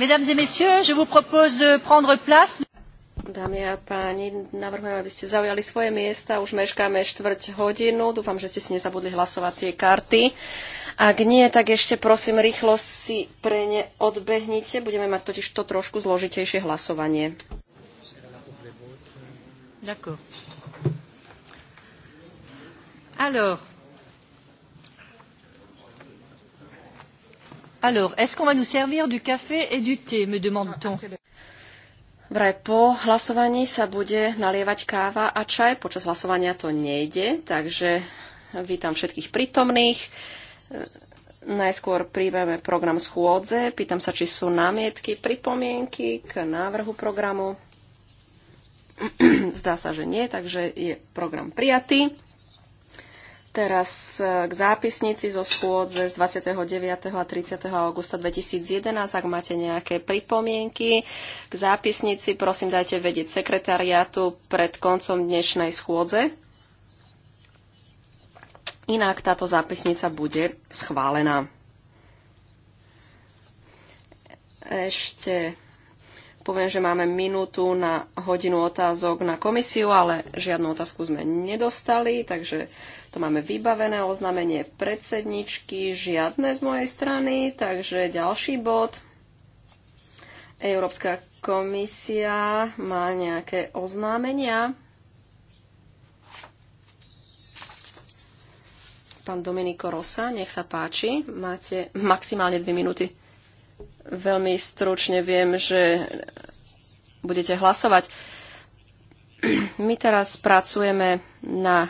Mesdames et messieurs, je vous propose de prendre place. Dámy a páni, navrhujem, aby ste zaujali svoje miesta. Už meškáme štvrť hodinu. Dúfam, že ste si nezabudli hlasovacie karty. Ak nie, tak ešte prosím rýchlo si pre ne odbehnite. Budeme mať totiž to trošku zložitejšie hlasovanie. Ďakujem. Alors, Alors, est-ce qu'on va nous servir du café et du thé, me demande-t-on. Vraj po hlasovaní sa bude nalievať káva a čaj, počas hlasovania to nejde, takže vítam všetkých prítomných. Najskôr príjmeme program schôdze, pýtam sa, či sú námietky, pripomienky k návrhu programu. Zdá sa, že nie, takže je program prijatý. Teraz e, k zápisnici zo schôdze z 29. a 30. augusta 2011. Ak máte nejaké pripomienky k zápisnici, prosím dajte vedieť sekretariátu pred koncom dnešnej schôdze. Inak táto zápisnica bude schválená. Ešte poviem, že máme minútu na hodinu otázok na komisiu, ale žiadnu otázku sme nedostali, takže to máme vybavené oznámenie predsedničky, žiadne z mojej strany, takže ďalší bod. Európska komisia má nejaké oznámenia. Pán Dominiko Rosa, nech sa páči, máte maximálne dve minúty. Veľmi stručne viem, že budete hlasovať. My teraz pracujeme na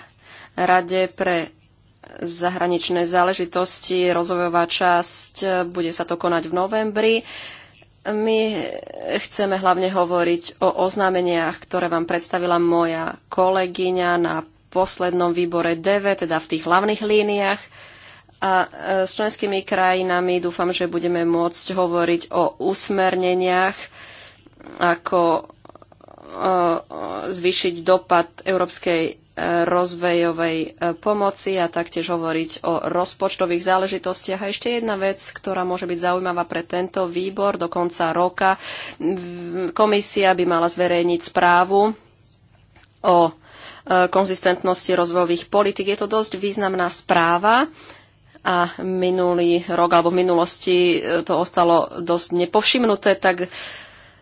Rade pre zahraničné záležitosti, rozvojová časť, bude sa to konať v novembri. My chceme hlavne hovoriť o oznámeniach, ktoré vám predstavila moja kolegyňa na poslednom výbore DV, teda v tých hlavných líniách a e, s členskými krajinami dúfam, že budeme môcť hovoriť o usmerneniach, ako e, zvýšiť dopad európskej e, rozvejovej pomoci a taktiež hovoriť o rozpočtových záležitostiach. A ešte jedna vec, ktorá môže byť zaujímavá pre tento výbor do konca roka. Komisia by mala zverejniť správu o konzistentnosti rozvojových politik. Je to dosť významná správa a minulý rok alebo v minulosti e, to ostalo dosť nepovšimnuté, tak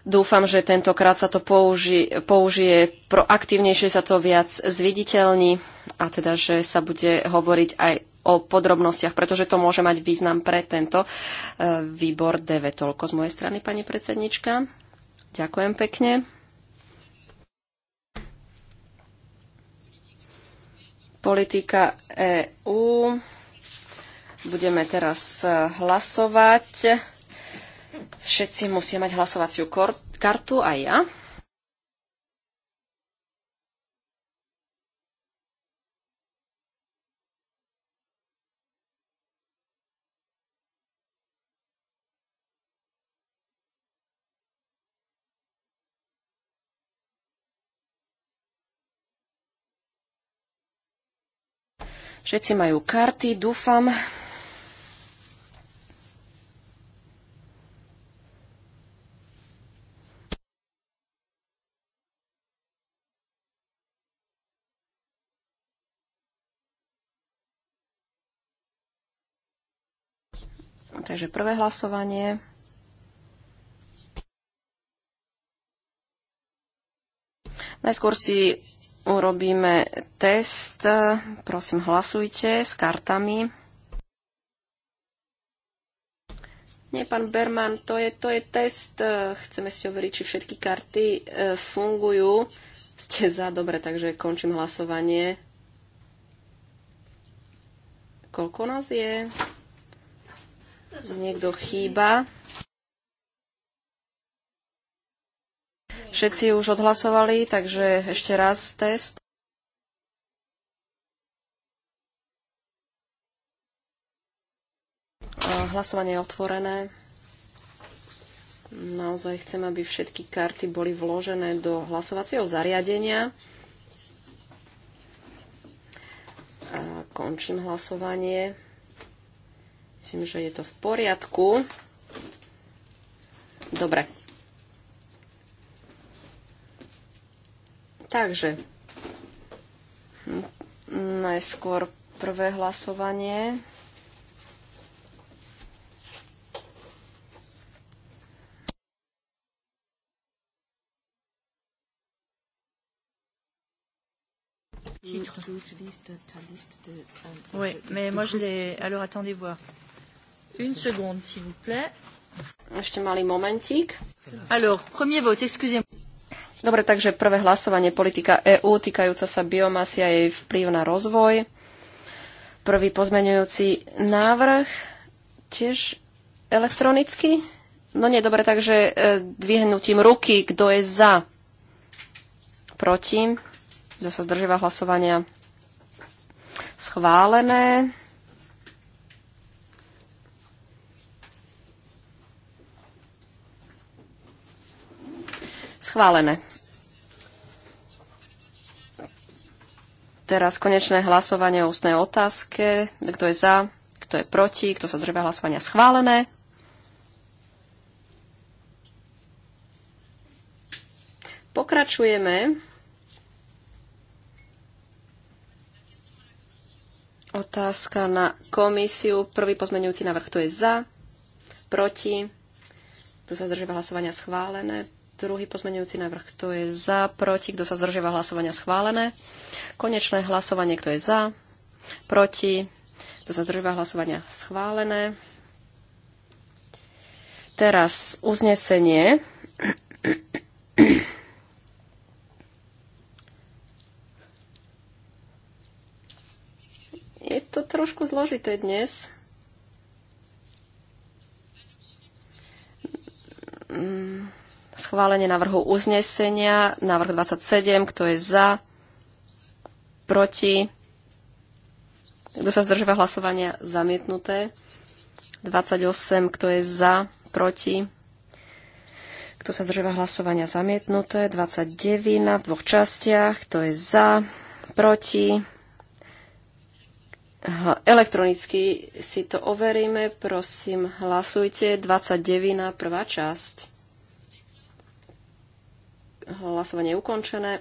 dúfam, že tentokrát sa to použi, použije proaktívnejšie, sa to viac zviditeľní a teda, že sa bude hovoriť aj o podrobnostiach, pretože to môže mať význam pre tento e, výbor DV. Toľko z mojej strany, pani predsednička. Ďakujem pekne. Politika EU Budeme teraz e, hlasovať. Všetci musia mať hlasovaciu kartu, aj ja. Všetci majú karty, dúfam. Takže prvé hlasovanie. Najskôr si urobíme test. Prosím, hlasujte s kartami. Nie, pán Berman, to je, to je test. Chceme si overiť, či všetky karty e, fungujú. Ste za, dobre, takže končím hlasovanie. Koľko nás je? niekto chýba. Všetci už odhlasovali, takže ešte raz test. Hlasovanie je otvorené. Naozaj chcem, aby všetky karty boli vložené do hlasovacieho zariadenia. končím hlasovanie. Myslím, že je to v poriadku. Dobre. Takže hm, najskôr prvé hlasovanie. Oui, mais moi je l'ai. Alors attendez voir. Une seconde, s'il vous plaît. Ešte malý momentík. Alors, premier vote, excusez-moi. Dobre, takže prvé hlasovanie politika EÚ týkajúca sa biomasy a jej vplyv na rozvoj. Prvý pozmeňujúci návrh tiež elektronicky. No nie, dobre, takže e, dvihnutím ruky, kto je za, proti, kto sa zdržíva hlasovania. Schválené. Schválené. Teraz konečné hlasovanie o ústnej otázke. Kto je za, kto je proti, kto sa držia hlasovania schválené. Pokračujeme. Otázka na komisiu. Prvý pozmeňujúci návrh, kto je za, proti, kto sa zdržíva hlasovania schválené. Druhý pozmeňujúci návrh, kto je za, proti, kto sa zdržiava hlasovania schválené. Konečné hlasovanie, kto je za, proti, kto sa zdržiava hlasovania schválené. Teraz uznesenie. Je to trošku zložité dnes. Mm schválenie návrhu uznesenia, návrh 27, kto je za, proti, kto sa zdržíva hlasovania, zamietnuté. 28, kto je za, proti, kto sa zdržíva hlasovania, zamietnuté. 29 v dvoch častiach, kto je za, proti. Elektronicky si to overíme, prosím, hlasujte. 29 prvá časť. Hlasovanie je ukončené.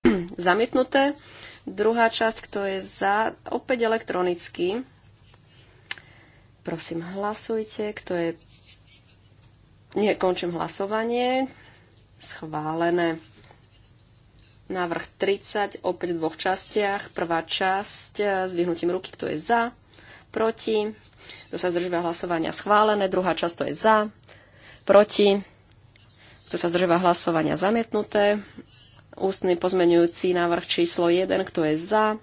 Zamietnuté. Druhá časť, kto je za, opäť elektronicky. Prosím, hlasujte. Kto je... Nie, končím hlasovanie. Schválené. Návrh 30, opäť v dvoch častiach. Prvá časť e, s vyhnutím ruky, kto je za, proti. Kto sa zdržíva hlasovania, schválené. Druhá časť, to je za, proti. Kto sa zdržíva hlasovania zamietnuté. Ústny pozmenujúci návrh číslo 1. Kto je za?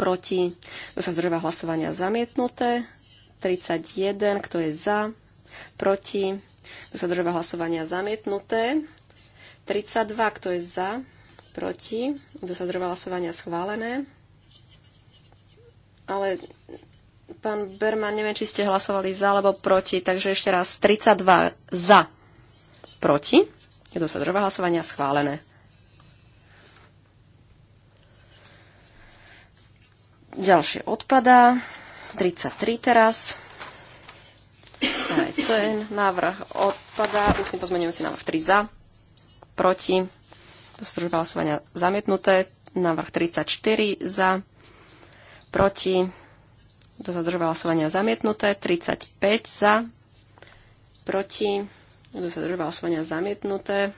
Proti. Kto sa zdržíva hlasovania zamietnuté. 31. Kto je za? Proti. Kto sa zdržíva hlasovania zamietnuté. 32. Kto je za? Proti. Kto sa zdržíva hlasovania schválené. Ale pán Berman, neviem, či ste hlasovali za alebo proti, takže ešte raz 32 za. Proti? to sa zdržal hlasovania? Schválené. Ďalšie odpadá. 33 teraz. Aj ten návrh odpadá. Ústny si návrh 3 za. Proti. Zdržal hlasovania zamietnuté. Návrh 34 za. Proti. Kto sa zdržal hlasovania zamietnuté. 35 za. Proti. Jedno sa zdržal hlasovania zamietnuté.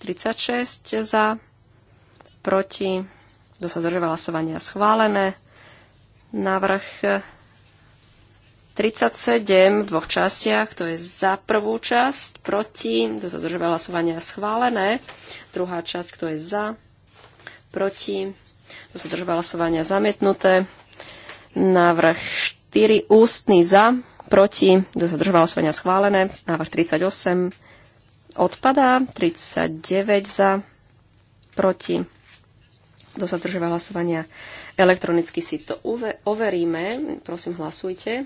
36 za, proti, kto sa zdržal hlasovania schválené. Návrh 37 v dvoch častiach, to je za prvú časť, proti, kto sa zdržal hlasovania schválené. Druhá časť, kto je za, proti, kto sa zdržal hlasovania zamietnuté. Návrh 4 ústny za, proti, kto sa schválené, návrh 38 odpadá, 39 za, proti, kto hlasovania elektronicky si to overíme, prosím hlasujte.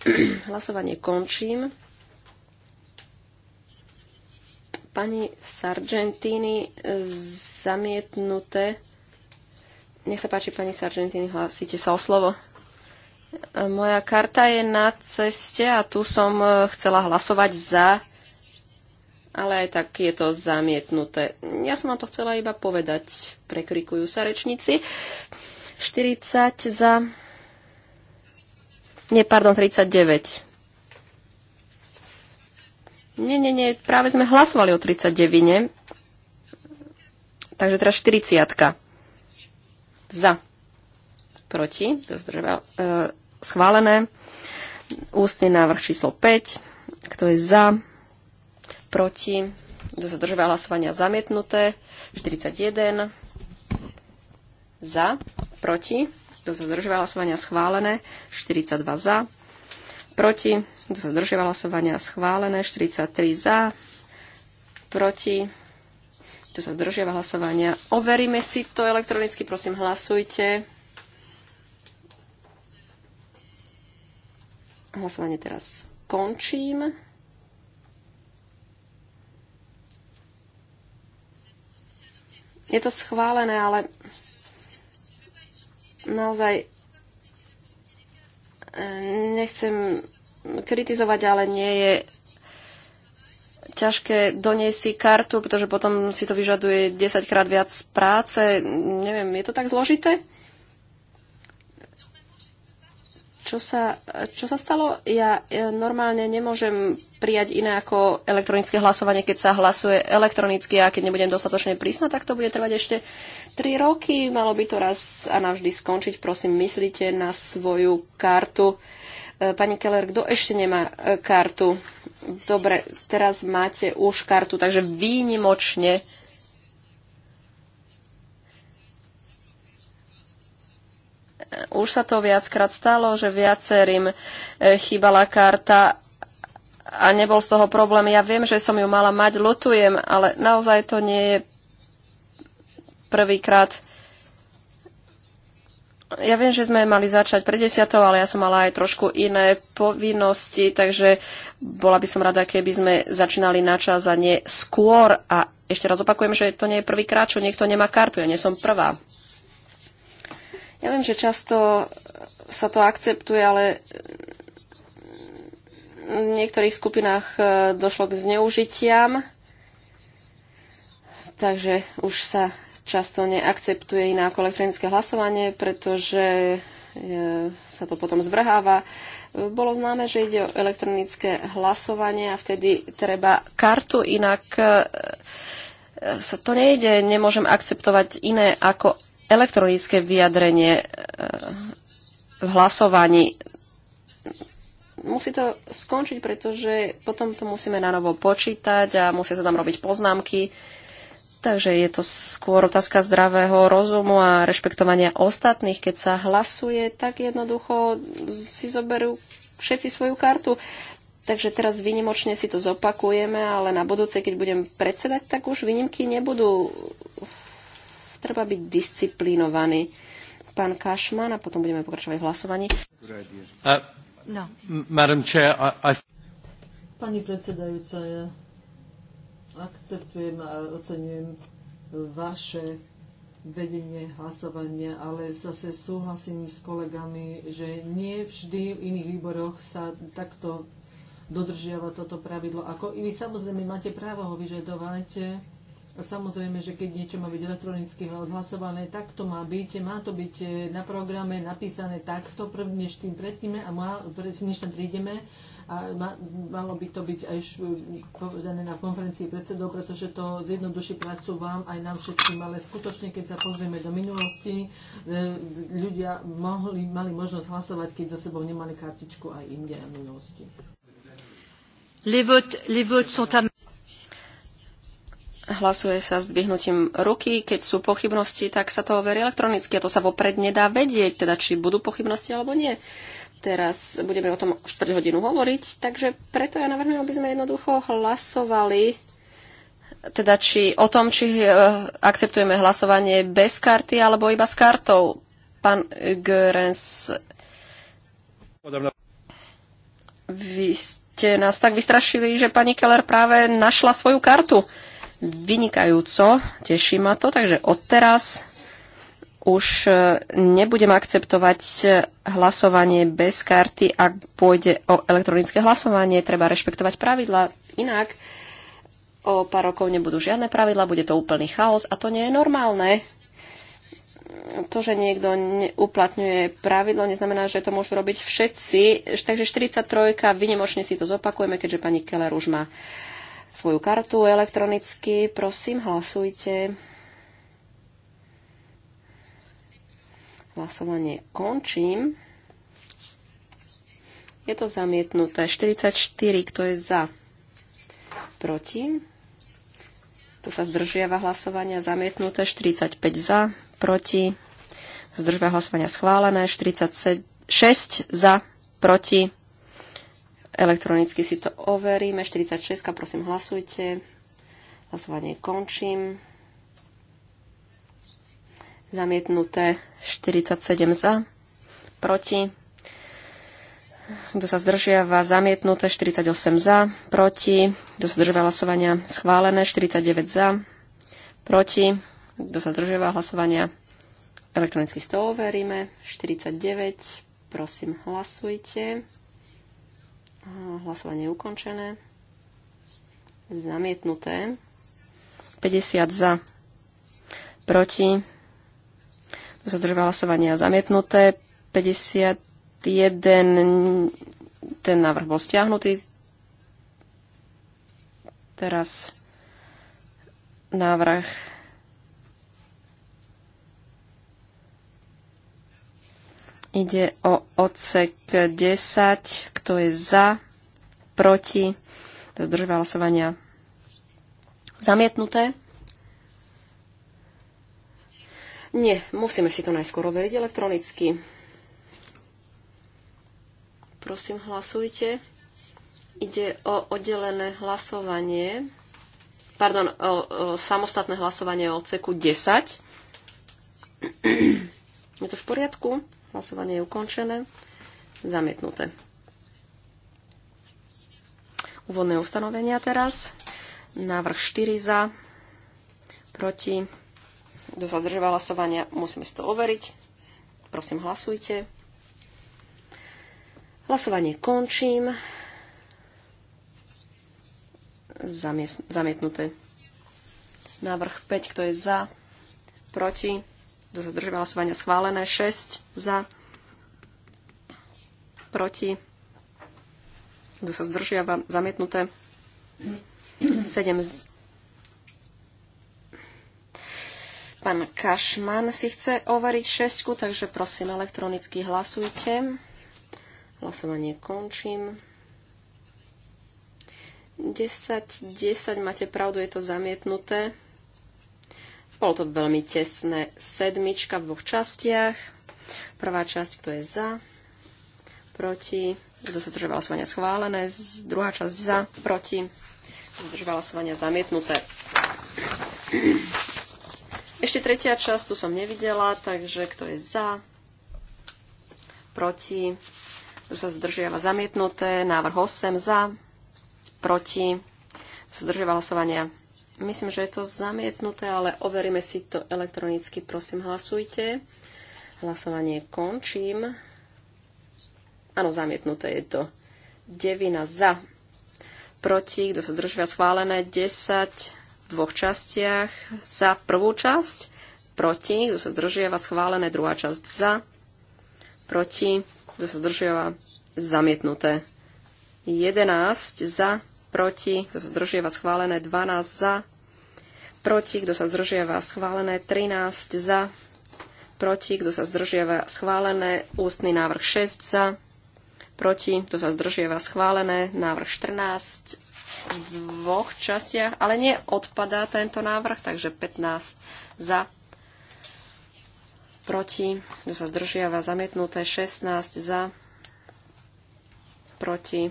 Hlasovanie končím. Pani Sargentini e, zamietnuté. Nech sa páči, pani Sargentini, hlasíte sa o slovo. Moja karta je na ceste a tu som e, chcela hlasovať za, ale aj tak je to zamietnuté. Ja som vám to chcela iba povedať. Prekrikujú sa rečníci. 40 za... Nie, pardon, 39. Nie, nie, nie, práve sme hlasovali o 39. Takže teraz 40. Za proti, zdržal, e, schválené. Ústny návrh číslo 5, kto je za, proti, kto sa zdržal hlasovania zamietnuté, 41, za, proti, kto sa zdržal hlasovania schválené, 42 za, proti, kto sa zdržal hlasovania schválené, 43 za, proti, kto sa zdržiava hlasovania. Overíme si to elektronicky, prosím, hlasujte. Hlasovanie teraz končím. Je to schválené, ale naozaj e, nechcem kritizovať, ale nie je ťažké doniesť si kartu, pretože potom si to vyžaduje 10 krát viac práce. Neviem, je to tak zložité? čo sa, čo sa stalo? Ja e, normálne nemôžem prijať iné ako elektronické hlasovanie, keď sa hlasuje elektronicky a keď nebudem dostatočne prísna, tak to bude trvať ešte 3 roky. Malo by to raz a navždy skončiť. Prosím, myslíte na svoju kartu. E, pani Keller, kto ešte nemá e, kartu? Dobre, teraz máte už kartu, takže výnimočne už sa to viackrát stalo, že viacerým e, chýbala karta a nebol z toho problém. Ja viem, že som ju mala mať, lutujem, ale naozaj to nie je prvýkrát. Ja viem, že sme mali začať pre desiatou, ale ja som mala aj trošku iné povinnosti, takže bola by som rada, keby sme začínali na čas a nie skôr. A ešte raz opakujem, že to nie je prvýkrát, čo niekto nemá kartu. Ja nie som prvá. Ja viem, že často sa to akceptuje, ale v niektorých skupinách e, došlo k zneužitiam, takže už sa často neakceptuje inak elektronické hlasovanie, pretože e, sa to potom zvrháva. E, bolo známe, že ide o elektronické hlasovanie a vtedy treba kartu, inak sa to nejde, nemôžem akceptovať iné ako elektronické vyjadrenie e, v hlasovaní. Musí to skončiť, pretože potom to musíme na novo počítať a musia sa tam robiť poznámky. Takže je to skôr otázka zdravého rozumu a rešpektovania ostatných. Keď sa hlasuje, tak jednoducho si zoberú všetci svoju kartu. Takže teraz výnimočne si to zopakujeme, ale na budúce, keď budem predsedať, tak už výnimky nebudú treba byť disciplinovaný. Pán Kašman a potom budeme pokračovať v hlasovaní. Uh, no. Pani predsedajúca, ja akceptujem a ocenujem vaše vedenie hlasovania, ale zase súhlasím s kolegami, že nie vždy v iných výboroch sa takto dodržiava toto pravidlo. Ako i vy samozrejme máte právo ho vyžadovať, a samozrejme, že keď niečo má byť elektronicky odhlasované, tak to má byť, má to byť e, na programe napísané takto, než tým predtým a má, než tam prídeme. A ma, malo by to byť aj povedané na konferencii predsedov, pretože to zjednoduší prácu vám aj nám všetkým. Ale skutočne, keď sa pozrieme do minulosti, e, ľudia mohli, mali možnosť hlasovať, keď za sebou nemali kartičku aj inde v minulosti. Les votes, les votes sont à... Hlasuje sa s dvihnutím ruky. Keď sú pochybnosti, tak sa to overí elektronicky a to sa vopred nedá vedieť, teda či budú pochybnosti alebo nie. Teraz budeme o tom 4 hodinu hovoriť, takže preto ja navrhujem, aby sme jednoducho hlasovali teda či, o tom, či e, akceptujeme hlasovanie bez karty alebo iba s kartou. Pán Görens, vy ste nás tak vystrašili, že pani Keller práve našla svoju kartu vynikajúco, teší ma to, takže odteraz už e, nebudem akceptovať e, hlasovanie bez karty, ak pôjde o elektronické hlasovanie, treba rešpektovať pravidla, inak o pár rokov nebudú žiadne pravidla, bude to úplný chaos a to nie je normálne. To, že niekto uplatňuje pravidlo, neznamená, že to môžu robiť všetci. Takže 43, vynimočne si to zopakujeme, keďže pani Keller už má svoju kartu elektronicky. Prosím, hlasujte. Hlasovanie končím. Je to zamietnuté. 44, kto je za? Proti? Tu sa zdržiava hlasovania zamietnuté. 45 za, proti? Zdržiava hlasovania schválené. 46 za, proti? Elektronicky si to overíme. 46, prosím, hlasujte. Hlasovanie končím. Zamietnuté 47 za, proti. Kto sa zdržiava, zamietnuté 48 za, proti. Kto sa zdržiava hlasovania, schválené 49 za, proti. Kto sa zdržiava hlasovania, elektronicky z to overíme. 49, prosím, hlasujte. Hlasovanie je ukončené. Zamietnuté. 50 za. Proti. To sa hlasovania zamietnuté. 51. Ten návrh bol stiahnutý. Teraz návrh Ide o odsek 10. Kto je za? Proti? zdržuje hlasovania? Zamietnuté? Nie, musíme si to najskôr overiť elektronicky. Prosím, hlasujte. Ide o oddelené hlasovanie. Pardon, o, o samostatné hlasovanie o odseku 10. Je to v poriadku? Hlasovanie je ukončené. Zamietnuté. Úvodné ustanovenia teraz. Návrh 4 za, proti. Kto sa zdržoval hlasovania, musíme si to overiť. Prosím, hlasujte. Hlasovanie končím. Zamietnuté. Návrh 5, kto je za, proti kto sa zdržal schválené, 6 za, proti, kto sa zdržiava, zamietnuté, 7 z... Pán Kašman si chce overiť šestku, takže prosím, elektronicky hlasujte. Hlasovanie končím. 10, 10, máte pravdu, je to zamietnuté. Bolo to veľmi tesné. Sedmička v dvoch častiach. Prvá časť, kto je za, proti, kto sa držal hlasovania schválené, druhá časť za, proti, kto sa držal hlasovania zamietnuté. Ešte tretia časť, tu som nevidela, takže kto je za, proti, kto sa zdržiava zamietnuté, návrh 8 za, proti, kto sa zdržiava hlasovania Myslím, že je to zamietnuté, ale overíme si to elektronicky. Prosím, hlasujte. Hlasovanie končím. Áno, zamietnuté je to. Devina za. Proti, kto sa držia schválené, 10 v dvoch častiach. Za prvú časť. Proti, kto sa držiava schválené, druhá časť za. Proti, kto sa držiava zamietnuté. 11 za, proti, kto sa zdržieva schválené, 12 za, proti, kto sa zdržiava, schválené 13 za, proti, kto sa zdržiava, schválené ústny návrh 6 za, proti, kto sa zdržiava, schválené návrh 14 v dvoch častiach, ale nie odpadá tento návrh, takže 15 za, proti, kto sa zdržiava, zamietnuté 16 za, proti,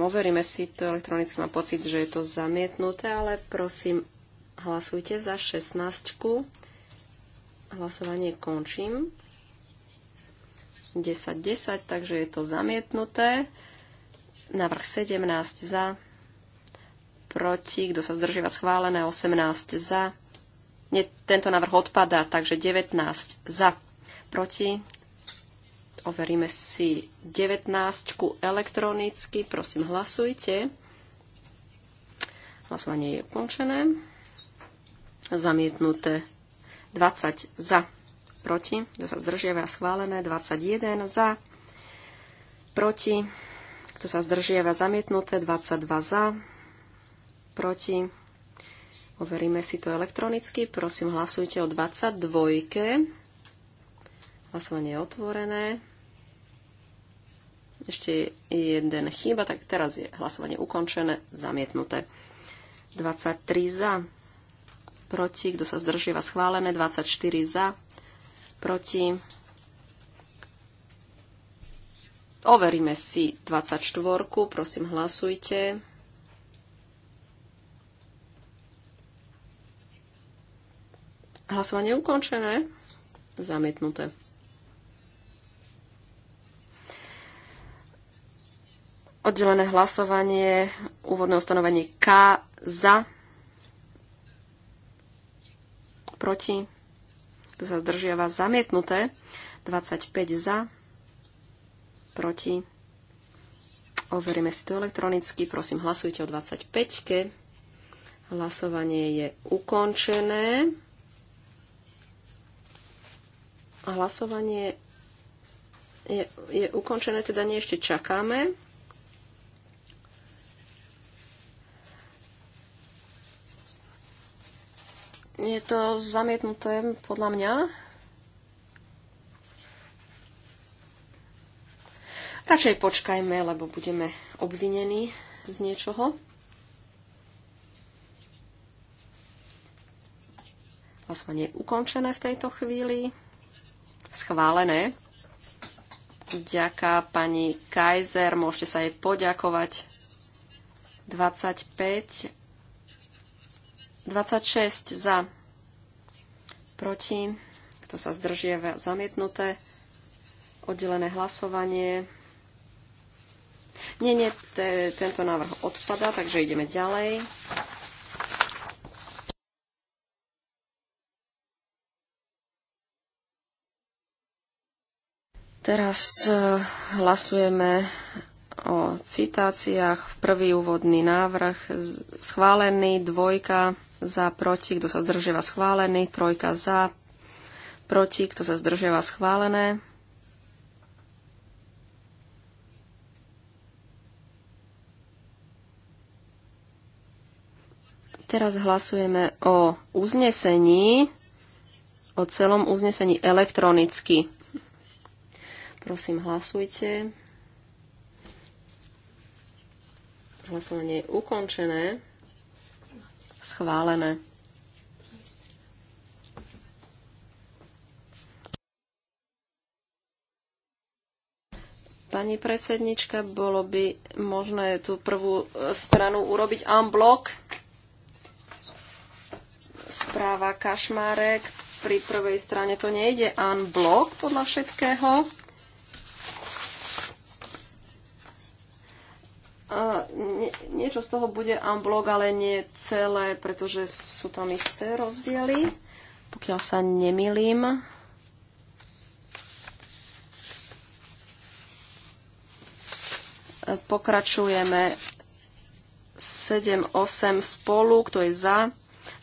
overíme si to elektronicky, mám pocit, že je to zamietnuté, ale prosím, hlasujte za 16. Hlasovanie končím. 10, 10, takže je to zamietnuté. Navrh 17 za, proti, kto sa zdržíva schválené, 18 za. Nie, tento návrh odpadá, takže 19 za, proti, overíme si 19 elektronicky. Prosím, hlasujte. Hlasovanie je ukončené. Zamietnuté 20 za, proti, kto sa zdržiava, schválené 21 za, proti, kto sa zdržiava, zamietnuté 22 za, proti. Overíme si to elektronicky. Prosím, hlasujte o 22. Hlasovanie je otvorené ešte jeden chýba, tak teraz je hlasovanie ukončené, zamietnuté. 23 za, proti, kto sa zdržíva schválené, 24 za, proti. Overíme si 24, prosím hlasujte. Hlasovanie ukončené, zamietnuté. Oddelené hlasovanie, úvodné ustanovenie K za, proti, kto sa zdržiava, zamietnuté, 25 za, proti. Overíme si to elektronicky, prosím, hlasujte o 25-ke. Hlasovanie je ukončené. Hlasovanie je, je ukončené, teda nie ešte čakáme. Je to zamietnuté podľa mňa. Radšej počkajme, lebo budeme obvinení z niečoho. Hlasovanie je ukončené v tejto chvíli. Schválené. Ďaká pani Kaiser, môžete sa jej poďakovať. 25 26 za, proti, kto sa zdržie, zamietnuté. Oddelené hlasovanie. Nie, nie, te, tento návrh odpada, takže ideme ďalej. Teraz e, hlasujeme o citáciách. Prvý úvodný návrh schválený, dvojka za, proti, kto sa zdržiava schválený, trojka za, proti, kto sa zdržiava schválené. Teraz hlasujeme o uznesení, o celom uznesení elektronicky. Prosím, hlasujte. Hlasovanie je ukončené. Schválené. Pani predsednička, bolo by možné tú prvú e, stranu urobiť unblock? Správa Kašmárek. Pri prvej strane to nejde unblock podľa všetkého. nie, niečo z toho bude unblock, ale nie celé, pretože sú tam isté rozdiely, pokiaľ sa nemilím. Pokračujeme 7-8 spolu, kto je za,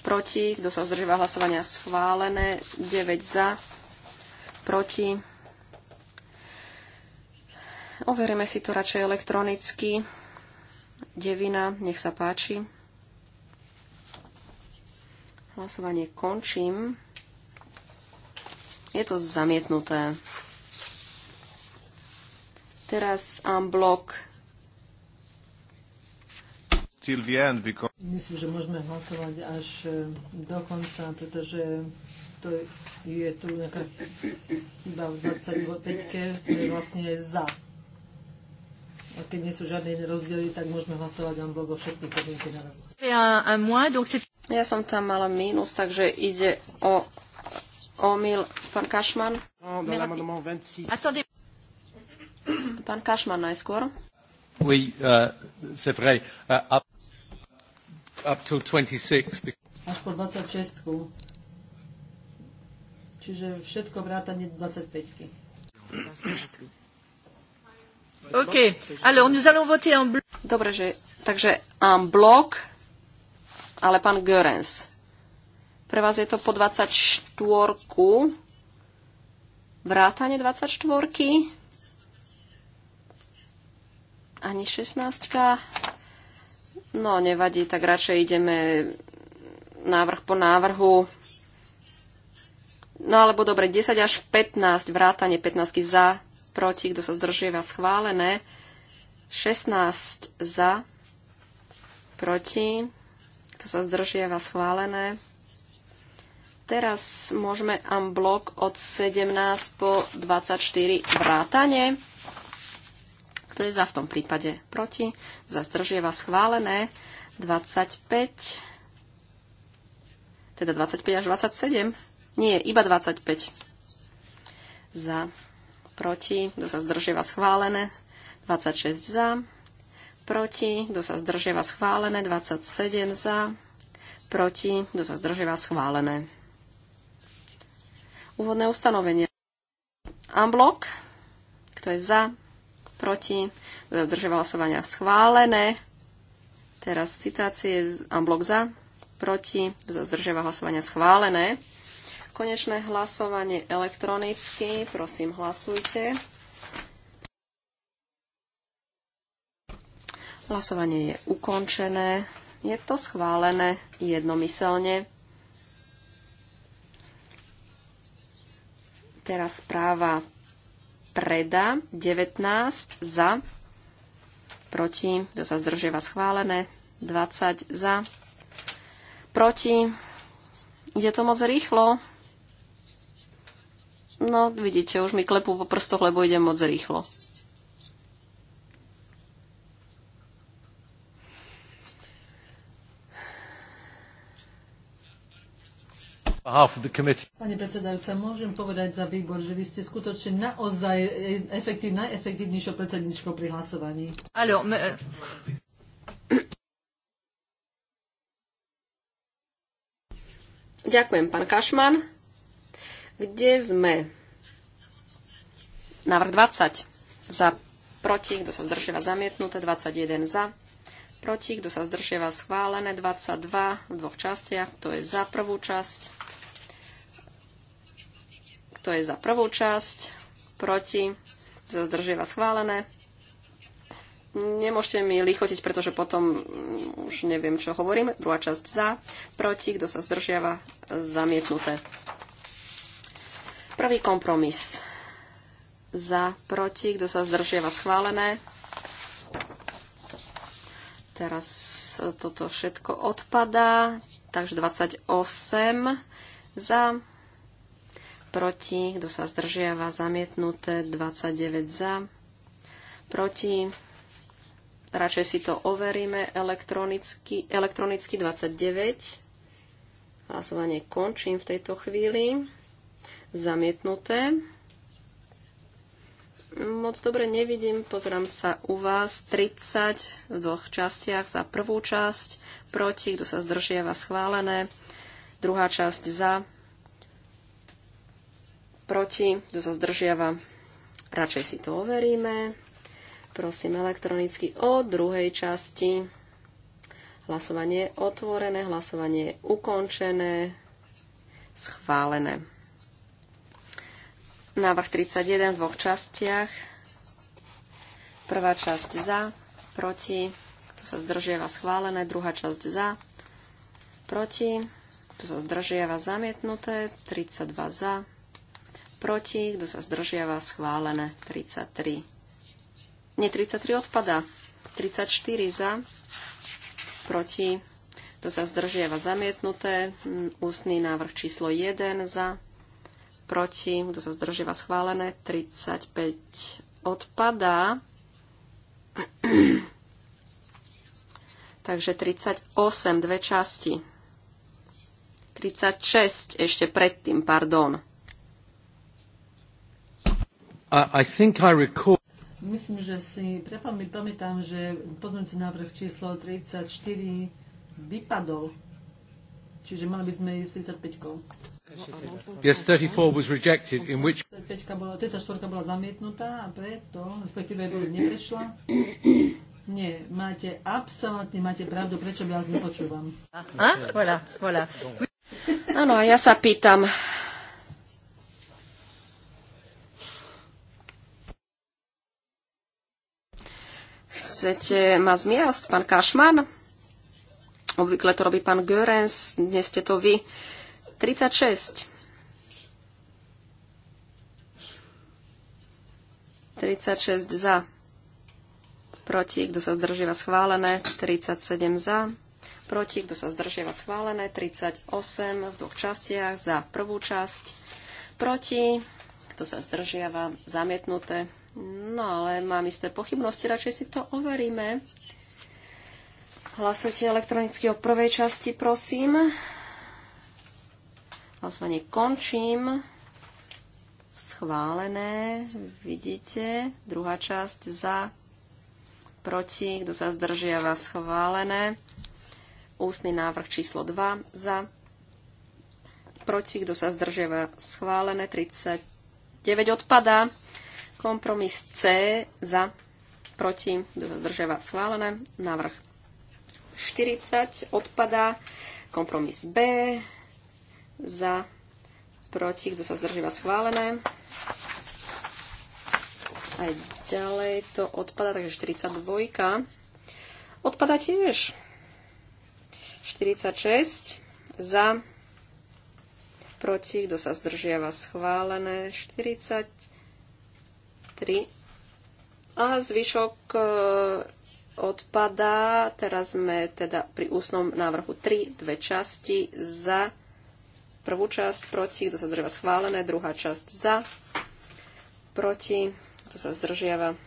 proti, kto sa zdržíva hlasovania schválené, 9 za, proti. Overíme si to radšej elektronicky. Devina, nech sa páči. Hlasovanie končím. Je to zamietnuté. Teraz unblock. blok. Myslím, že môžeme hlasovať až e, do konca, pretože to je tu nejaká chyba v 25. Sme vlastne za. A keď nie sú žiadne rozdiely, tak môžeme hlasovať en bloc o všetkých podmienky na rok. Ja som tam mala mínus, takže ide o omyl. Pán Kašman? No, Pán Kašman najskôr. Oui, uh, c'est vrai. Uh, up, up till 26. Až po 26. Čiže všetko vrátanie 25. OK. Alors, nous allons voter en bloc. Dobre, že, takže en blok, ale pán Görens. Pre vás je to po 24. Vrátane 24. -ky. Ani 16. -ka. No, nevadí, tak radšej ideme návrh po návrhu. No alebo dobre, 10 až 15, vrátanie 15 za, proti, kto sa zdržieva schválené, 16 za, proti, kto sa zdržieva schválené. Teraz môžeme unblock od 17 po 24 vrátane. Kto je za v tom prípade proti? Za zdržieva schválené 25, teda 25 až 27. Nie, iba 25. Za proti, kto sa zdržieva schválené, 26 za, proti, kto sa zdržieva schválené, 27 za, proti, kto sa zdržieva schválené. Úvodné ustanovenie. Amblok, kto je za, proti, kto sa zdržieva hlasovania schválené. Teraz citácie, amblok za, proti, kto sa zdržieva hlasovania schválené. Konečné hlasovanie elektronicky. Prosím, hlasujte. Hlasovanie je ukončené. Je to schválené jednomyselne. Teraz správa Preda 19 za, proti, kto sa zdržieva schválené, 20 za, proti. Ide to moc rýchlo. No, vidíte, už mi klepú po prstoch, lebo idem moc rýchlo. Pane predsedajúca, môžem povedať za výbor, že vy ste skutočne naozaj efektív, najefektívnejšou predsedničkou pri hlasovaní. Alo, me... Ďakujem, pán Kašman. Kde sme? Návrh 20. Za. Proti. Kto sa zdržiava zamietnuté. 21 za. Proti. Kto sa zdržiava schválené. 22 v dvoch častiach. Kto je za prvú časť? Kto je za prvú časť? Proti. Kto sa zdržiava schválené. Nemôžete mi lichotiť, pretože potom už neviem, čo hovorím. Druhá časť za, proti, kto sa zdržiava, zamietnuté. Prvý kompromis. Za, proti, kto sa zdržiava schválené. Teraz toto všetko odpadá, takže 28 za, proti, kto sa zdržiava, zamietnuté, 29 za, proti, radšej si to overíme elektronicky, elektronicky 29, hlasovanie končím v tejto chvíli zamietnuté. Moc dobre nevidím, pozerám sa u vás. 30 v dvoch častiach za prvú časť, proti, kto sa zdržiava, schválené. Druhá časť za, proti, kto sa zdržiava. Radšej si to overíme. Prosím elektronicky o druhej časti. Hlasovanie je otvorené, hlasovanie je ukončené, schválené. Návrh 31 v dvoch častiach. Prvá časť za, proti, kto sa zdržiava schválené, druhá časť za, proti, kto sa zdržiava zamietnuté, 32 za, proti, kto sa zdržiava schválené, 33. Nie, 33 odpada. 34 za, proti, kto sa zdržiava zamietnuté, hm, ústny návrh číslo 1 za, proti, kto sa zdržíva schválené, 35 odpadá. Takže 38, dve časti. 36 ešte predtým, pardon. I, I think I recall... Myslím, že si prepamý, pamätám, že podmienujúci návrh číslo 34 vypadol. Čiže mali by sme ísť 35. Yes, 34 was rejected, in which... bola, 34 bola zamietnutá a preto, respektíve neprešla. Nie, máte absolútne, máte pravdu, prečo vás nepočúvam. A? Voilà, voilà. Áno, a ja sa pýtam, chcete ma zmiasť, pán Kašman? Obvykle to robí pán Görens, dnes ste to vy. Uh, 36. 36 za. Proti, kto sa zdržíva schválené, 37 za. Proti, kto sa zdržíva schválené, 38 v dvoch častiach za prvú časť. Proti, kto sa zdržiava, zamietnuté. No ale mám isté pochybnosti, radšej si to overíme. Hlasujte elektronicky o prvej časti, prosím. Hlasovanie končím. Schválené. Vidíte. Druhá časť za. Proti. Kto sa zdržiava? Schválené. Ústny návrh číslo 2 za. Proti. Kto sa zdržiava? Schválené. 39 odpada. Kompromis C za. Proti. Kto sa zdržiava? Schválené. Návrh 40 odpada. Kompromis B za, proti, kto sa zdržíva schválené. Aj ďalej to odpada, takže 42. Odpada tiež. 46 za, proti, kto sa zdržiava schválené, 43 a zvyšok e, odpadá. Teraz sme teda pri ústnom návrhu 3, dve časti za, Prvú časť proti, kto sa zdržiava schválené, druhá časť za, proti, kto sa zdržiava.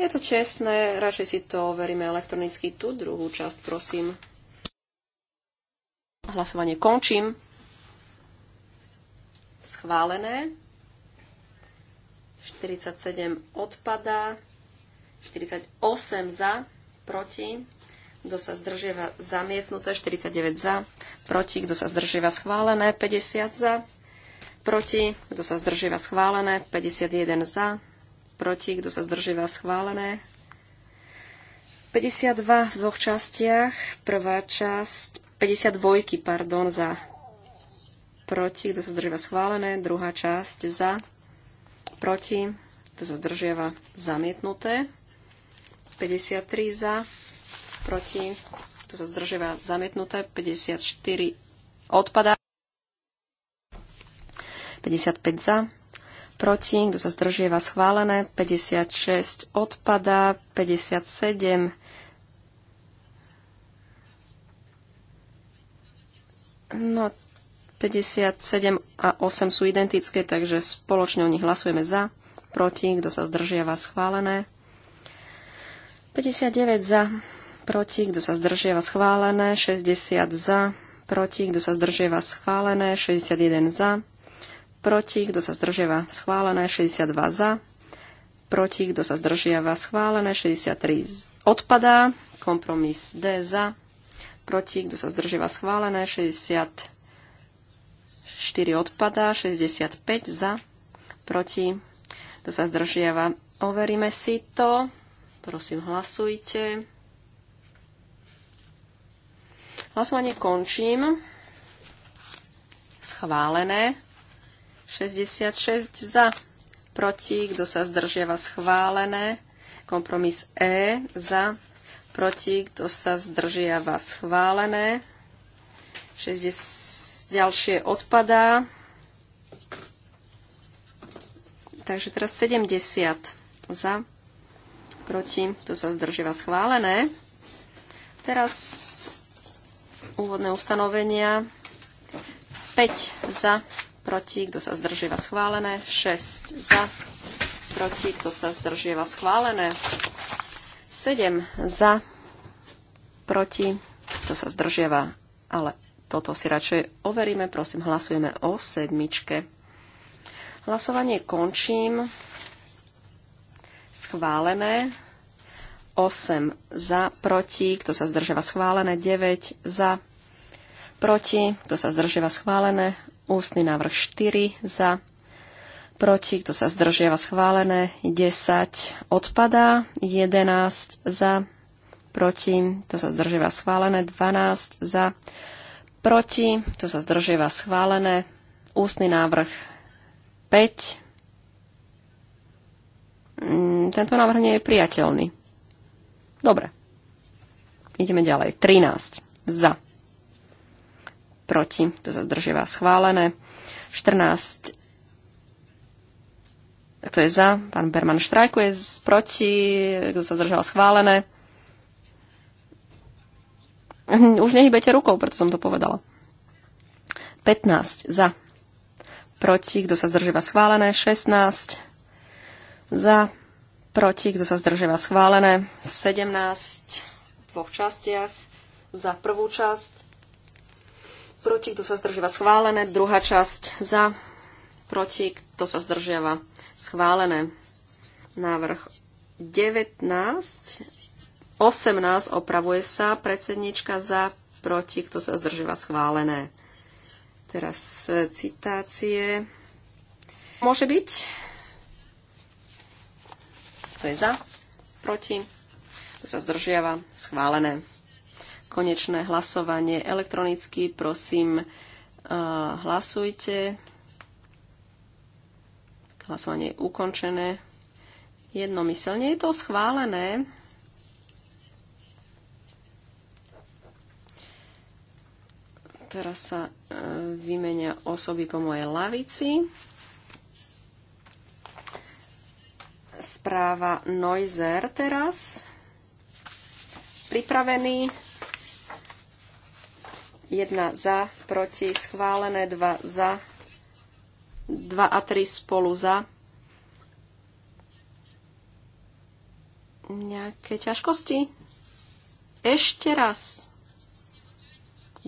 Je to čestné, radšej si to overíme elektronicky. Tú druhú časť, prosím. Hlasovanie končím. Schválené. 47 odpadá. 48 za, proti. Kto sa zdržiava, zamietnuté. 49 za, proti, kto sa zdržíva schválené, 50 za, proti, kto sa zdržíva schválené, 51 za, proti, kto sa zdržíva schválené, 52 v dvoch častiach, prvá časť, 52, pardon, za, proti, kto sa zdržíva schválené, druhá časť za, proti, kto sa zdržíva zamietnuté, 53 za, proti, tu sa zdržiava zamietnuté, 54 odpadá, 55 za, proti, kto sa zdržieva schválené, 56 odpadá, 57 No, 57 a 8 sú identické, takže spoločne o nich hlasujeme za, proti, kto sa zdržiava schválené. 59 za, proti, kto sa zdržiava schválené, 60 za, proti, kto sa zdržiava schválené, 61 za, proti, kto sa zdržiava schválené, 62 za, proti, kto sa zdržiava schválené, 63 odpadá, kompromis D za, proti, kto sa zdržiava schválené, 64 odpadá, 65 za, proti, kto sa zdržiava. Overíme si to. Prosím, hlasujte. Hlasovanie končím. Schválené. 66 za. Proti. Kto sa zdržiava? Schválené. Kompromis E za. Proti. Kto sa zdržiava? Schválené. 60, ďalšie odpadá. Takže teraz 70 za, proti, to sa zdržiava schválené. Teraz úvodné ustanovenia. 5 za, proti, kto sa zdržieva schválené. 6 za, proti, kto sa zdržieva schválené. 7 za, proti, kto sa zdržieva, ale toto si radšej overíme. Prosím, hlasujeme o sedmičke. Hlasovanie končím. Schválené. 8 za, proti, kto sa zdržava schválené, 9 za, proti, kto sa zdržiava schválené, ústny návrh 4 za, proti, kto sa zdržiava schválené, 10 odpadá, 11 za, proti, kto sa zdržiava schválené, 12 za, proti, kto sa zdržiava schválené, ústny návrh 5. Mm, tento návrh nie je priateľný. Dobre. Ideme ďalej. 13 za proti, to sa zdržiava schválené. 14, kto je za, pán Berman štrajkuje, proti, to sa zdržiava schválené. Už nehybete rukou, preto som to povedala. 15 za, proti, kto sa zdržiava schválené. 16 za, proti, kto sa zdržiava schválené. 17 v dvoch častiach za prvú časť, proti, kto sa zdržiava schválené. Druhá časť za, proti, kto sa zdržiava schválené. Návrh 19, 18 opravuje sa, predsednička za, proti, kto sa zdržiava schválené. Teraz e, citácie. Môže byť? Kto je za? Proti? Kto sa zdržiava? Schválené konečné hlasovanie elektronicky. Prosím, uh, hlasujte. Hlasovanie je ukončené. Jednomyselne je to schválené. Teraz sa uh, vymenia osoby po mojej lavici. Správa Noiser teraz. Pripravený 1 za, proti, schválené 2 za, 2 a 3 spolu za. Nejaké ťažkosti? Ešte raz.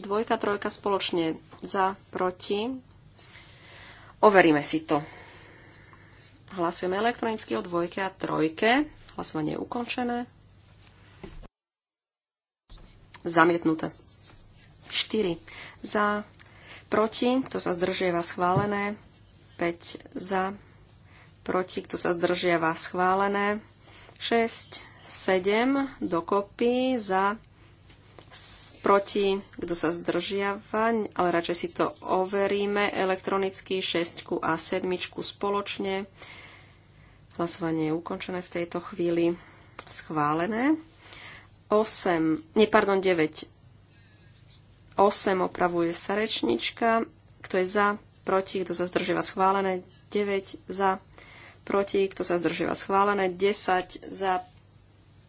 Dvojka, trojka spoločne za, proti. Overíme si to. Hlasujeme elektronicky o dvojke a trojke. Hlasovanie je ukončené. Zamietnuté. 4 za, proti, kto sa zdržieva schválené, 5 za, proti, kto sa zdržiava schválené, 6, 7 dokopy za, proti, kto sa zdržiava, ale radšej si to overíme elektronicky, 6 a 7 spoločne. Hlasovanie je ukončené v tejto chvíli. Schválené. 8, nie, pardon, 9 8 opravuje sa rečnička. Kto je za, proti, kto sa zdržíva schválené, 9 za, proti, kto sa zdržíva schválené, 10 za,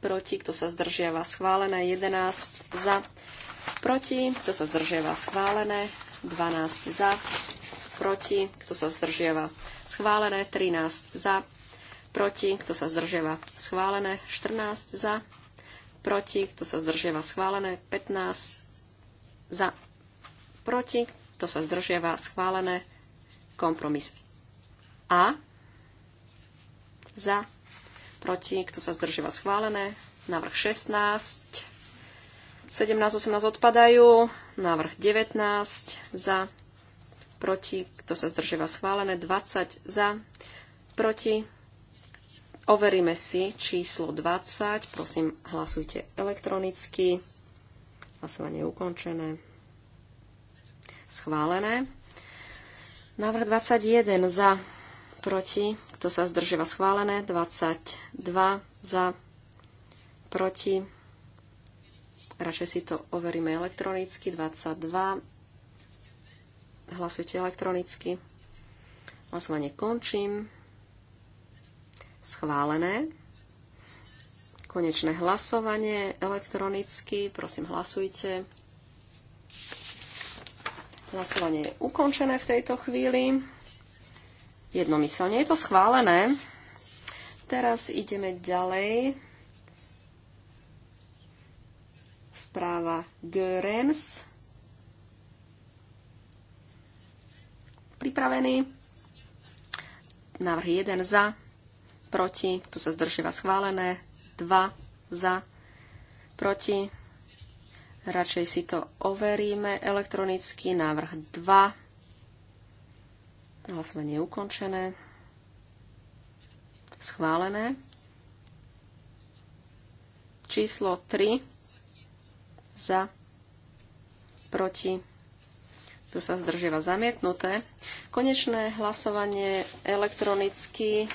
proti, kto sa zdržiava schválené, 11 za, proti, kto sa zdržiava schválené, 12 za, proti, kto sa zdržiava schválené, 13 za, proti, kto sa zdržiava schválené, 14 za, proti, kto sa zdržiava schválené, 15 za, proti, to sa zdržiava, schválené, kompromis A, za, proti, kto sa zdržiava, schválené, návrh 16, 17, 18 odpadajú, návrh 19 za, proti, kto sa zdržiava, schválené, 20 za, proti, overíme si číslo 20, prosím, hlasujte elektronicky. Hlasovanie je ukončené. Schválené. Návrh 21 za, proti, kto sa zdržíva schválené, 22 za, proti, radšej si to overíme elektronicky, 22, hlasujte elektronicky, hlasovanie končím, schválené, konečné hlasovanie elektronicky. Prosím, hlasujte. Hlasovanie je ukončené v tejto chvíli. Jednomyselne je to schválené. Teraz ideme ďalej. Správa Görens. Pripravený. Návrh 1 za, proti, tu sa zdržíva schválené. 2 za, proti. Radšej si to overíme elektronicky. Návrh 2. Hlasovanie je ukončené. Schválené. Číslo 3 za, proti. Tu sa zdržieva zamietnuté. Konečné hlasovanie elektronicky.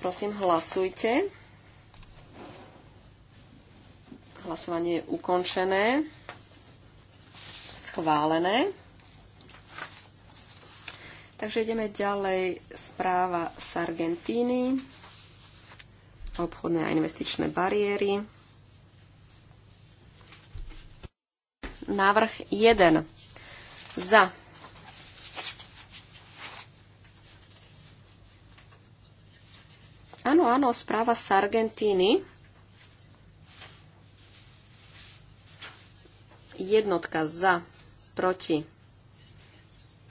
Prosím, hlasujte. Hlasovanie je ukončené. Schválené. Takže ideme ďalej. Správa z Argentíny. Obchodné a investičné bariéry. Návrh 1. Za. Áno, áno, správa z Argentíny. jednotka za, proti.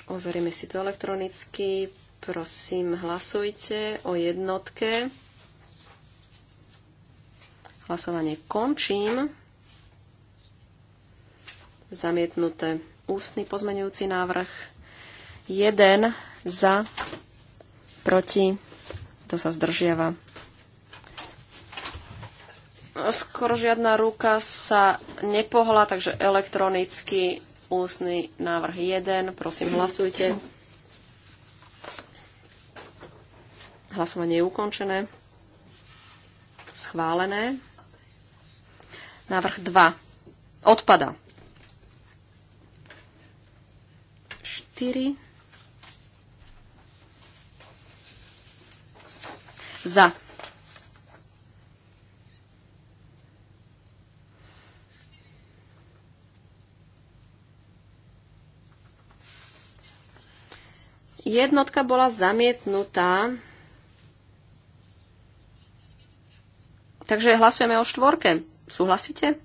Overíme si to elektronicky. Prosím, hlasujte o jednotke. Hlasovanie končím. Zamietnuté ústny pozmenujúci návrh. Jeden za, proti, to sa zdržiava skoro žiadna ruka sa nepohla, takže elektronicky ústny návrh 1. Prosím, hlasujte. Hlasovanie je ukončené. Schválené. Návrh 2. Odpada. 4. Za. Jednotka bola zamietnutá. Takže hlasujeme o štvorke. Súhlasíte?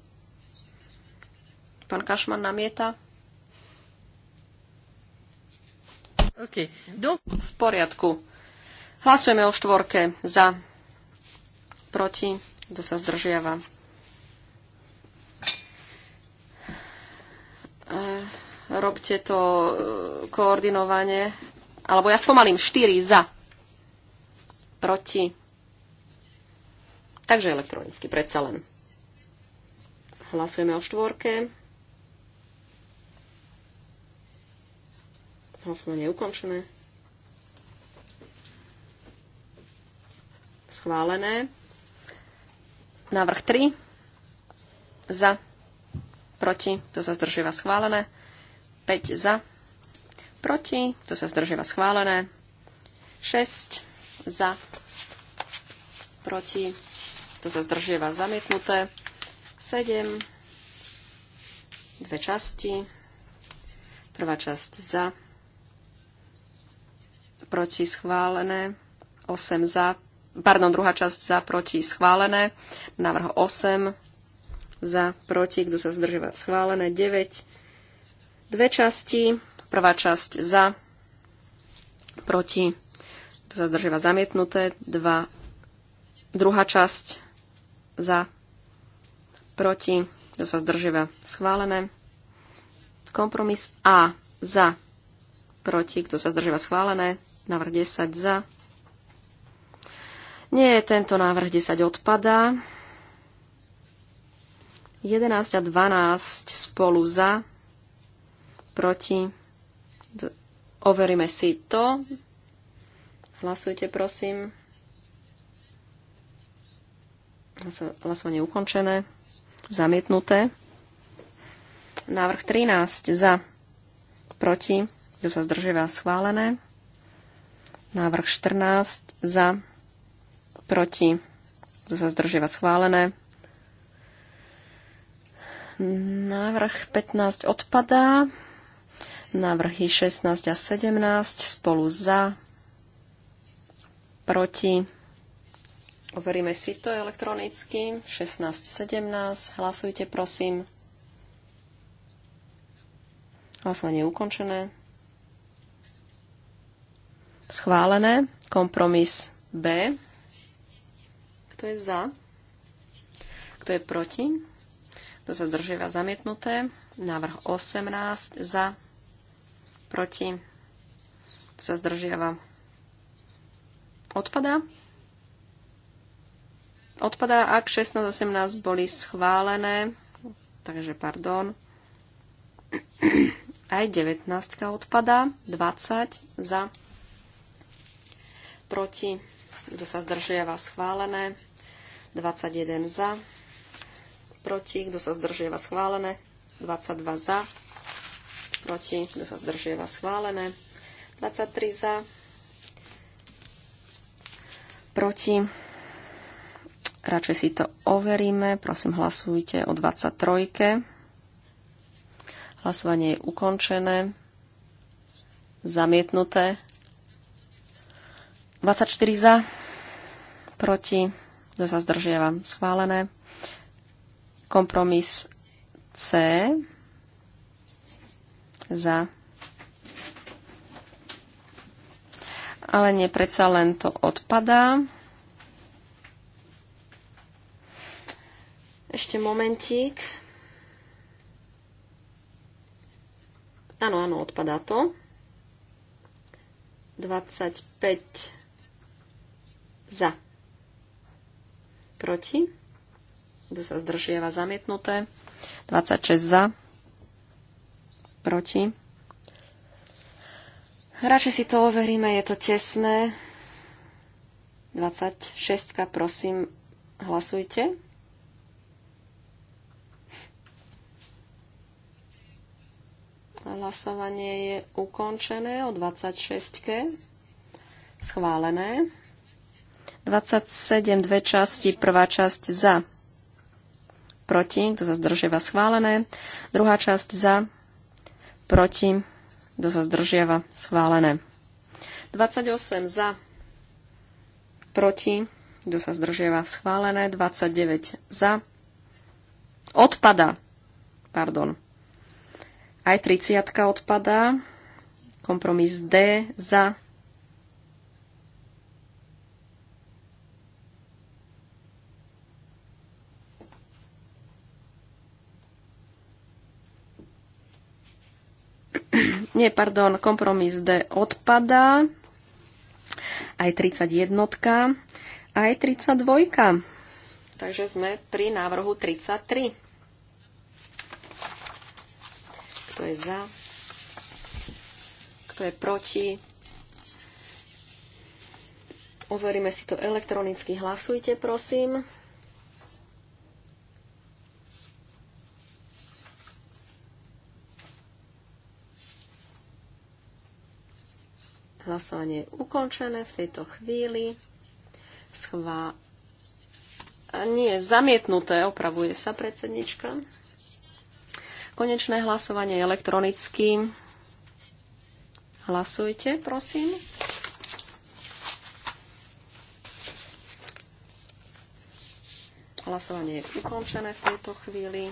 Pán Kašman namieta. Okay. Do... V poriadku. Hlasujeme o štvorke. Za. Proti. Kto sa zdržiava? Eh, robte to eh, koordinovane alebo ja spomalím 4 za, proti. Takže elektronicky, predsa len. Hlasujeme o štvorke. Hlasovanie je ukončené. Schválené. Návrh 3. Za. Proti. To sa zdržíva schválené. 5 za proti, kto sa zdržiava schválené. 6 za, proti, kto sa zdržiava zamietnuté. 7, dve časti. Prvá časť za, proti schválené. 8 za, pardon, druhá časť za, proti schválené. Návrh 8 za, proti, kto sa zdržiava schválené. 9, dve časti Prvá časť za, proti, to sa zdržíva zamietnuté. Dva, druhá časť za, proti, to sa zdržíva schválené. Kompromis A za, proti, kto sa zdržíva schválené. Návrh 10 za. Nie, tento návrh 10 odpadá. 11 a 12 spolu za, proti, Overíme si to. Hlasujte, prosím. Hlasovanie ukončené. Zamietnuté. Návrh 13 za. Proti. Kto sa zdržiava schválené. Návrh 14 za. Proti. Kto sa zdržiava schválené. Návrh 15 odpadá. Návrhy 16 a 17 spolu za, proti. Overíme si to elektronicky. 16, 17. Hlasujte, prosím. Hlasovanie je ukončené. Schválené. Kompromis B. Kto je za? Kto je proti? Kto sa zdržiava zamietnuté? Návrh 18 za, proti, sa zdržiava. Odpadá? Odpadá, ak 16 a 17 boli schválené, takže pardon. Aj 19 odpadá, 20 za, proti, kto sa zdržiava schválené, 21 za, proti, kto sa zdržiava schválené, 22 za, proti, kto sa zdržieva, schválené. 23 za, proti. Radšej si to overíme. Prosím, hlasujte o 23. Hlasovanie je ukončené. Zamietnuté. 24 za, proti, kto sa zdržiava, schválené. Kompromis C, za. Ale nie, predsa len to odpadá. Ešte momentík. Áno, áno, odpadá to. 25 za. Proti. Kto sa zdržieva zamietnuté. 26 za. Proti. Radšej si to overíme, je to tesné. 26, prosím, hlasujte. Hlasovanie je ukončené o 26. Schválené. 27, dve časti, prvá časť za. Proti, kto sa zdržieva, schválené. Druhá časť za proti, kto sa zdržiava, schválené. 28 za, proti, kto sa zdržiava, schválené. 29 za, odpada, pardon. Aj 30 odpadá. Kompromis D za, nie, pardon, kompromis D odpadá, aj 31, aj 32. Takže sme pri návrhu 33. Kto je za? Kto je proti? Overíme si to elektronicky. Hlasujte, prosím. Hlasovanie je ukončené v tejto chvíli. Schvá... Nie, zamietnuté, opravuje sa predsednička. Konečné hlasovanie elektronicky. Hlasujte, prosím. Hlasovanie je ukončené v tejto chvíli.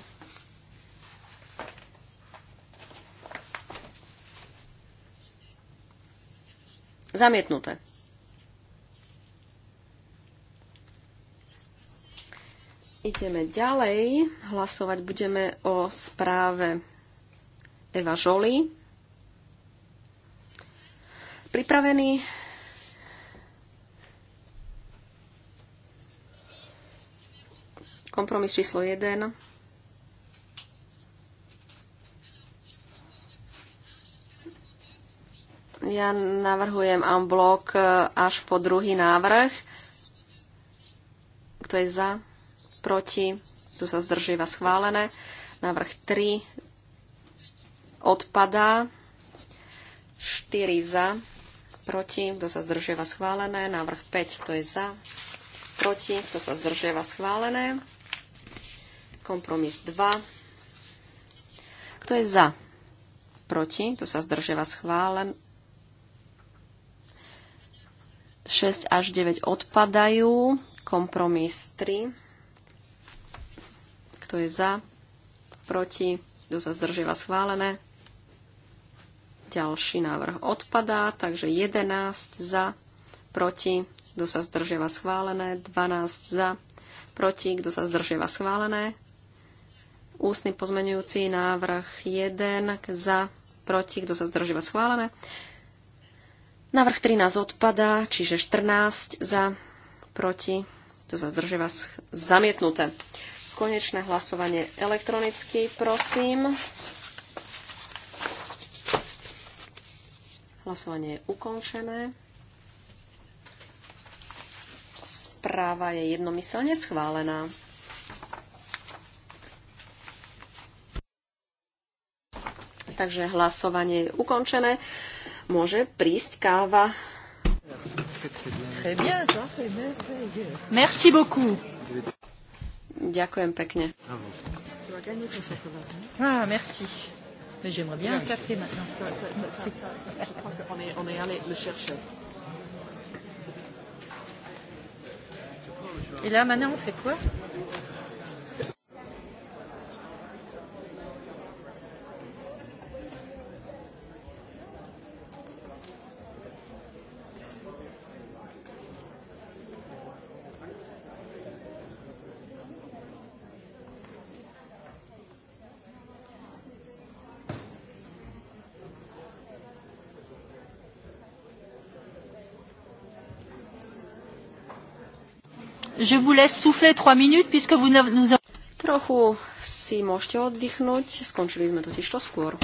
Zamietnuté. Ideme ďalej. Hlasovať budeme o správe Eva Žoli. Pripravený. Kompromis číslo 1. Ja navrhujem unblock e, až po druhý návrh. Kto je za? Proti? Tu sa zdržíva schválené. Návrh 3 odpadá. 4 za, proti, kto sa zdržíva schválené. Návrh 5, kto je za, proti, kto sa zdržíva schválené. Kompromis 2. Kto je za, proti, kto sa zdržíva schválené. 6 až 9 odpadajú. Kompromis 3. Kto je za? Proti? Kto sa zdržíva schválené? Ďalší návrh odpadá, takže 11 za, proti, kto sa zdržieva schválené, 12 za, proti, kto sa zdržieva schválené. Ústny pozmenujúci návrh 1 za, proti, kto sa zdržieva schválené. Navrh 13 odpadá, čiže 14 za, proti, to sa zdrží vás zamietnuté. Konečné hlasovanie elektronicky, prosím. Hlasovanie je ukončené. Správa je jednomyselne schválená. Takže hlasovanie je ukončené môže prísť káva. Merci beaucoup. Ďakujem pekne. Ah, merci. Mais j'aimerais bien un café maintenant. Je crois qu'on est, on est allé le chercher. Et là, maintenant, on fait quoi Je vous laisse souffler 3 minutes puisque vous nous Trochu si môžete oddychnúť, skončili sme totiž to skôr.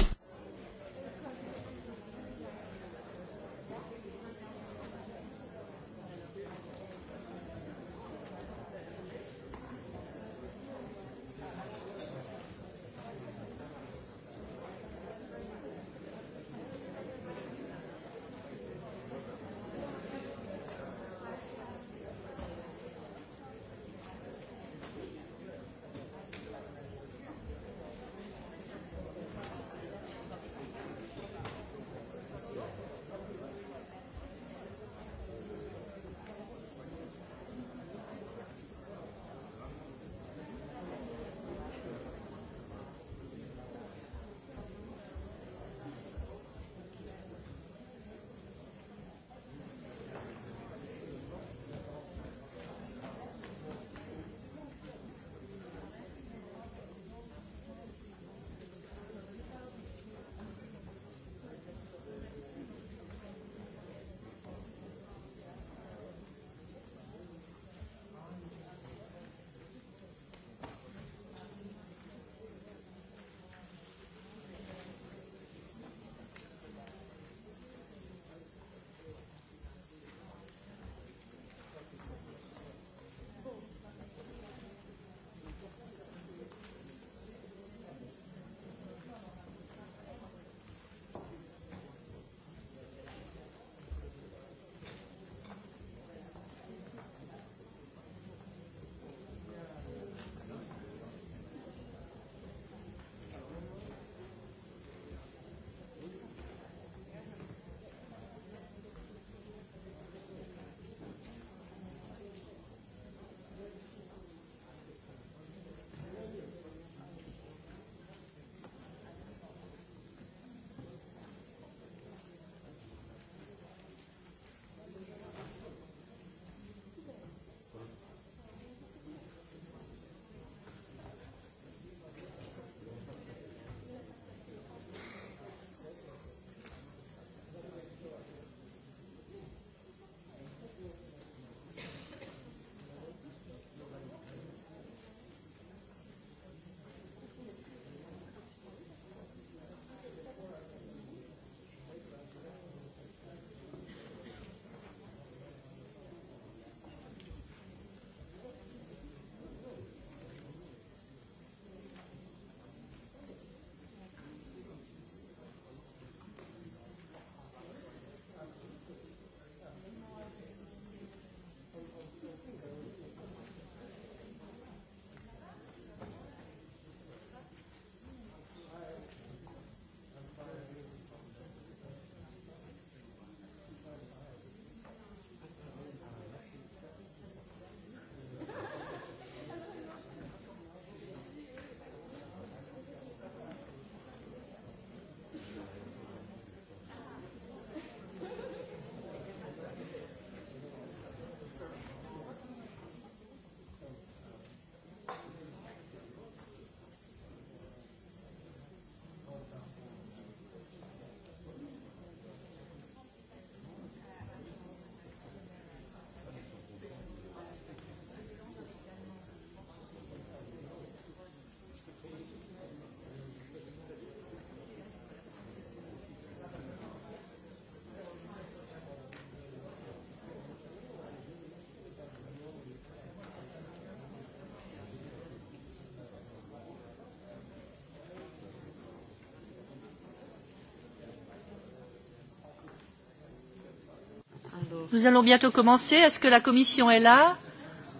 Nous allons bientôt commencer. Est-ce que la commission est là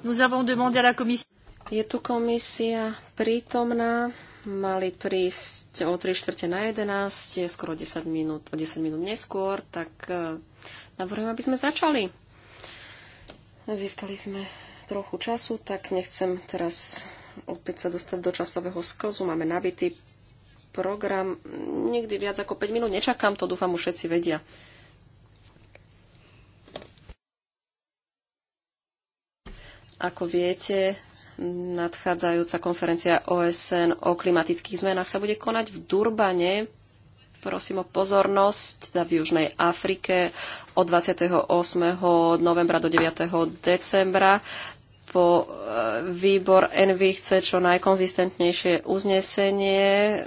Nous avons demandé à la commission... Je tu komisia prítomná. Mali prísť o 3 čtvrte na 11, je skoro 10 minút, o 10 minút neskôr, tak eh, navrhujem, aby sme začali. Získali sme trochu času, tak nechcem teraz opäť sa dostať do časového sklzu. Máme nabitý program. Nikdy viac ako 5 minút nečakám, to dúfam už všetci vedia. Ako viete, nadchádzajúca konferencia OSN o klimatických zmenách sa bude konať v Durbane. Prosím o pozornosť teda v Južnej Afrike od 28. novembra do 9. decembra. Po e, výbor Envy chce čo najkonzistentnejšie uznesenie e,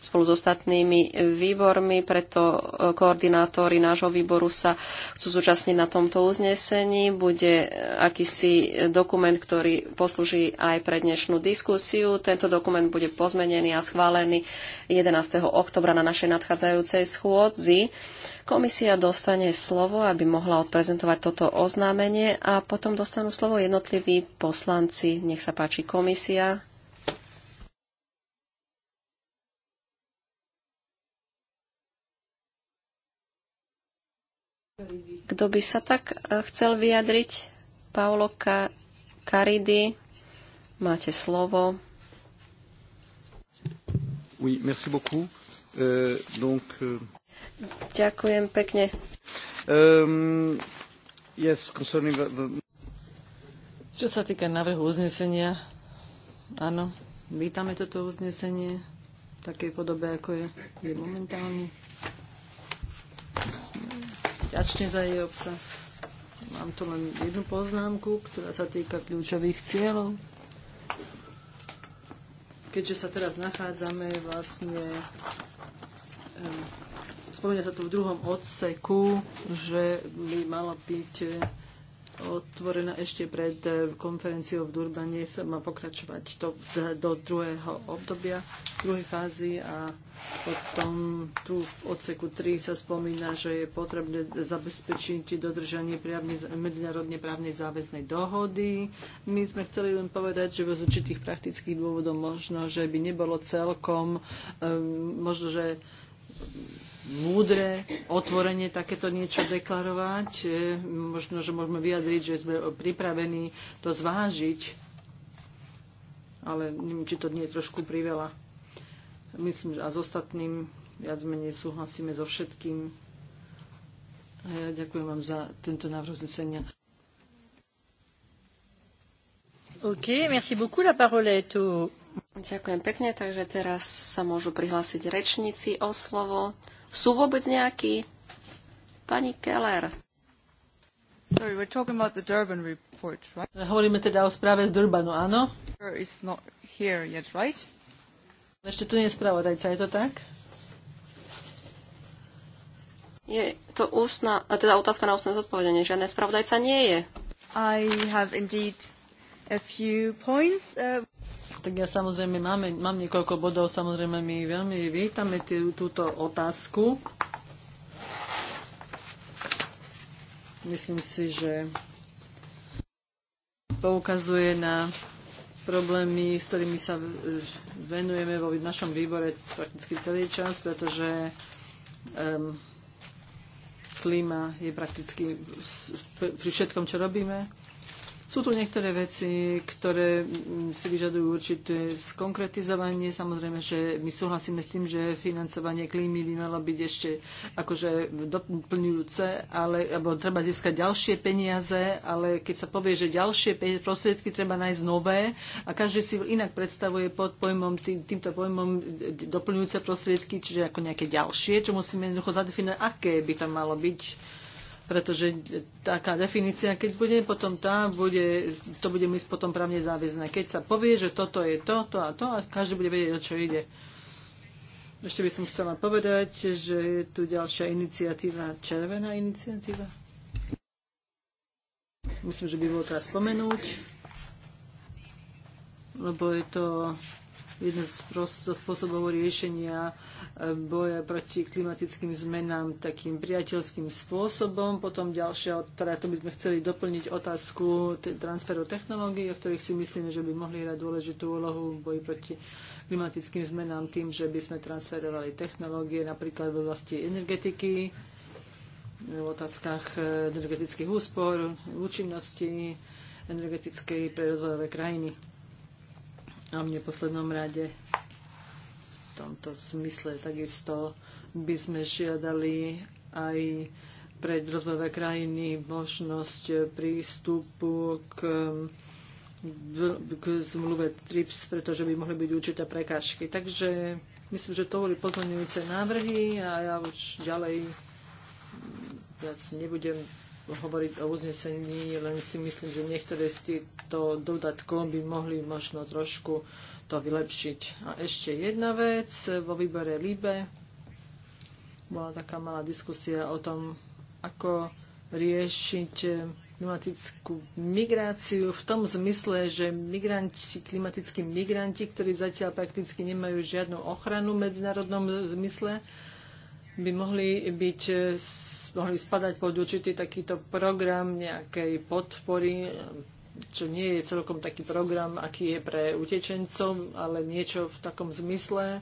spolu s ostatnými výbormi, preto e, koordinátori nášho výboru sa chcú zúčastniť na tomto uznesení. Bude e, akýsi dokument, ktorý poslúži aj pre dnešnú diskusiu. Tento dokument bude pozmenený a schválený 11. oktobra na našej nadchádzajúcej schôdzi. Komisia dostane slovo, aby mohla odprezentovať toto oznámenie a potom dostanú slovo jednotliví poslanci. Nech sa páči komisia. Kto by sa tak e, chcel vyjadriť? Paolo Ka- Karidy, máte slovo. Oui, merci beaucoup. Uh, donc, uh... Ďakujem pekne. Um, yes, concerning the... Čo sa týka návrhu uznesenia, áno, vítame toto uznesenie v takej podobe, ako je, je momentálne vďačný za jej obsah. Mám tu len jednu poznámku, ktorá sa týka kľúčových cieľov. Keďže sa teraz nachádzame vlastne, eh, spomína sa tu v druhom odseku, že by mala byť otvorená ešte pred e, konferenciou v Durbane. Sa má pokračovať to do druhého obdobia, druhej fázy a potom tu v odseku 3 sa spomína, že je potrebné zabezpečiť dodržanie právne, medzinárodne právnej záväznej dohody. My sme chceli len povedať, že bez určitých praktických dôvodov možno, že by nebolo celkom, um, možno, že múdre otvorenie takéto niečo deklarovať. E, možno, že môžeme vyjadriť, že sme pripravení to zvážiť, ale neviem, či to nie je trošku priveľa. Myslím, že a s ostatným viac menej súhlasíme so všetkým. A ja ďakujem vám za tento návrh znesenia. OK, merci beaucoup. La parole est au... Ďakujem pekne, takže teraz sa môžu prihlásiť rečníci o slovo. Sú vôbec nejakí? Pani Keller. Sorry, we're talking about the Durban report, right? Hovoríme teda o správe z Durbanu, áno? Is not here yet, right? Ešte tu nie je spravodajca, je to tak? Je to ústna, teda otázka na ústne zodpovedenie, Žiadne spravodajca nie je. I have indeed a few points. Uh... Tak ja samozrejme máme, mám niekoľko bodov, samozrejme my veľmi vítame tý, túto otázku. Myslím si, že poukazuje na problémy, s ktorými sa venujeme vo našom výbore prakticky celý čas, pretože um, klíma je prakticky pri všetkom, čo robíme sú tu niektoré veci, ktoré mm, si vyžadujú určité skonkretizovanie. Samozrejme, že my súhlasíme s tým, že financovanie klímy by malo byť ešte akože doplňujúce, ale alebo treba získať ďalšie peniaze, ale keď sa povie, že ďalšie prostriedky treba nájsť nové a každý si inak predstavuje pod pojmom, tý, týmto pojmom doplňujúce prostriedky, čiže ako nejaké ďalšie, čo musíme jednoducho zadefinovať, aké by tam malo byť pretože taká definícia, keď bude potom tá, bude, to bude ísť potom právne záväzné. Keď sa povie, že toto je to, to a to a každý bude vedieť, o čo ide. Ešte by som chcela povedať, že je tu ďalšia iniciatíva, červená iniciatíva. Myslím, že by bolo teraz spomenúť, lebo je to jeden zo spôsobov riešenia boja proti klimatickým zmenám takým priateľským spôsobom. Potom ďalšia, teda to by sme chceli doplniť otázku transferu technológií, o ktorých si myslíme, že by mohli hrať dôležitú úlohu v boji proti klimatickým zmenám tým, že by sme transferovali technológie napríklad v oblasti energetiky, v otázkach e, energetických úspor, účinnosti energetickej pre rozvojové krajiny. A v neposlednom rade tomto smysle. Takisto by sme žiadali aj pre rozvojové krajiny možnosť prístupu k k zmluve TRIPS, pretože by mohli byť určité prekážky. Takže myslím, že to boli pozmeňujúce návrhy a ja už ďalej viac nebudem hovoriť o uznesení, len si myslím, že niektoré z týchto dodatkov by mohli možno trošku to vylepšiť. A ešte jedna vec, vo výbore LIBE bola taká malá diskusia o tom, ako riešiť klimatickú migráciu v tom zmysle, že migranti, klimatickí migranti, ktorí zatiaľ prakticky nemajú žiadnu ochranu v medzinárodnom zmysle, by mohli, byť, mohli spadať pod určitý takýto program nejakej podpory čo nie je celkom taký program, aký je pre utečencov, ale niečo v takom zmysle.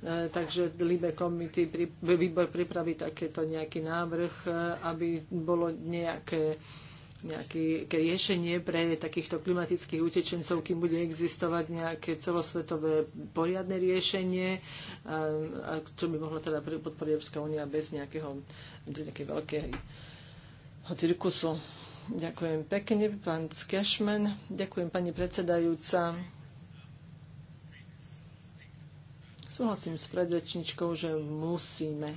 E, takže Libe komity, výbor pripraví takéto nejaký návrh, e, aby bolo nejaké nejaké riešenie pre takýchto klimatických utečencov, kým bude existovať nejaké celosvetové poriadne riešenie, a, e, a čo by mohla teda podporiť Európska únia bez nejakého, nejakej veľkého cirkusu. Ďakujem pekne, pán Skešman. Ďakujem, pani predsedajúca. Súhlasím s predrečničkou, že musíme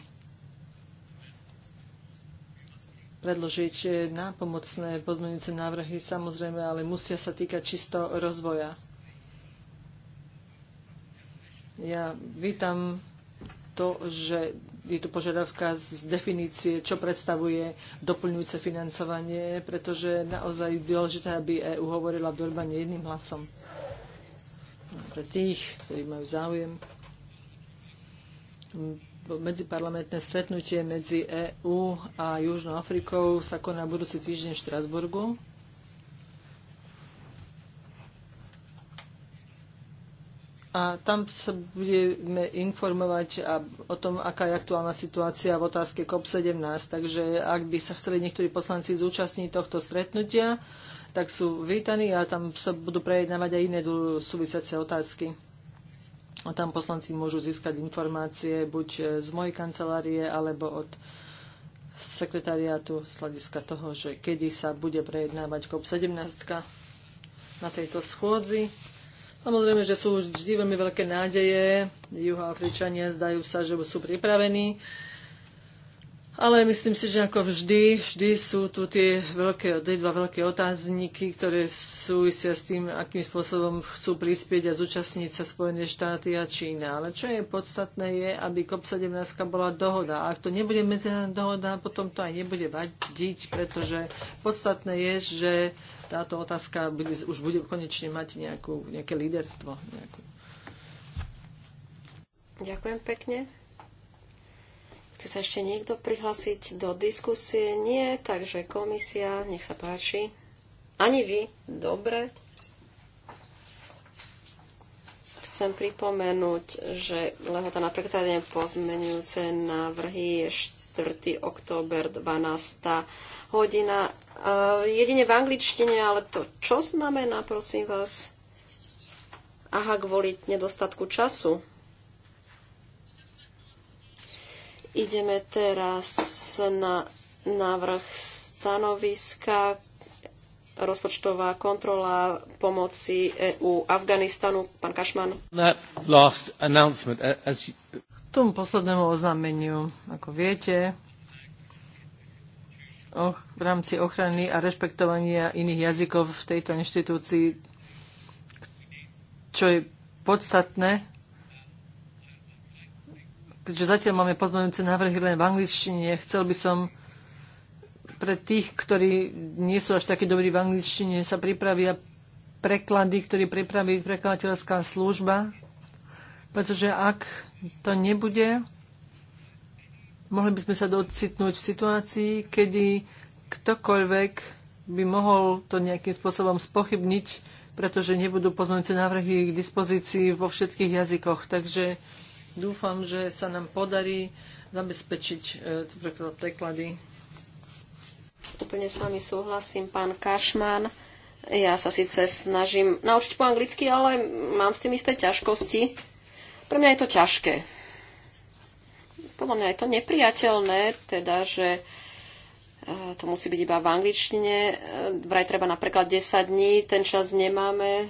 predložiť nápomocné pozmeňujúce návrhy, samozrejme, ale musia sa týkať čisto rozvoja. Ja vítam to, že je tu požiadavka z definície, čo predstavuje doplňujúce financovanie, pretože naozaj dôležité, aby EU hovorila v Dorbane jedným hlasom. Pre tých, ktorí majú záujem, medziparlamentné stretnutie medzi EÚ a Južnou Afrikou sa koná budúci týždeň v Štrasburgu. a tam sa budeme informovať o tom, aká je aktuálna situácia v otázke COP17. Takže ak by sa chceli niektorí poslanci zúčastniť tohto stretnutia, tak sú vítaní a tam sa budú prejednávať aj iné súvisiace otázky. A tam poslanci môžu získať informácie buď e, z mojej kancelárie alebo od sekretariátu z hľadiska toho, že kedy sa bude prejednávať COP17 na tejto schôdzi. Samozrejme, že sú vždy veľmi veľké nádeje. Juhoafričania zdajú sa, že sú pripravení. Ale myslím si, že ako vždy, vždy sú tu tie, veľké, tie dva veľké otázniky, ktoré súvisia s tým, akým spôsobom chcú prispieť a zúčastniť sa Spojené štáty a Čína. Ale čo je podstatné je, aby COP17 bola dohoda. A ak to nebude medzinárodná dohoda, potom to aj nebude vadiť, pretože podstatné je, že táto otázka už bude konečne mať nejakú, nejaké líderstvo. Nejakú. Ďakujem pekne. Chce sa ešte niekto prihlásiť do diskusie? Nie, takže komisia, nech sa páči. Ani vy, dobre. Chcem pripomenúť, že lehota na prekladanie pozmenujúce návrhy je 4. október 12. hodina. E, jedine v angličtine, ale to čo znamená, prosím vás? Aha, kvôli nedostatku času. Ideme teraz na návrh stanoviska rozpočtová kontrola pomoci EU Afganistanu. Pán Kašman. You tomu poslednému oznámeniu, ako viete, och, v rámci ochrany a rešpektovania iných jazykov v tejto inštitúcii, čo je podstatné, keďže zatiaľ máme pozmeňujúce návrhy len v angličtine, chcel by som pre tých, ktorí nie sú až takí dobrí v angličtine, sa pripravia preklady, ktoré pripraví prekladateľská služba pretože ak to nebude, mohli by sme sa docitnúť v situácii, kedy ktokoľvek by mohol to nejakým spôsobom spochybniť, pretože nebudú pozmeňujúce návrhy k dispozícii vo všetkých jazykoch. Takže dúfam, že sa nám podarí zabezpečiť e, preklady. Úplne s vami súhlasím, pán Kašman. Ja sa síce snažím naučiť po anglicky, ale mám s tým isté ťažkosti pre mňa je to ťažké. Podľa mňa je to nepriateľné, teda, že e, to musí byť iba v angličtine. E, vraj treba napríklad 10 dní, ten čas nemáme. E,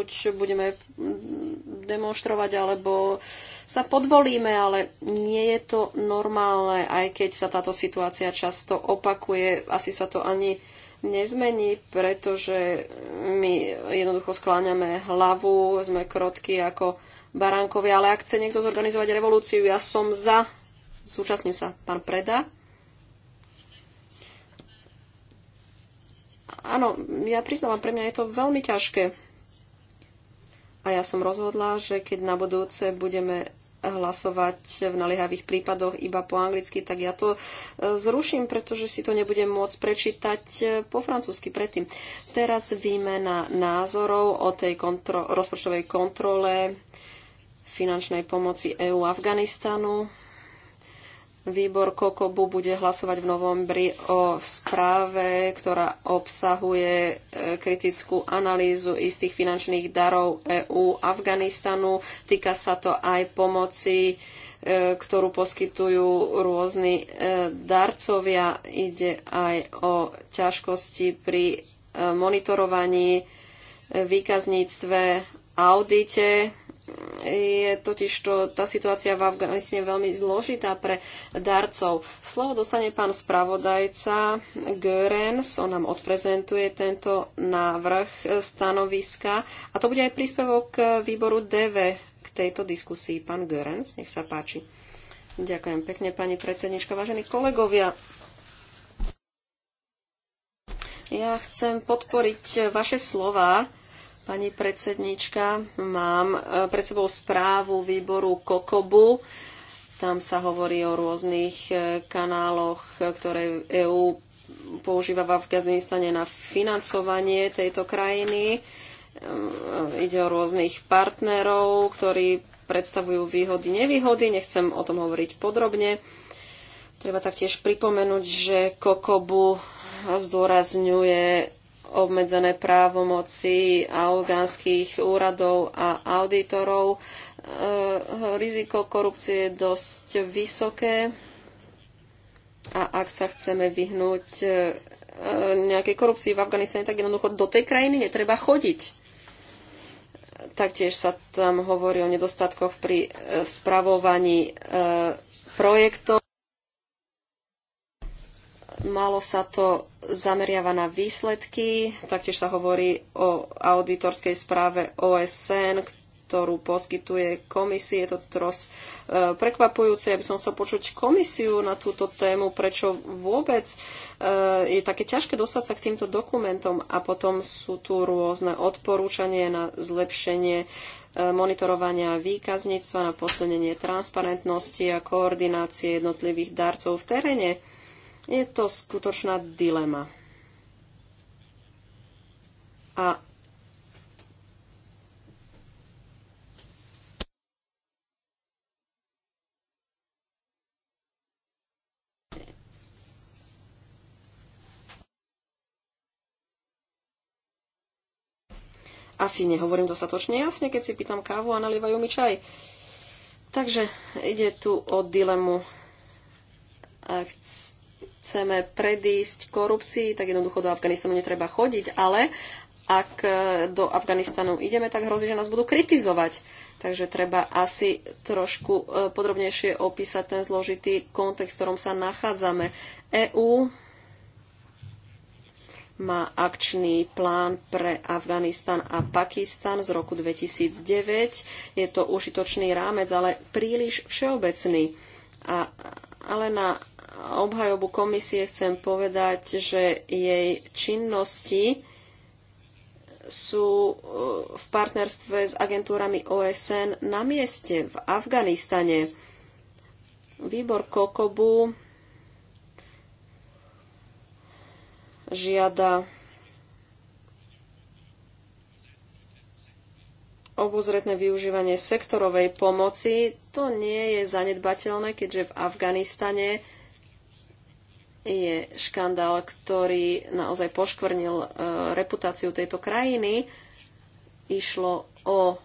buď budeme mm, demonstrovať, alebo sa podvolíme, ale nie je to normálne, aj keď sa táto situácia často opakuje. Asi sa to ani nezmení, pretože my jednoducho skláňame hlavu, sme krotky ako Baránkovi, ale ak chce niekto zorganizovať revolúciu, ja som za. Súčasním sa pán Preda. Áno, ja priznávam, pre mňa je to veľmi ťažké. A ja som rozhodla, že keď na budúce budeme hlasovať v naliehavých prípadoch iba po anglicky, tak ja to e, zruším, pretože si to nebudem môcť prečítať e, po francúzsky predtým. Teraz výmena názorov o tej kontro- rozpočtovej kontrole finančnej pomoci EÚ Afganistanu. Výbor Kokobu bude hlasovať v novembri o správe, ktorá obsahuje e, kritickú analýzu istých finančných darov EÚ Afganistanu. Týka sa to aj pomoci, e, ktorú poskytujú rôzni e, darcovia. Ide aj o ťažkosti pri monitorovaní, výkazníctve, audite je totiž to, tá situácia v Afganistane veľmi zložitá pre darcov. Slovo dostane pán spravodajca Görens, on nám odprezentuje tento návrh stanoviska a to bude aj príspevok výboru DV k tejto diskusii. Pán Görens, nech sa páči. Ďakujem pekne, pani predsednička, vážení kolegovia. Ja chcem podporiť vaše slova Pani predsednička, mám e, pred sebou správu výboru Kokobu. Tam sa hovorí o rôznych e, kanáloch, e, ktoré EÚ používa v Afganistane na financovanie tejto krajiny. Ide o rôznych partnerov, ktorí predstavujú výhody, nevýhody. Nechcem o tom hovoriť podrobne. Treba taktiež pripomenúť, že Kokobu zdôrazňuje obmedzené právomoci afgánskych úradov a auditorov. E, riziko korupcie je dosť vysoké a ak sa chceme vyhnúť e, nejakej korupcii v Afganistane, tak jednoducho do tej krajiny netreba chodiť. Taktiež sa tam hovorí o nedostatkoch pri e, spravovaní projektov. Malo sa to zameriava na výsledky, taktiež sa hovorí o auditorskej správe OSN, ktorú poskytuje komisie. Je to teraz e, prekvapujúce. Ja som chcel počuť komisiu na túto tému, prečo vôbec e, je také ťažké dostať sa k týmto dokumentom a potom sú tu rôzne odporúčania na zlepšenie e, monitorovania výkazníctva, na posledenie transparentnosti a koordinácie jednotlivých darcov v teréne. Je to skutočná dilema. A asi nehovorím dostatočne jasne, keď si pýtam kávu a nalievajú mi čaj. Takže ide tu o dilemu. Ak chceme predísť korupcii, tak jednoducho do Afganistanu netreba chodiť, ale ak e, do Afganistanu ideme, tak hrozí, že nás budú kritizovať. Takže treba asi trošku e, podrobnejšie opísať ten zložitý kontext, v ktorom sa nachádzame. EÚ má akčný plán pre Afganistan a Pakistan z roku 2009. Je to užitočný rámec, ale príliš všeobecný. A, ale na obhajobu komisie chcem povedať, že jej činnosti sú eh, v partnerstve s agentúrami OSN na mieste v Afganistane. Výbor Kokobu žiada obozretné využívanie sektorovej pomoci. To nie je zanedbateľné, keďže v Afganistane je škandál, ktorý naozaj poškvrnil e, reputáciu tejto krajiny. Išlo o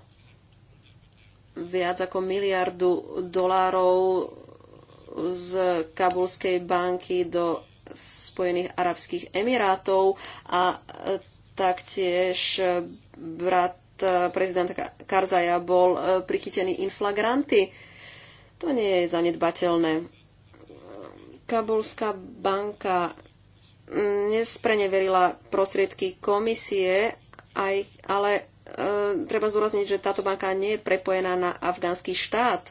viac ako miliardu dolárov z Kabulskej banky do Spojených arabských emirátov a taktiež brat e, prezidenta Karzaja bol e, prichytený inflagranty. To nie je zanedbateľné Kabulská banka nespreneverila prostriedky komisie, aj, ale e, treba zúrazniť, že táto banka nie je prepojená na afgánsky štát.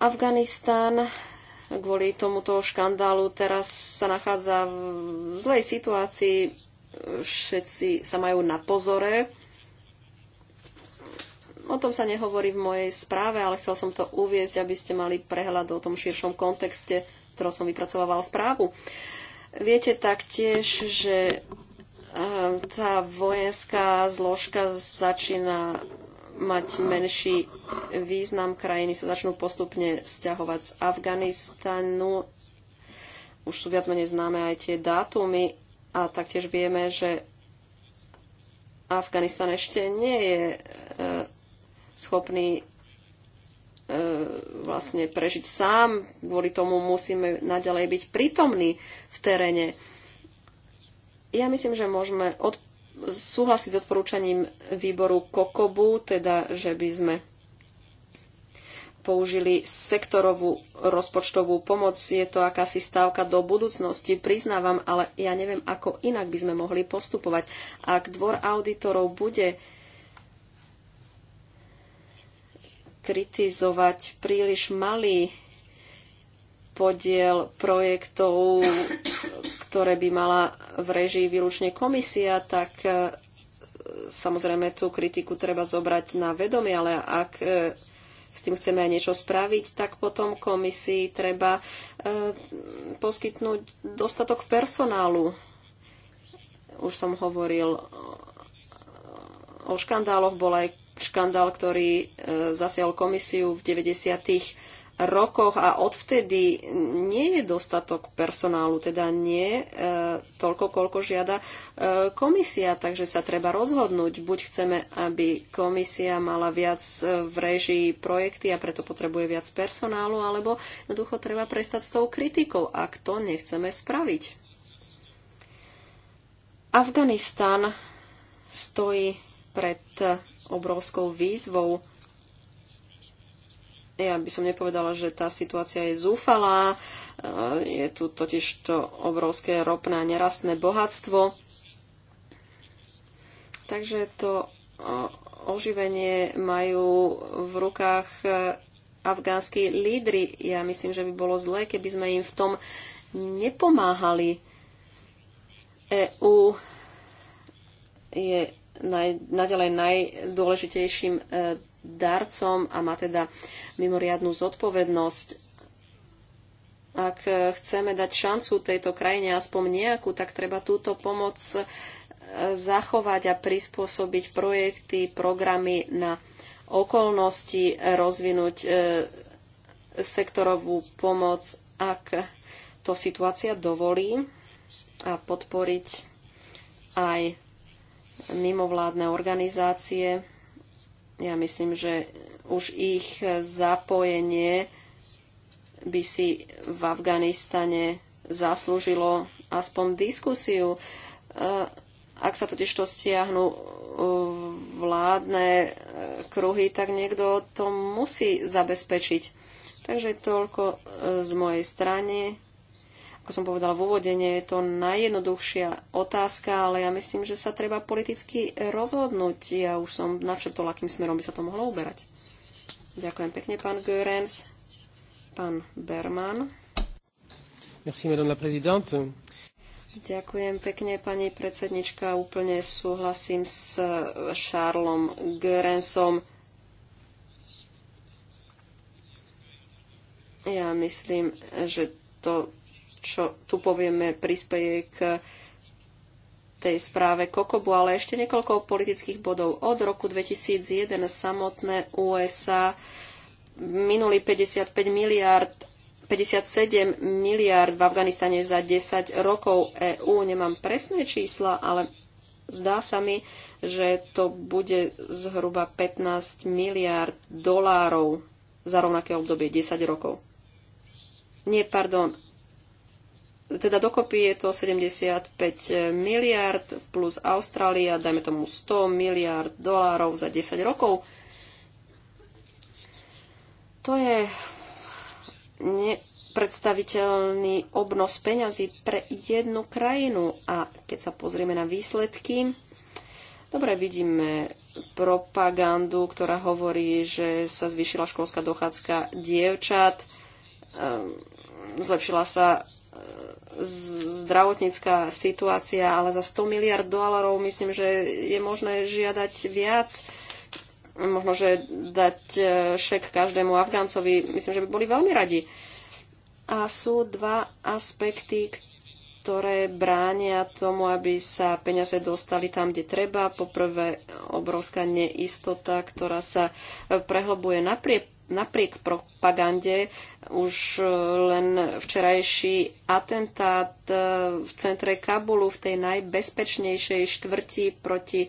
Afganistán kvôli tomuto škandálu teraz sa nachádza v zlej situácii. Všetci sa majú na pozore. O tom sa nehovorí v mojej správe, ale chcel som to uviezť, aby ste mali prehľad o tom širšom kontexte, v ktorom som vypracovala správu. Viete taktiež, že eh, tá vojenská zložka začína mať menší význam. Krajiny sa začnú postupne stiahovať z Afganistanu. Už sú viac menej známe aj tie dátumy a taktiež vieme, že Afganistan ešte nie je eh, schopný e, vlastne prežiť sám. Kvôli tomu musíme naďalej byť prítomní v teréne. Ja myslím, že môžeme od, súhlasiť s odporúčaním výboru Kokobu, teda, že by sme použili sektorovú rozpočtovú pomoc. Je to akási stávka do budúcnosti, priznávam, ale ja neviem, ako inak by sme mohli postupovať. Ak dvor auditorov bude uh, kritizovať príliš malý podiel projektov, ktoré by mala v režii výlučne komisia, tak e, samozrejme tú kritiku treba zobrať na vedomie, ale ak e, s tým chceme aj niečo spraviť, tak potom komisii treba e, poskytnúť dostatok personálu. Už som hovoril o škandáloch, bol aj škandál, ktorý e, zasiahol komisiu v 90. rokoch a odvtedy nie je dostatok personálu, teda nie e, toľko, koľko žiada e, komisia, takže sa treba rozhodnúť. Buď chceme, aby komisia mala viac v režii projekty a preto potrebuje viac personálu, alebo jednoducho treba prestať s tou kritikou, ak to nechceme spraviť. Afganistan stojí pred obrovskou výzvou. Ja by som nepovedala, že tá situácia je zúfalá. E, je tu totiž to obrovské ropné a nerastné bohatstvo. Takže to oživenie majú v rukách e, afgánsky lídry. Ja myslím, že by bolo zlé, keby sme im v tom nepomáhali. Eu je naj, naďalej najdôležitejším e, darcom a má teda mimoriadnú zodpovednosť. Ak e, chceme dať šancu tejto krajine aspoň nejakú, tak treba túto pomoc e, zachovať a prispôsobiť projekty, programy na okolnosti, rozvinúť sektorovú pomoc, ak to situácia dovolí a podporiť aj mimovládne organizácie. Ja myslím, že už ich zapojenie by si v Afganistane zaslúžilo aspoň diskusiu. E, ak sa totiž to stiahnu e, vládne e, kruhy, tak niekto to musí zabezpečiť. Takže toľko z mojej strany. Ako som povedala v úvode, nie je to najjednoduchšia otázka, ale ja myslím, že sa treba politicky rozhodnúť. Ja už som načrtol, akým smerom by sa to mohlo uberať. Ďakujem pekne, pán Görens. Pán Berman. Merci, madame la présidente. Ďakujem pekne, pani predsednička. Úplne súhlasím s Šarlom Görensom. Ja myslím, že to čo tu povieme, prispieje k tej správe Kokobu, ale ešte niekoľko politických bodov. Od roku 2001 samotné USA minuli 55 miliard 57 miliard v Afganistane za 10 rokov EÚ. Nemám presné čísla, ale zdá sa mi, že to bude zhruba 15 miliard dolárov za rovnaké obdobie, 10 rokov. Nie, pardon, teda dokopy je to 75 miliard plus Austrália, dajme tomu 100 miliard dolárov za 10 rokov. To je nepredstaviteľný obnos peňazí pre jednu krajinu. A keď sa pozrieme na výsledky, dobre vidíme propagandu, ktorá hovorí, že sa zvýšila školská dochádzka dievčat, ehm, zlepšila sa zdravotnícká situácia, ale za 100 miliard dolarov myslím, že je možné žiadať viac. Možno, že dať e, šek každému Afgáncovi, myslím, že by boli veľmi radi. A sú dva aspekty, ktoré bránia tomu, aby sa peniaze dostali tam, kde treba. Poprvé, obrovská neistota, ktorá sa e, prehlbuje napriek napriek propagande už e, len včerajší atentát e, v centre Kabulu, v tej najbezpečnejšej štvrti proti, e,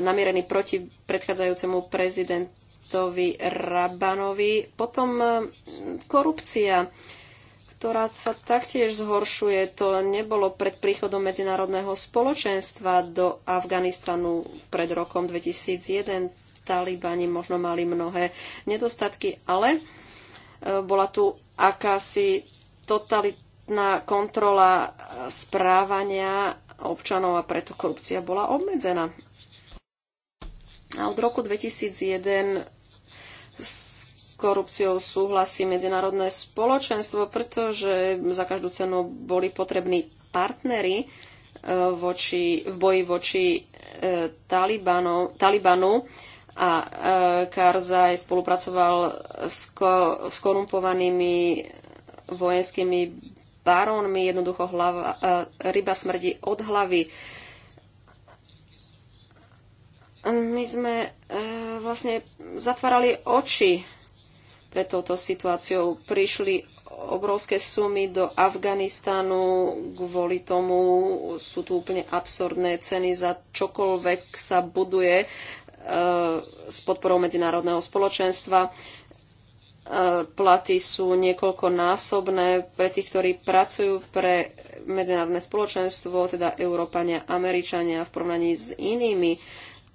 namierený proti predchádzajúcemu prezidentovi Rabanovi. Potom korupcia ktorá sa taktiež zhoršuje. To nebolo pred príchodom medzinárodného spoločenstva do Afganistanu pred rokom 2001. Talibani možno mali mnohé nedostatky, ale e, bola tu akási totalitná kontrola e, správania občanov a preto korupcia bola obmedzená. A od roku 2001 s korupciou súhlasí medzinárodné spoločenstvo, pretože za každú cenu boli potrební partnery e, voči, v boji voči e, Talibanu, Talibanu a e, Karzaj spolupracoval s, ko, s korumpovanými vojenskými barónmi. Jednoducho hlava, e, ryba smrdí od hlavy. My sme e, vlastne zatvárali oči pre touto situáciou. Prišli obrovské sumy do Afganistanu, kvôli tomu sú tu úplne absurdné ceny za čokoľvek sa buduje s podporou medzinárodného spoločenstva. E, platy sú niekoľkonásobné pre tých, ktorí pracujú pre medzinárodné spoločenstvo, teda Európania, Američania v porovnaní s inými.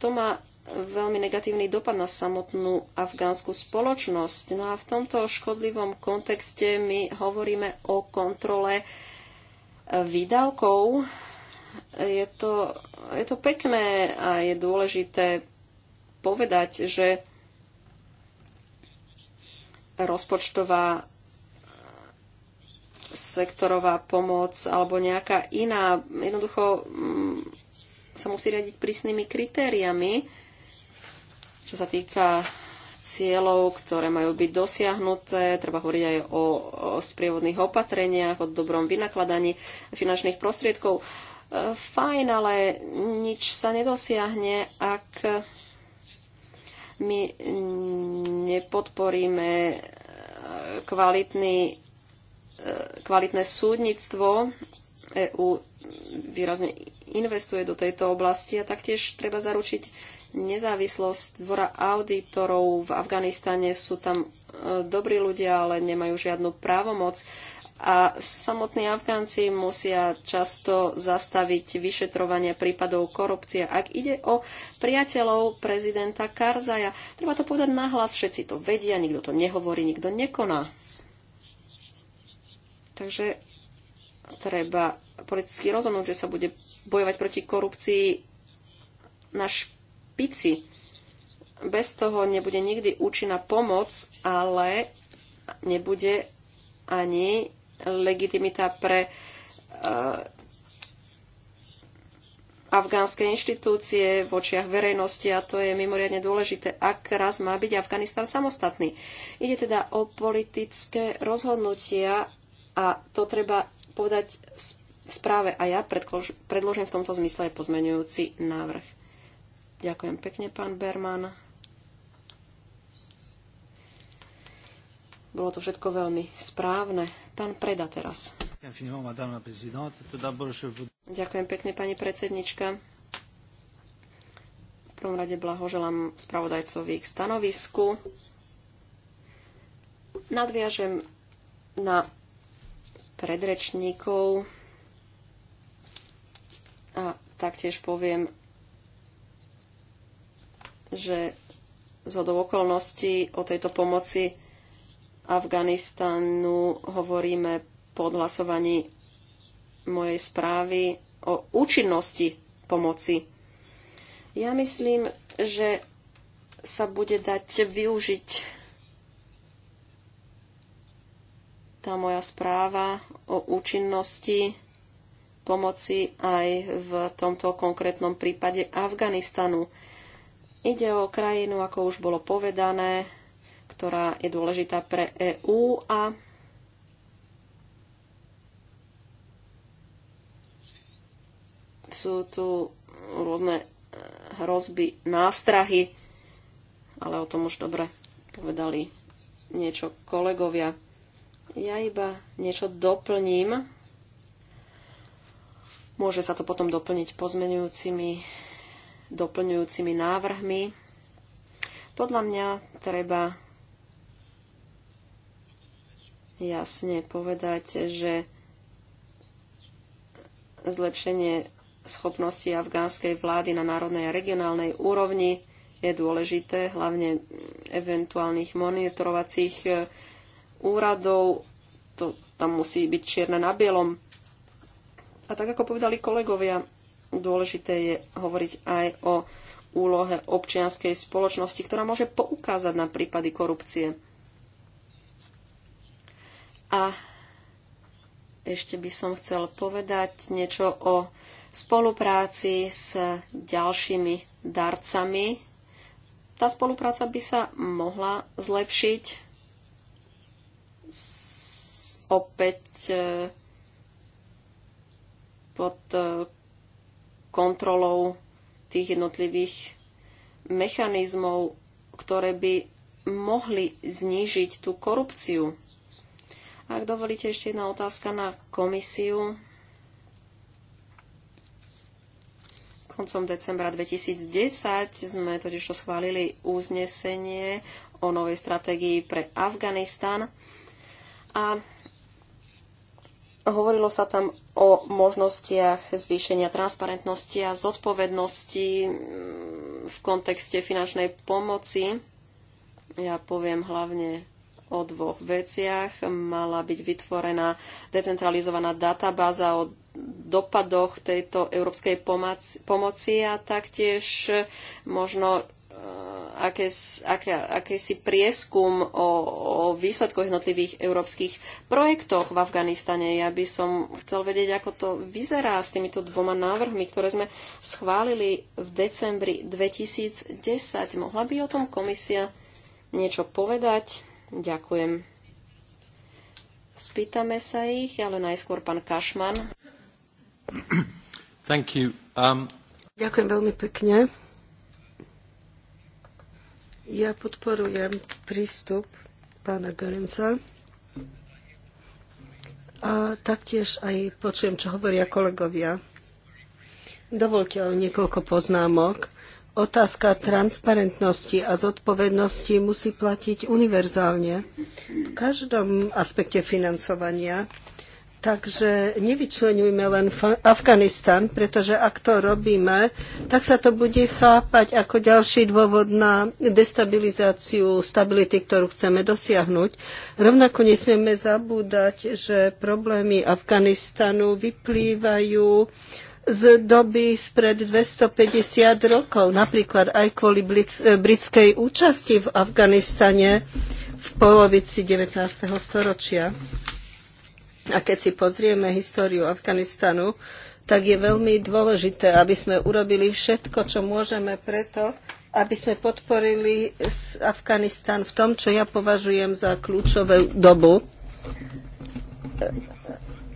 To má veľmi negatívny dopad na samotnú afgánsku spoločnosť. No a v tomto škodlivom kontexte my hovoríme o kontrole e, výdavkov. Je to, je to pekné a je dôležité povedať, že rozpočtová eh, sektorová pomoc alebo nejaká iná, jednoducho mm, sa musí riadiť prísnymi kritériami, čo sa týka cieľov, ktoré majú byť dosiahnuté. Treba hovoriť aj o, o sprievodných opatreniach, o dobrom vynakladaní finančných prostriedkov. E, fajn, ale nič sa nedosiahne, ak my mm, nepodporíme eh, kvalitný, eh, kvalitné súdnictvo. EU výrazne investuje do tejto oblasti a taktiež treba zaručiť nezávislosť dvora auditorov. V Afganistane sú tam eh, dobrí ľudia, ale nemajú žiadnu právomoc a samotní Afgánci musia často zastaviť vyšetrovanie prípadov korupcie. Ak ide o priateľov prezidenta Karzaja, treba to povedať nahlas, všetci to vedia, nikto to nehovorí, nikto nekoná. Takže treba politicky rozhodnúť, že sa bude bojovať proti korupcii na špici. Bez toho nebude nikdy účinná pomoc, ale nebude ani legitimita pre eh, afgánske inštitúcie v očiach verejnosti a to je mimoriadne dôležité, ak raz má byť Afganistan samostatný. Ide teda o politické rozhodnutia a to treba povedať v správe a ja predložím v tomto zmysle aj pozmenujúci návrh. Ďakujem pekne, pán Berman. Bolo to všetko veľmi správne. Pán Preda teraz. Ďakujem pekne, pani predsednička. V prvom rade blahoželám spravodajcovi k stanovisku. Nadviažem na predrečníkov a taktiež poviem, že zhodou okolností o tejto pomoci Afganistanu hovoríme po odhlasovaní mojej správy o účinnosti pomoci. Ja myslím, že sa bude dať využiť tá moja správa o účinnosti pomoci aj v tomto konkrétnom prípade Afganistanu. Ide o krajinu, ako už bolo povedané, ktorá je dôležitá pre EÚ a sú tu rôzne e, hrozby, nástrahy, ale o tom už dobre povedali niečo kolegovia. Ja iba niečo doplním. Môže sa to potom doplniť pozmenujúcimi, doplňujúcimi návrhmi. Podľa mňa treba jasne povedať, že zlepšenie schopnosti afgánskej vlády na národnej a regionálnej úrovni je dôležité, hlavne eventuálnych monitorovacích e, úradov. To tam musí byť čierne na bielom. A tak ako povedali kolegovia, dôležité je hovoriť aj o úlohe občianskej spoločnosti, ktorá môže poukázať na prípady korupcie. A ešte by som chcel povedať niečo o spolupráci s ďalšími darcami. Tá spolupráca by sa mohla zlepšiť. Opäť e, pod e, kontrolou tých jednotlivých mechanizmov, ktoré by mohli znížiť tú korupciu ak dovolíte, ešte jedna otázka na komisiu. Koncom decembra 2010 sme to schválili uznesenie o novej stratégii pre Afganistan a hovorilo sa tam o možnostiach zvýšenia transparentnosti a zodpovednosti mm, v kontexte finančnej pomoci. Ja poviem hlavne o dvoch veciach. Mala byť vytvorená decentralizovaná databáza o dopadoch tejto európskej pomoci a taktiež eh, možno eh, aké, aké, akýsi prieskum o, o výsledkoch jednotlivých európskych projektoch v Afganistane. Ja by som chcel vedieť, ako to vyzerá s týmito dvoma návrhmi, ktoré sme schválili v decembri 2010. Mohla by o tom komisia niečo povedať? Ďakujem. Spýtame sa ich, ale najskôr pán Kašman. Thank you. Um... Ďakujem veľmi pekne. Ja podporujem prístup pána Gorenca a taktiež aj počujem, čo hovoria kolegovia. Dovolte o niekoľko poznámok otázka transparentnosti a zodpovednosti musí platiť univerzálne v každom aspekte financovania. Takže nevyčlenujme len Afganistan, pretože ak to robíme, tak sa to bude chápať ako ďalší dôvod na destabilizáciu stability, ktorú chceme dosiahnuť. Rovnako nesmieme zabúdať, že problémy Afganistanu vyplývajú z doby spred 250 rokov, napríklad aj kvôli e, britskej účasti v Afganistane v polovici 19. storočia. A keď si pozrieme históriu Afganistanu, tak je veľmi dôležité, aby sme urobili všetko, čo môžeme preto, aby sme podporili Afganistan v tom, čo ja považujem za kľúčovú dobu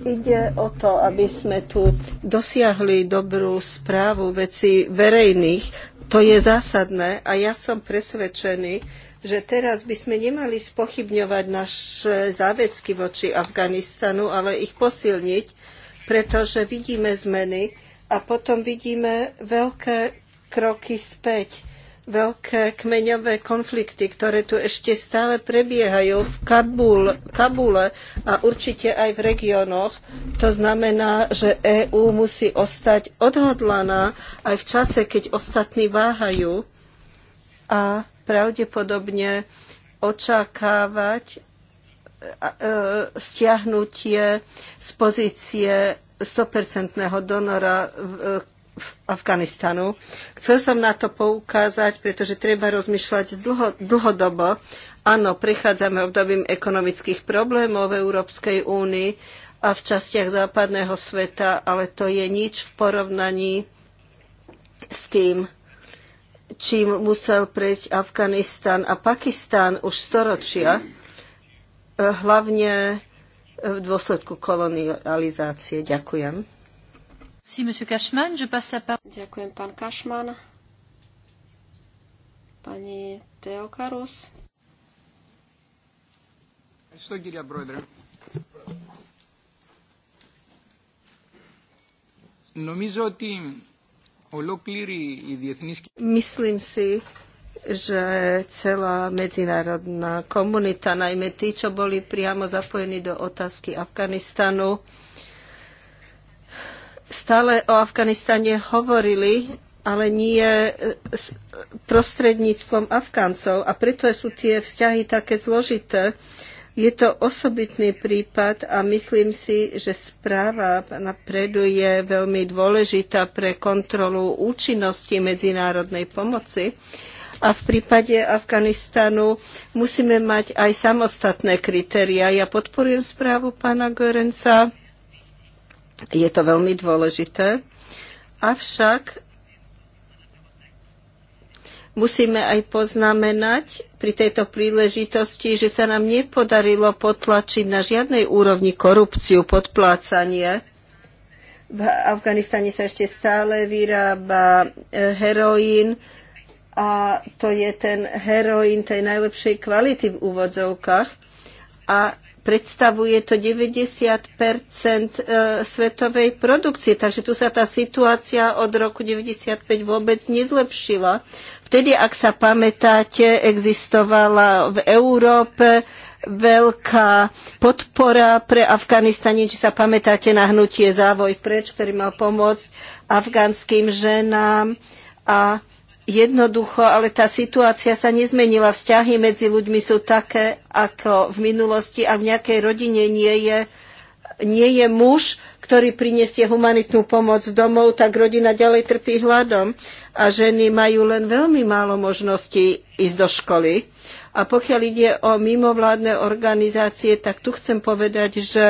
Ide o to, aby sme tu dosiahli dobrú správu veci verejných. To je zásadné a ja som presvedčený, že teraz by sme nemali spochybňovať naše záväzky voči Afganistanu, ale ich posilniť, pretože vidíme zmeny a potom vidíme veľké kroky späť veľké kmeňové konflikty, ktoré tu ešte stále prebiehajú v Kabul, Kabule a určite aj v regiónoch. To znamená, že EÚ musí ostať odhodlaná aj v čase, keď ostatní váhajú a pravdepodobne očakávať e, stiahnutie z pozície 100% donora e, Afganistanu. Chcel som na to poukázať, pretože treba rozmýšľať dlho, dlhodobo. Áno, prechádzame obdobím ekonomických problémov v Európskej únii a v častiach západného sveta, ale to je nič v porovnaní s tým, čím musel prejsť Afganistan a Pakistan už storočia, eh, hlavne v dôsledku kolonializácie. Ďakujem. Si, monsieur Cashman, je passe la parole. Ďakujem, pán Cashman. Pani Teokarus. Ευχαριστώ, κυρία Πρόεδρε. Νομίζω ότι ολόκληρη η διεθνής... Myslím si, že celá medzinárodná komunita, najmä tí, čo boli priamo zapojení do otázky Afganistanu, stále o Afganistane hovorili, ale nie e, prostredníctvom Afgáncov a preto sú tie vzťahy také zložité. Je to osobitný prípad a myslím si, že správa pána Predu je veľmi dôležitá pre kontrolu účinnosti medzinárodnej pomoci. A v prípade Afganistanu musíme mať aj samostatné kritéria. Ja podporujem správu pána Görenca je to veľmi dôležité. Avšak musíme aj poznamenať pri tejto príležitosti, že sa nám nepodarilo potlačiť na žiadnej úrovni korupciu, podplácanie. V Afganistane sa ešte stále vyrába e, heroín a to je ten heroín tej najlepšej kvality v úvodzovkách. A Predstavuje to 90 e, svetovej produkcie, takže tu sa tá situácia od roku 95 vôbec nezlepšila. Vtedy, ak sa pamätáte, existovala v Európe veľká podpora pre Afganistanie, či sa pamätáte na hnutie Závoj preč, ktorý mal pomôcť afgánskym ženám a jednoducho, ale tá situácia sa nezmenila. Vzťahy medzi ľuďmi sú také, ako v minulosti a v nejakej rodine nie je, nie je muž, ktorý prinesie humanitnú pomoc domov, tak rodina ďalej trpí hladom a ženy majú len veľmi málo možností ísť do školy. A pokiaľ ide o mimovládne organizácie, tak tu chcem povedať, že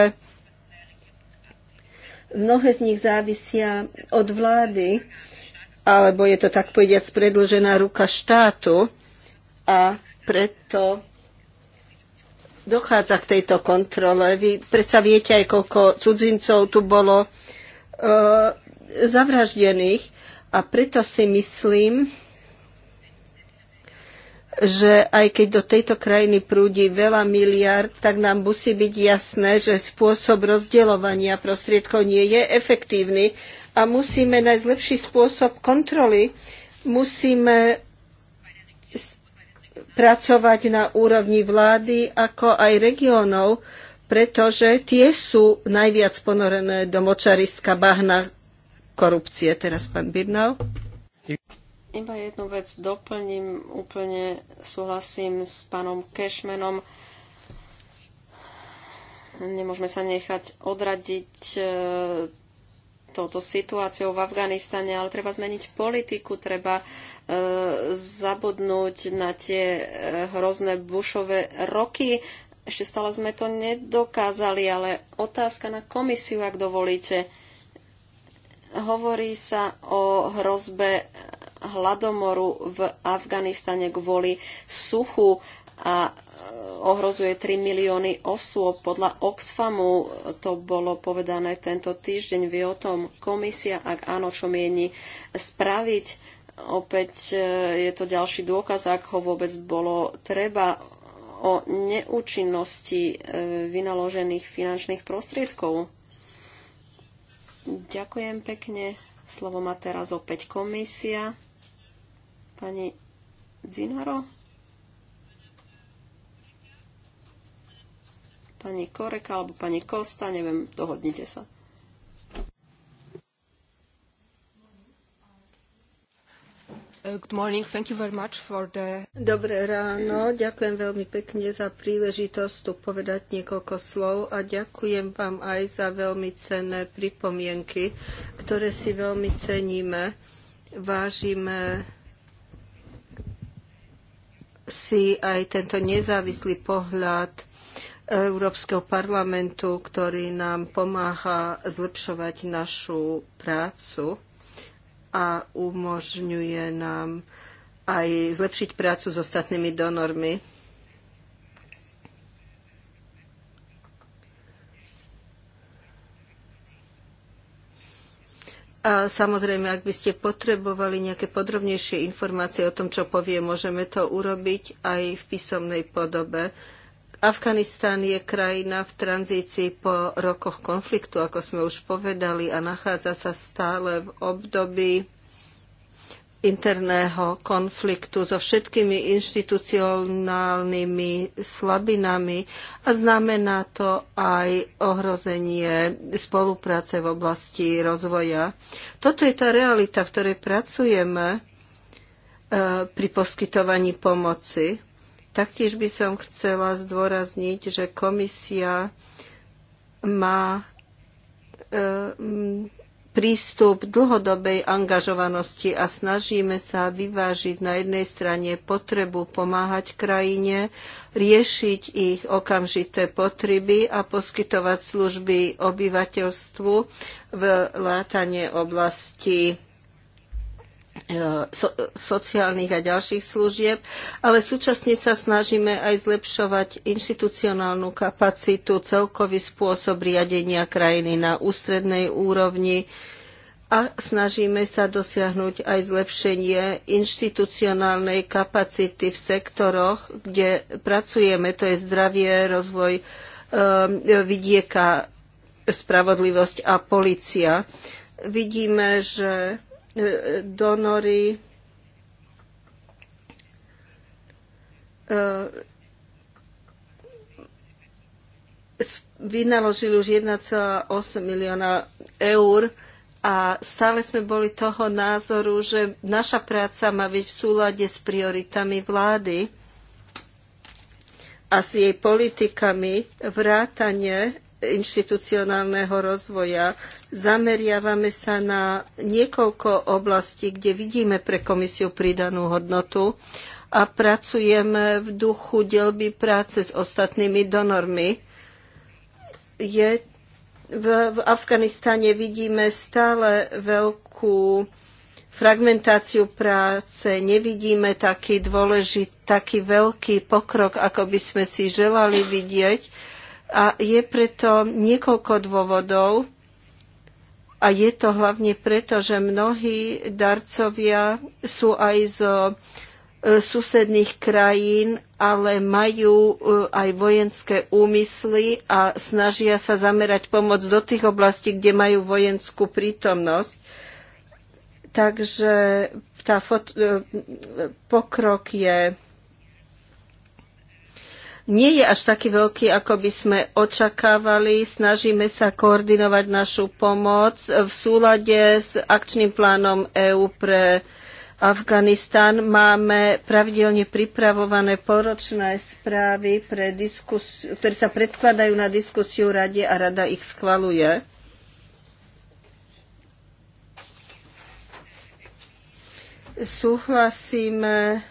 mnohé z nich závisia od vlády alebo je to tak povediac predlžená ruka štátu a preto dochádza k tejto kontrole. Vy predsa viete aj, koľko cudzincov tu bolo e, zavraždených a preto si myslím, že aj keď do tejto krajiny prúdi veľa miliard, tak nám musí byť jasné, že spôsob rozdeľovania prostriedkov nie je efektívny a musíme nájsť lepší spôsob kontroly. Musíme pracovať na úrovni vlády ako aj regiónov, pretože tie sú najviac ponorené do močariska bahna korupcie. Teraz pán Birnau. Iba jednu vec doplním, úplne súhlasím s pánom Kešmenom. Nemôžeme sa nechať odradiť e, touto situáciou v Afganistane, ale treba zmeniť politiku, treba e, zabudnúť na tie e, hrozné bušové roky. Ešte stále sme to nedokázali, ale otázka na komisiu, ak dovolíte. Hovorí sa o hrozbe hladomoru v Afganistane kvôli suchu a e, ohrozuje 3 milióny osôb. Podľa Oxfamu to bolo povedané tento týždeň. Vie o tom komisia, ak áno, čo mieni spraviť. Opäť e, je to ďalší dôkaz, ak ho vôbec bolo treba o neúčinnosti e, vynaložených finančných prostriedkov. Ďakujem pekne. Slovo má teraz opäť komisia. Pani Zinaro? pani Koreka alebo pani Kosta, neviem, dohodnite sa. The... Dobré ráno, ďakujem veľmi pekne za príležitosť tu povedať niekoľko slov a ďakujem vám aj za veľmi cenné pripomienky, ktoré si veľmi ceníme, vážime si aj tento nezávislý pohľad Európskeho parlamentu, ktorý nám pomáha zlepšovať našu prácu a umožňuje nám aj zlepšiť prácu s ostatnými donormi. A samozrejme, ak by ste potrebovali nejaké podrobnejšie informácie o tom, čo povie, môžeme to urobiť aj v písomnej podobe. Afganistan je krajina v tranzícii po rokoch konfliktu, ako sme už povedali, a nachádza sa stále v období interného konfliktu so všetkými inštitucionálnymi slabinami a znamená to aj ohrozenie spolupráce v oblasti rozvoja. Toto je tá realita, v ktorej pracujeme eh, pri poskytovaní pomoci. Taktiež by som chcela zdôrazniť, že komisia má e, prístup dlhodobej angažovanosti a snažíme sa vyvážiť na jednej strane potrebu pomáhať krajine, riešiť ich okamžité potreby a poskytovať služby obyvateľstvu v látanie oblasti E, so, sociálnych a ďalších služieb, ale súčasne sa snažíme aj zlepšovať inštitucionálnu kapacitu, celkový spôsob riadenia krajiny na ústrednej úrovni a snažíme sa dosiahnuť aj zlepšenie inštitucionálnej kapacity v sektoroch, kde pracujeme, to je zdravie, rozvoj um, vidieka, spravodlivosť a policia. Vidíme, že E, donory e, vynaložili už 1,8 milióna eur a stále sme boli toho názoru, že naša práca má byť v súlade s prioritami vlády a s jej politikami vrátanie inštitucionálneho rozvoja. Zameriavame sa na niekoľko oblastí, kde vidíme pre komisiu pridanú hodnotu a pracujeme v duchu delby práce s ostatnými donormi. Je, v, v Afganistane vidíme stále veľkú fragmentáciu práce, nevidíme taký dôležitý, taký veľký pokrok, ako by sme si želali vidieť a je preto niekoľko dôvodov, a je to hlavne preto, že mnohí darcovia sú aj zo e, susedných krajín, ale majú e, aj vojenské úmysly a snažia sa zamerať pomoc do tých oblastí, kde majú vojenskú prítomnosť. Takže tá e, pokrok je nie je až taký veľký, ako by sme očakávali. Snažíme sa koordinovať našu pomoc v súlade s akčným plánom EÚ pre Afganistan. Máme pravidelne pripravované poročné správy, pre ktoré sa predkladajú na diskusiu rade a rada ich schvaluje. Súhlasíme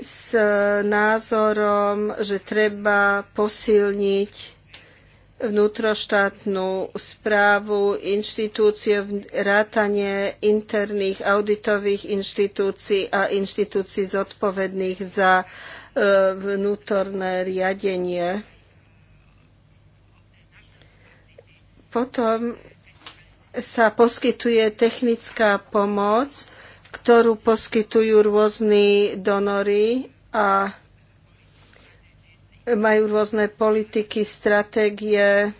s názorom, že treba posilniť vnútroštátnu správu, inštitúcie, rátanie interných auditových inštitúcií a inštitúcií zodpovedných za e, vnútorné riadenie. Potom sa poskytuje technická pomoc ktorú poskytujú rôzni donory a majú rôzne politiky, stratégie.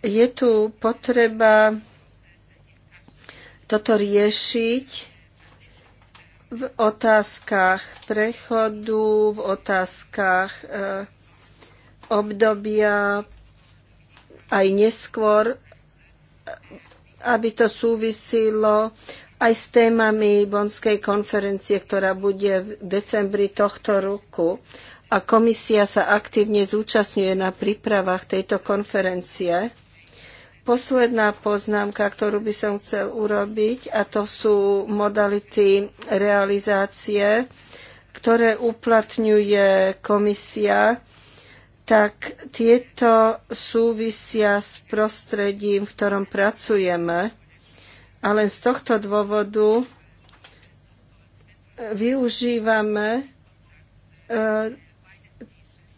Je tu potreba toto riešiť v otázkach prechodu, v otázkach eh, obdobia aj neskôr aby to súvisilo aj s témami Bonskej konferencie, ktorá bude v decembri tohto roku. A komisia sa aktívne zúčastňuje na prípravách tejto konferencie. Posledná poznámka, ktorú by som chcel urobiť, a to sú modality realizácie, ktoré uplatňuje komisia tak tieto súvisia s prostredím, v ktorom pracujeme. A len z tohto dôvodu e, využívame e,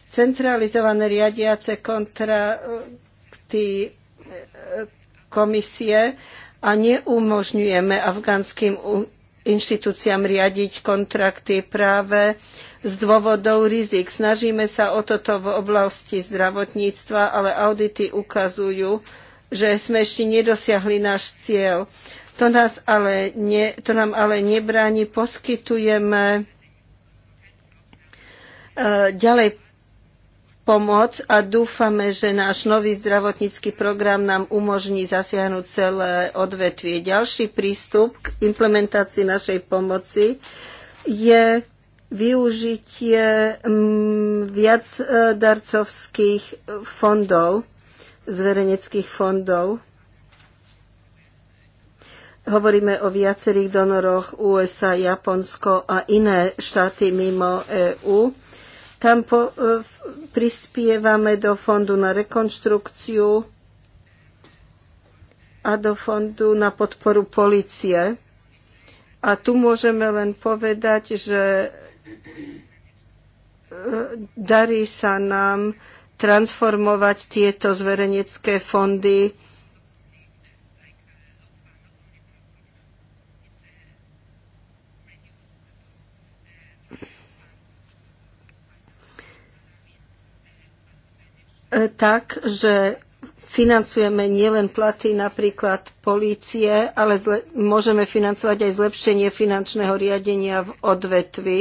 centralizované riadiace kontrakty e, komisie a neumožňujeme afgánskym inštitúciám riadiť kontrakty práve z dôvodov rizik. Snažíme sa o toto v oblasti zdravotníctva, ale audity ukazujú, že sme ešte nedosiahli náš cieľ. To, nás ale ne, to nám ale nebráni, poskytujeme e, ďalej pomoc a dúfame, že náš nový zdravotnícky program nám umožní zasiahnuť celé odvetvie. Ďalší prístup k implementácii našej pomoci je využitie mm, viac e, darcovských fondov, zverejneckých fondov. Hovoríme o viacerých donoroch USA, Japonsko a iné štáty mimo EÚ. Tam po, e, prispievame do fondu na rekonštrukciu a do fondu na podporu policie. A tu môžeme len povedať, že darí sa nám transformovať tieto zverejnecké fondy tak, že financujeme nielen platy napríklad polície, ale môžeme financovať aj zlepšenie finančného riadenia v odvetvi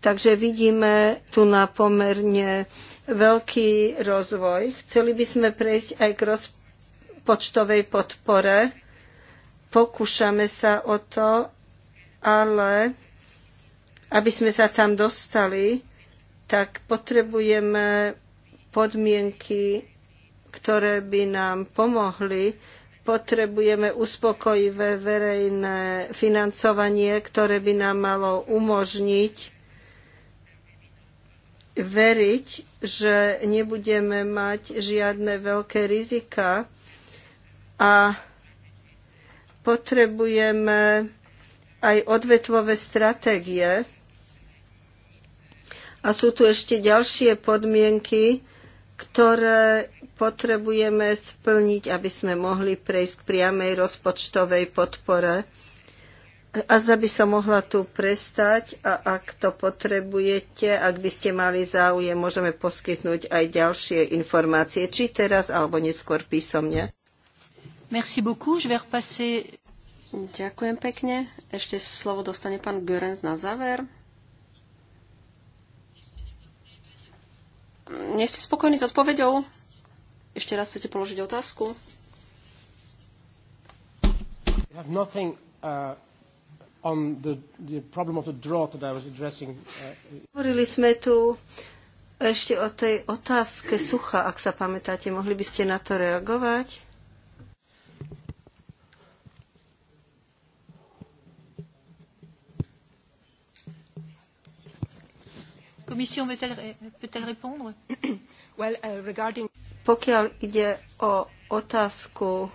Takže vidíme tu na pomerne veľký rozvoj. Chceli by sme prejsť aj k rozpočtovej podpore. Pokúšame sa o to, ale aby sme sa tam dostali, tak potrebujeme podmienky, ktoré by nám pomohli. Potrebujeme uspokojivé verejné financovanie, ktoré by nám malo umožniť veriť, že nebudeme mať žiadne veľké rizika a potrebujeme aj odvetvové stratégie. A sú tu ešte ďalšie podmienky, ktoré potrebujeme splniť, aby sme mohli prejsť k priamej rozpočtovej podpore a zda by som mohla tu prestať a ak to potrebujete, ak by ste mali záujem, môžeme poskytnúť aj ďalšie informácie, či teraz alebo neskôr písomne. Merci beaucoup, je vais repasser... Ďakujem pekne. Ešte slovo dostane pán Görens na záver. Nie ste spokojní s odpoveďou? Ešte raz chcete položiť otázku? have nothing, uh on the, the problem of the drought that I was addressing. Uh, Hovorili sme tu ešte o tej otázke sucha, ak sa pamätáte. Mohli by ste na to reagovať? Commission peut-elle répondre? well, uh, regarding... Pokiaľ ide o otázku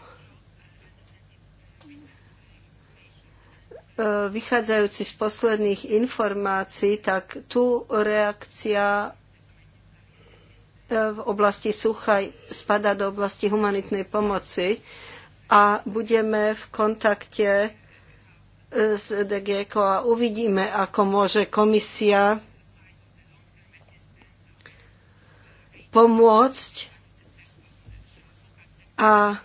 E, vychádzajúci z posledných informácií, tak tu reakcia e, v oblasti sucha spada do oblasti humanitnej pomoci a budeme v kontakte e, s DGECO a uvidíme, ako môže komisia pomôcť a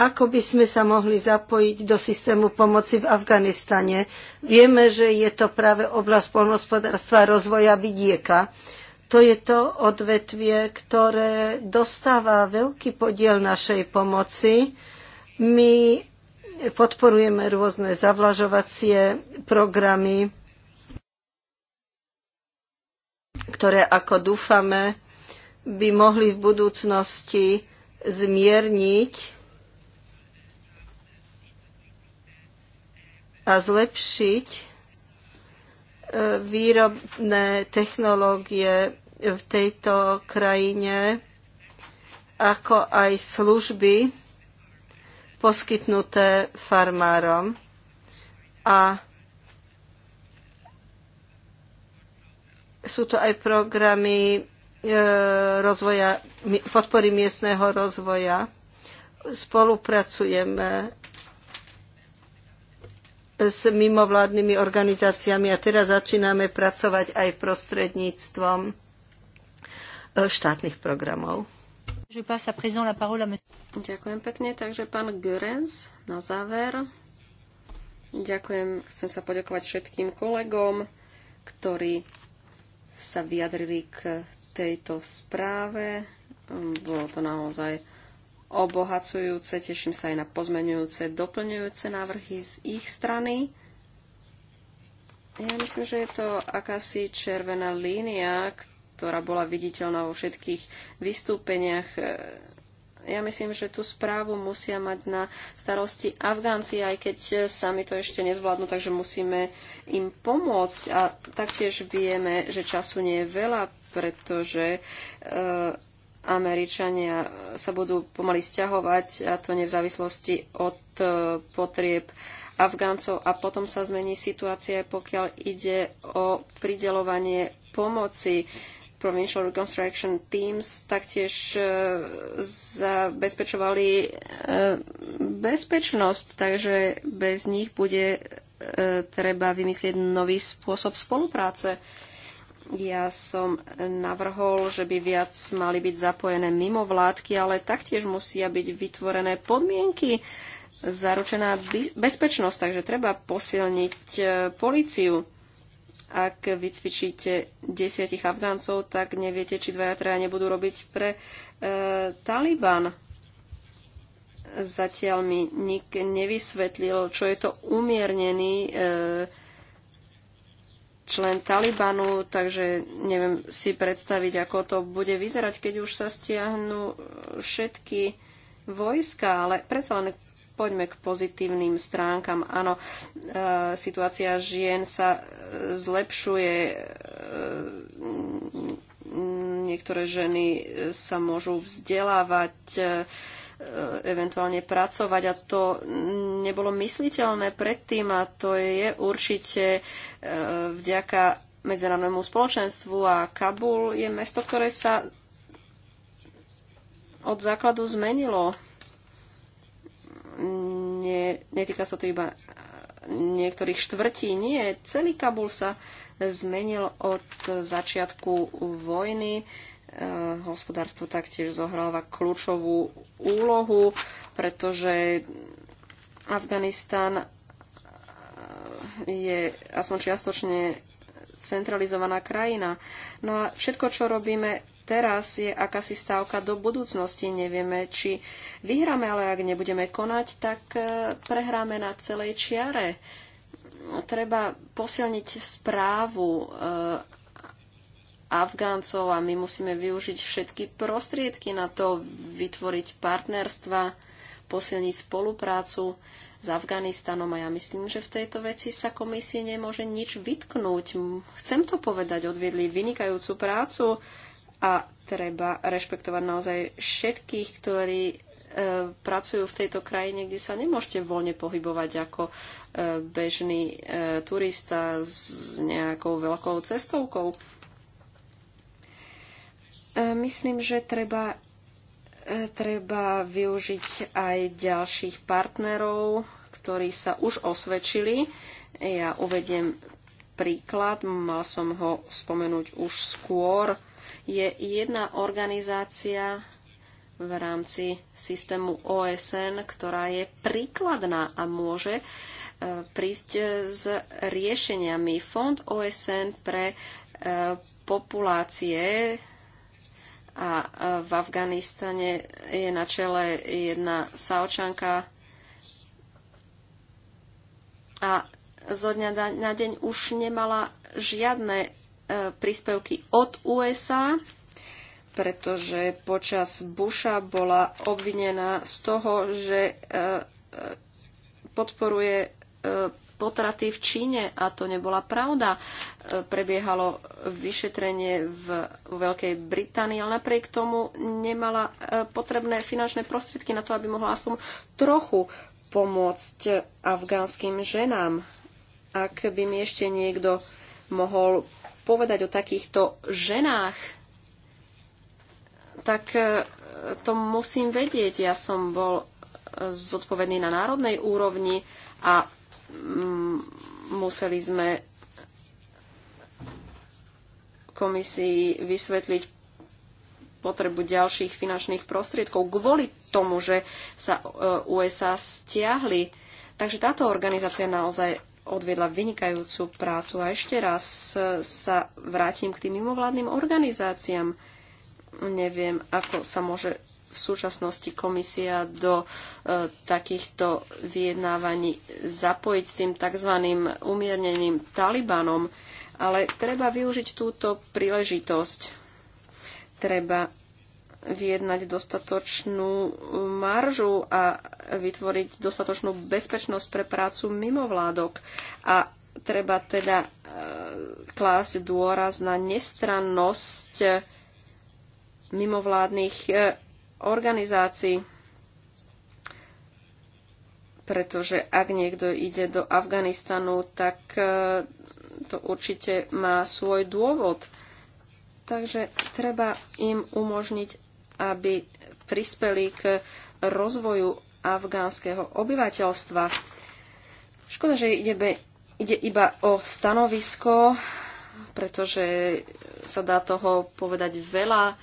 ako by sme sa mohli zapojiť do systému pomoci v Afganistane. Vieme, že je to práve oblasť poľnohospodárstva rozvoja vidieka. To je to odvetvie, ktoré dostáva veľký podiel našej pomoci. My podporujeme rôzne zavlažovacie programy, ktoré, ako dúfame, by mohli v budúcnosti zmierniť a zlepšiť e, výrobné technológie v tejto krajine, ako aj služby poskytnuté farmárom. A sú to aj programy e, rozvoja, podpory miestneho rozvoja. Spolupracujeme s mimovládnymi organizáciami a teraz začíname pracovať aj prostredníctvom e, štátnych programov. Ďakujem pekne, takže pán Görens na záver. Ďakujem, chcem sa poďakovať všetkým kolegom, ktorí sa vyjadrili k tejto správe. Bolo to naozaj obohacujúce. Teším sa aj na pozmenujúce, doplňujúce návrhy z ich strany. Ja myslím, že je to akási červená línia, ktorá bola viditeľná vo všetkých vystúpeniach. Ja myslím, že tú správu musia mať na starosti Afgánci, aj keď sami to ešte nezvládnu, takže musíme im pomôcť. A taktiež vieme, že času nie je veľa, pretože eh, Američania sa budú pomaly stiahovať, a to nie v závislosti od e, potrieb Afgáncov. A potom sa zmení situácia, pokiaľ ide o pridelovanie pomoci. Provincial Reconstruction Teams taktiež e, zabezpečovali e, bezpečnosť, takže bez nich bude treba vymyslieť nový spôsob spolupráce. Ja som navrhol, že by viac mali byť zapojené mimo vládky, ale taktiež musia byť vytvorené podmienky zaručená bezpečnosť, takže treba posilniť e, policiu. Ak vycvičíte desiatich Afgáncov, tak neviete, či dvaja traja nebudú robiť pre e, Taliban. Zatiaľ mi nik nevysvetlil, čo je to umiernený e, člen Talibanu, takže neviem si predstaviť, ako to bude vyzerať, keď už sa stiahnu všetky vojska, ale predsa len poďme k pozitívnym stránkam. Áno, e, situácia žien sa e, zlepšuje, e, niektoré ženy sa môžu vzdelávať, E, eventuálne pracovať a to nebolo mysliteľné predtým a to je určite e, vďaka medzinárodnému spoločenstvu a Kabul je mesto, ktoré sa od základu zmenilo. Nie, netýka sa to iba niektorých štvrtí, nie. Celý Kabul sa zmenil od začiatku vojny Eh, hospodárstvo taktiež zohráva kľúčovú úlohu, pretože Afganistan eh, je aspoň čiastočne centralizovaná krajina. No a všetko, čo robíme teraz je akási stávka do budúcnosti. Nevieme, či vyhráme, ale ak nebudeme konať, tak eh, prehráme na celej čiare. Treba posilniť správu Afgáncov a my musíme využiť všetky prostriedky na to, vytvoriť partnerstva, posilniť spoluprácu s Afganistanom a ja myslím, že v tejto veci sa komisie nemôže nič vytknúť. Chcem to povedať, odviedli vynikajúcu prácu a treba rešpektovať naozaj všetkých, ktorí e, pracujú v tejto krajine, kde sa nemôžete voľne pohybovať ako e, bežný e, turista s nejakou veľkou cestovkou E, myslím, že treba, e, treba využiť aj ďalších partnerov, ktorí sa už osvedčili. Ja uvediem príklad, mal som ho spomenúť už skôr. Je jedna organizácia v rámci systému OSN, ktorá je príkladná a môže e, prísť s riešeniami. Fond OSN pre populácie a v Afganistane je na čele jedna Saočanka a zo dňa na deň už nemala žiadne e, príspevky od USA, pretože počas Busha bola obvinená z toho, že e, e, podporuje potraty v Číne a to nebola pravda. E, prebiehalo vyšetrenie v Veľkej Británii, ale napriek tomu nemala e, potrebné finančné prostriedky na to, aby mohla aspoň trochu pomôcť afgánskym ženám. Ak by mi ešte niekto mohol povedať o takýchto ženách, tak e, to musím vedieť. Ja som bol zodpovedný na národnej úrovni a Mm, museli sme komisii vysvetliť potrebu ďalších finančných prostriedkov kvôli tomu, že sa e, USA stiahli. Takže táto organizácia naozaj odviedla vynikajúcu prácu. A ešte raz e, sa vrátim k tým mimovládnym organizáciám. Neviem, ako sa môže v súčasnosti komisia do e, takýchto vyjednávaní zapojiť s tým tzv. umiernením Talibanom, ale treba využiť túto príležitosť. Treba vyjednať dostatočnú maržu a vytvoriť dostatočnú bezpečnosť pre prácu mimovládok. A treba teda e, klásť dôraz na nestrannosť mimovládnych e, organizácií. Pretože ak niekto ide do Afganistanu, tak e, to určite má svoj dôvod. Takže treba im umožniť, aby prispeli k rozvoju afgánskeho obyvateľstva. Škoda, že ide, ide iba o stanovisko, pretože sa dá toho povedať veľa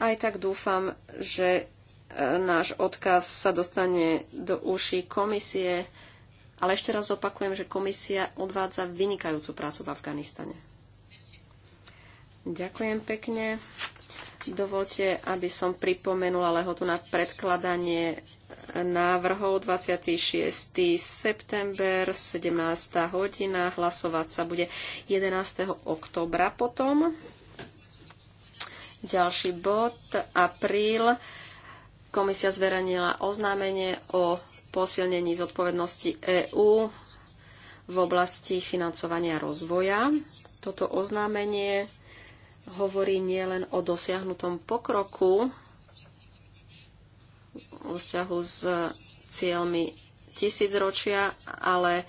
aj tak dúfam, že e, náš odkaz sa dostane do uší komisie, ale ešte raz opakujem, že komisia odvádza vynikajúcu prácu v Afganistane. Ďakujem pekne. Dovolte, aby som pripomenula lehotu na predkladanie e, návrhov 26. september, 17. hodina. Hlasovať sa bude 11. oktobra potom. Ďalší bod, apríl. Komisia zverejnila oznámenie o posilnení zodpovednosti EÚ v oblasti financovania rozvoja. Toto oznámenie hovorí nielen o dosiahnutom pokroku vo vzťahu s cieľmi tisícročia, ale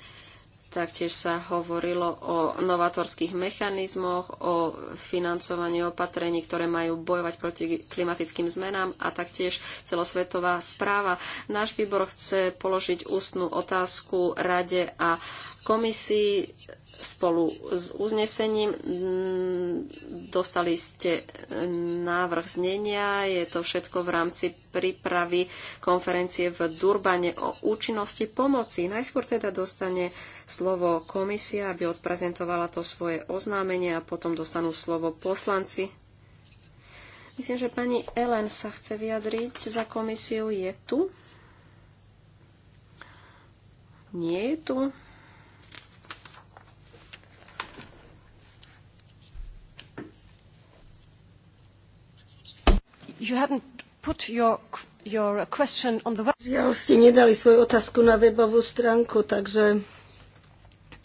Taktiež sa hovorilo o novatorských mechanizmoch, o financovaní opatrení, ktoré majú bojovať proti klimatickým zmenám a taktiež celosvetová správa. Náš výbor chce položiť ústnu otázku Rade a komisii spolu s uznesením. Mm, dostali ste návrh znenia, je to všetko v rámci prípravy konferencie v Durbane o účinnosti pomoci. Najskôr teda dostane slovo komisia, aby odprezentovala to svoje oznámenie a potom dostanú slovo poslanci. Myslím, že pani Ellen sa chce vyjadriť za komisiu. Je tu? Nie je tu. Žiaľ, ste nedali svoju otázku na webovú stránku, takže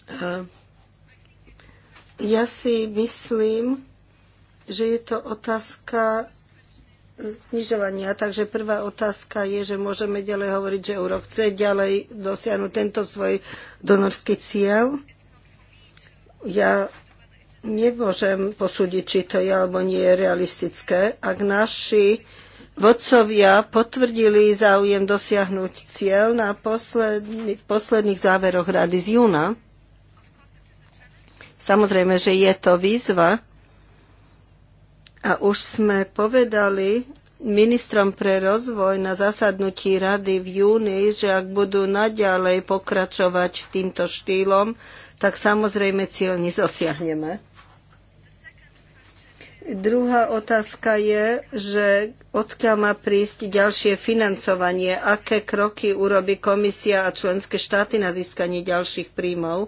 eh, ja si myslím, že je to otázka znižovania. Takže prvá otázka je, že môžeme ďalej hovoriť, že euro chce ďalej dosiahnuť tento svoj donorský cieľ. Ja nemôžem posúdiť, či to je alebo nie je realistické. Ak naši vodcovia potvrdili záujem dosiahnuť cieľ na posledný, posledných záveroch rady z júna, samozrejme, že je to výzva a už sme povedali ministrom pre rozvoj na zasadnutí rady v júni, že ak budú naďalej pokračovať týmto štýlom, tak samozrejme cieľ nezosiahneme. Druhá otázka je, že odkiaľ má prísť ďalšie financovanie, aké kroky urobí komisia a členské štáty na získanie ďalších príjmov.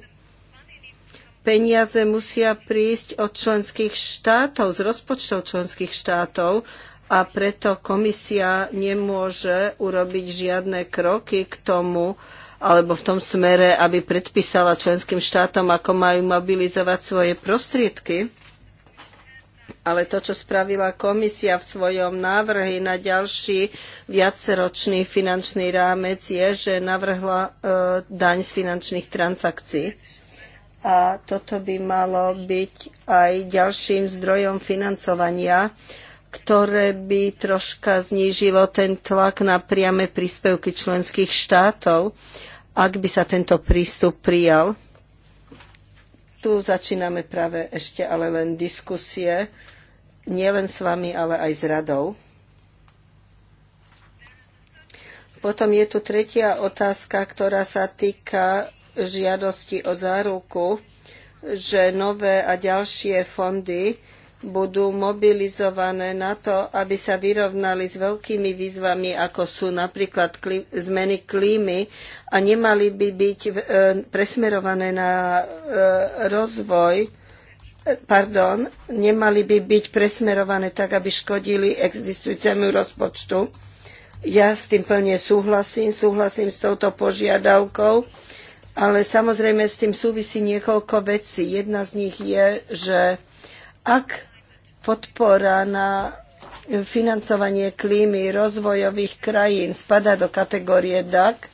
Peniaze musia prísť od členských štátov, z rozpočtov členských štátov a preto komisia nemôže urobiť žiadne kroky k tomu, alebo v tom smere, aby predpísala členským štátom, ako majú mobilizovať svoje prostriedky ale to, čo spravila komisia v svojom návrhu na ďalší viaceročný finančný rámec, je, že navrhla e, daň z finančných transakcií. A toto by malo byť aj ďalším zdrojom financovania, ktoré by troška znížilo ten tlak na priame príspevky členských štátov, ak by sa tento prístup prijal tu začíname práve ešte ale len diskusie, nielen s vami, ale aj s radou. Potom je tu tretia otázka, ktorá sa týka žiadosti o záruku, že nové a ďalšie fondy budú mobilizované na to, aby sa vyrovnali s veľkými výzvami, ako sú napríklad zmeny klímy a nemali by byť e, presmerované na e, rozvoj, e, pardon, nemali by byť presmerované tak, aby škodili existujúcemu rozpočtu. Ja s tým plne súhlasím, súhlasím s touto požiadavkou, ale samozrejme s tým súvisí niekoľko vecí. Jedna z nich je, že ak podpora na financovanie klímy rozvojových krajín spada do kategórie DAC,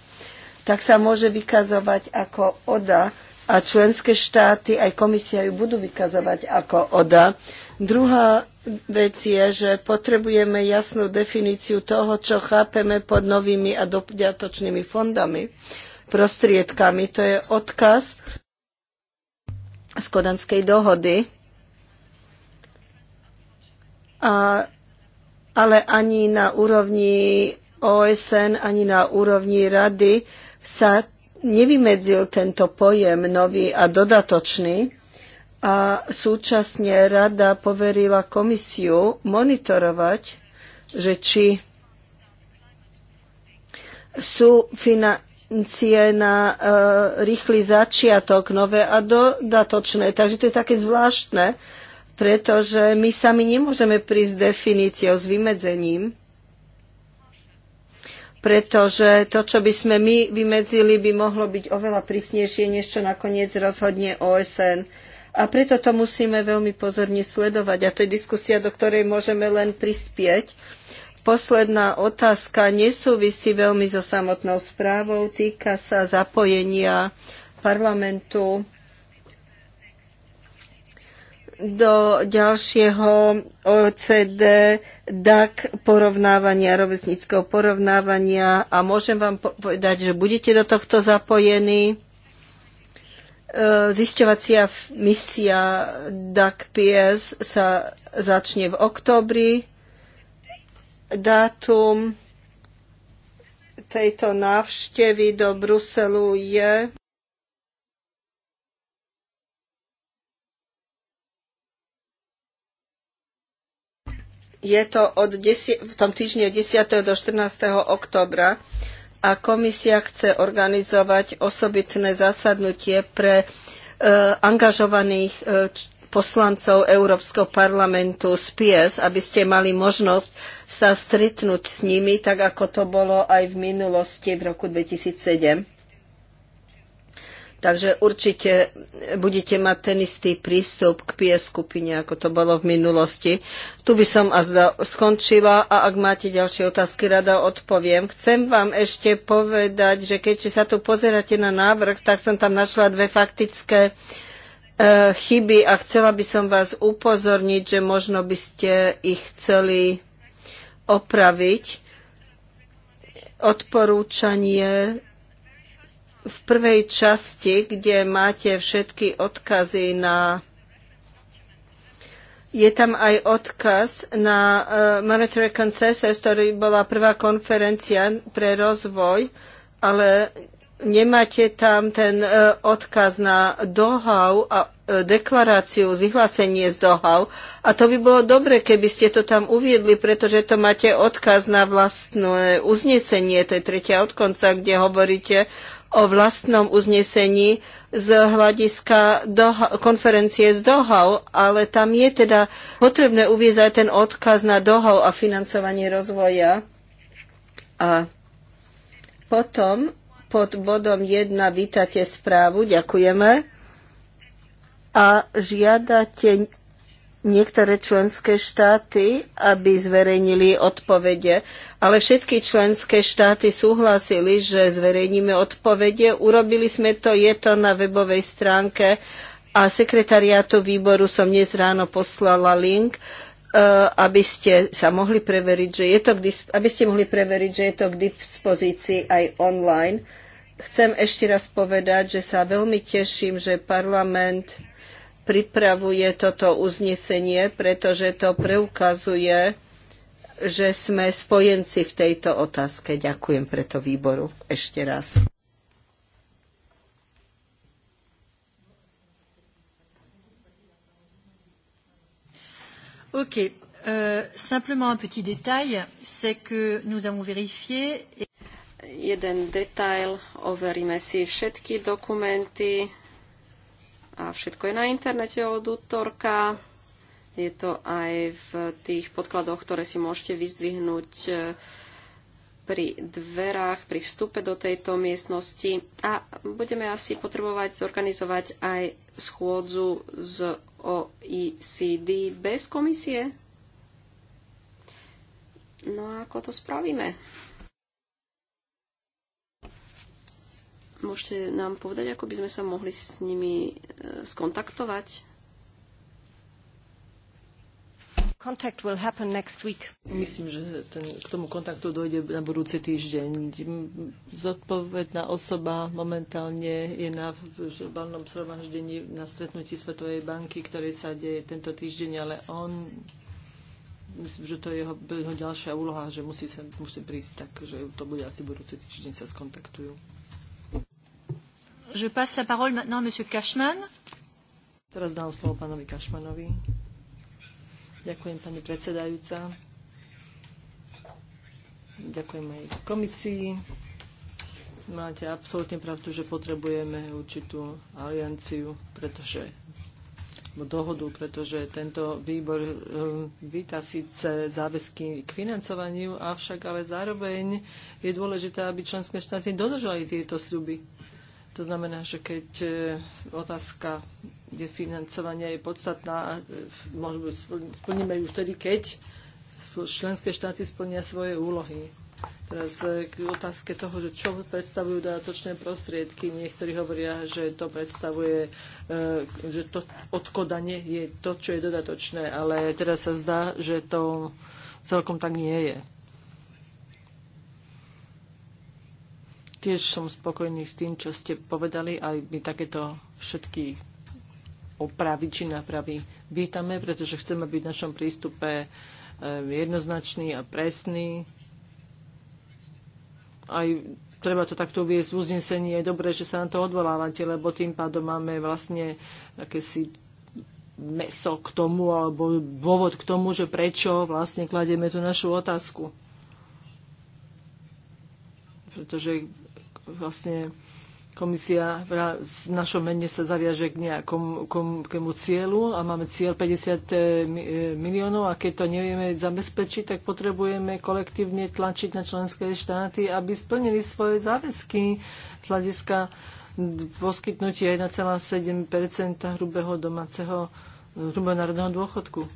tak sa môže vykazovať ako ODA a členské štáty aj komisia ju budú vykazovať ako ODA. Druhá vec je, že potrebujeme jasnú definíciu toho, čo chápeme pod novými a dopiatočnými fondami, prostriedkami. To je odkaz z Kodanskej dohody, a, ale ani na úrovni OSN, ani na úrovni rady sa nevymedzil tento pojem nový a dodatočný a súčasne rada poverila komisiu monitorovať, že či sú financie na uh, rýchly začiatok, nové a dodatočné. Takže to je také zvláštne, pretože my sami nemôžeme prísť s definíciou, s vymedzením, pretože to, čo by sme my vymedzili, by mohlo byť oveľa prísnejšie, než čo nakoniec rozhodne OSN. A preto to musíme veľmi pozorne sledovať. A to je diskusia, do ktorej môžeme len prispieť. Posledná otázka nesúvisí veľmi so samotnou správou, týka sa zapojenia parlamentu do ďalšieho OCD e DAC porovnávania, rovesnického porovnávania a môžem vám povedať, že budete do tohto zapojení. E, zisťovacia misia DAC PS sa začne v októbri. Dátum tejto návštevy do Bruselu je Je to od v tom týždni od 10. do 14. oktobra a komisia chce organizovať osobitné zasadnutie pre e, angažovaných e, poslancov Európskeho parlamentu z PS, e aby ste mali možnosť sa stretnúť s nimi, tak ako to bolo aj v minulosti v roku 2007. Takže určite budete mať ten istý prístup k PS skupine, ako to bolo v minulosti. Tu by som azda skončila a ak máte ďalšie otázky, rada odpoviem. Chcem vám ešte povedať, že keď sa tu pozeráte na návrh, tak som tam našla dve faktické e, chyby a chcela by som vás upozorniť, že možno by ste ich chceli opraviť. Odporúčanie v prvej časti, kde máte všetky odkazy na je tam aj odkaz na eh, Monetary Consensus, ktorý bola prvá konferencia pre rozvoj, ale nemáte tam ten eh, odkaz na dohav a eh, deklaráciu, vyhlásenie z dohav. A to by bolo dobre, keby ste to tam uviedli, pretože to máte odkaz na vlastné uznesenie, to je tretia od konca, kde hovoríte o vlastnom uznesení z hľadiska Doha, konferencie z Dohau, ale tam je teda potrebné uviezať aj ten odkaz na Dohau a financovanie rozvoja. A potom pod bodom 1 vítate správu, ďakujeme. A žiadate niektoré členské štáty, aby zverejnili odpovede. Ale všetky členské štáty súhlasili, že zverejníme odpovede. Urobili sme to, je to na webovej stránke a sekretariátu výboru som dnes ráno poslala link, e, aby ste sa mohli preveriť, že je to k aby ste mohli preveriť, že je to k dispozícii aj online. Chcem ešte raz povedať, že sa veľmi teším, že parlament pripravuje toto uznesenie, pretože to preukazuje, že sme spojenci v tejto otázke. Ďakujem preto výboru ešte raz. OK. Euh, simplement un petit détail, c'est que nous avons vérifié. Et... Jeden detail, overíme si všetky dokumenty, a všetko je na internete od útorka. Je to aj v tých podkladoch, ktoré si môžete vyzdvihnúť e, pri dverách, pri vstupe do tejto miestnosti. A budeme asi potrebovať zorganizovať aj schôdzu z OECD bez komisie. No a ako to spravíme? Môžete nám povedať, ako by sme sa mohli s nimi e, skontaktovať? Contact will happen next week. Myslím, že ten, k tomu kontaktu dojde na budúci týždeň. Zodpovedná osoba momentálne je na valnom zhromaždení na stretnutí Svetovej banky, ktoré sa deje tento týždeň, ale on myslím, že to je jeho, jeho ďalšia úloha, že musí sem musí prísť tak, že to bude asi budúci týždeň sa skontaktujú. Je passe la parole maintenant à Monsieur Cashman. Teraz dám slovo pánovi Kašmanovi. Ďakujem, pani predsedajúca. Ďakujem aj komisii. Máte absolútne pravdu, že potrebujeme určitú alianciu, pretože dohodu, pretože tento výbor e, víta síce záväzky k financovaniu, avšak ale zároveň je dôležité, aby členské štáty dodržali tieto sľuby. To znamená, že keď e, otázka kde financovania je podstatná, e, možno splníme ju vtedy, keď členské štáty splnia svoje úlohy. Teraz e, k otázke toho, že čo predstavujú dodatočné prostriedky. Niektorí hovoria, že to predstavuje, že to odkodanie je to, čo je dodatočné, ale teraz sa zdá, že to celkom tak nie je. Tiež som spokojný s tým, čo ste povedali, aj my takéto všetky opravy či napravy vítame, pretože chceme byť v našom prístupe eh, jednoznačný a presný. Aj treba to takto uvieť v uznesení. Je dobré, že sa na to odvolávate, lebo tým pádom máme vlastne akési meso k tomu, alebo dôvod k tomu, že prečo vlastne kladieme tú našu otázku. Pretože vlastne komisia v našom mene sa zaviaže k nejakomu cieľu a máme cieľ 50 e, e, miliónov a keď to nevieme zabezpečiť, tak potrebujeme kolektívne tlačiť na členské štáty, aby splnili svoje záväzky z hľadiska poskytnutia 1,7 hrubého domáceho e, hrubého národného dôchodku.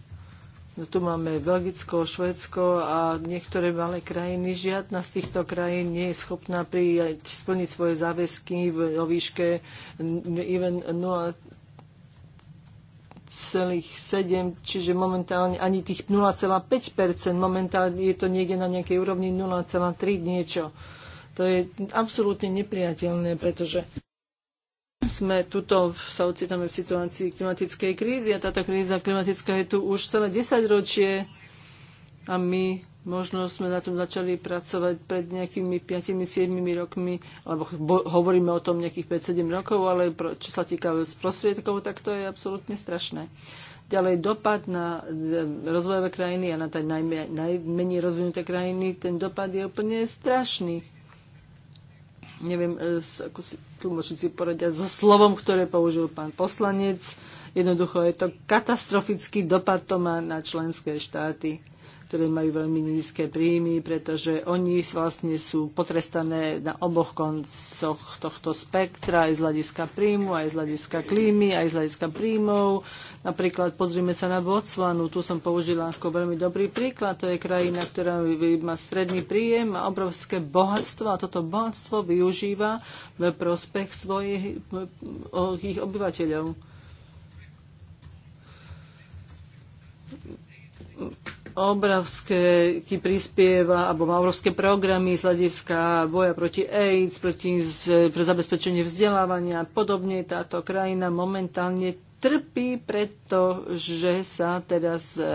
No, tu máme Belgicko, Švedsko a niektoré malé krajiny. Žiadna z týchto krajín nie je schopná prijať, splniť svoje záväzky v, o výške even 0, 0,7, čiže momentálne ani tých 0,5 momentálne je to niekde na nejakej úrovni 0,3 niečo. To je absolútne nepriateľné, pretože sme tuto sa ocitáme v situácii klimatickej krízy a táto kríza klimatická je tu už celé 10 ročie a my možno sme na tom začali pracovať pred nejakými 5-7 rokmi, alebo hovoríme o tom nejakých 5-7 rokov, ale čo sa týka prostriedkov, tak to je absolútne strašné. Ďalej dopad na e, rozvojové krajiny a na tie najmenej rozvinuté krajiny, ten dopad je úplne strašný. Neviem, e, ako si tlmočníci poradia so slovom, ktoré použil pán poslanec. Jednoducho je to katastrofický dopad to má na členské štáty ktoré majú veľmi nízke príjmy, pretože oni vlastne sú potrestané na oboch koncoch tohto spektra, aj z hľadiska príjmu, aj z hľadiska klímy, aj z hľadiska príjmov. Napríklad pozrime sa na Botswanu, tu som použila ako veľmi dobrý príklad, to je krajina, ktorá má stredný príjem, má obrovské bohatstvo a toto bohatstvo využíva v prospech svojich obyvateľov. obrovské prispieva, alebo má obrovské programy z hľadiska boja proti AIDS, proti z, pre zabezpečenie vzdelávania a podobne. Táto krajina momentálne trpí, pretože sa teraz e, e,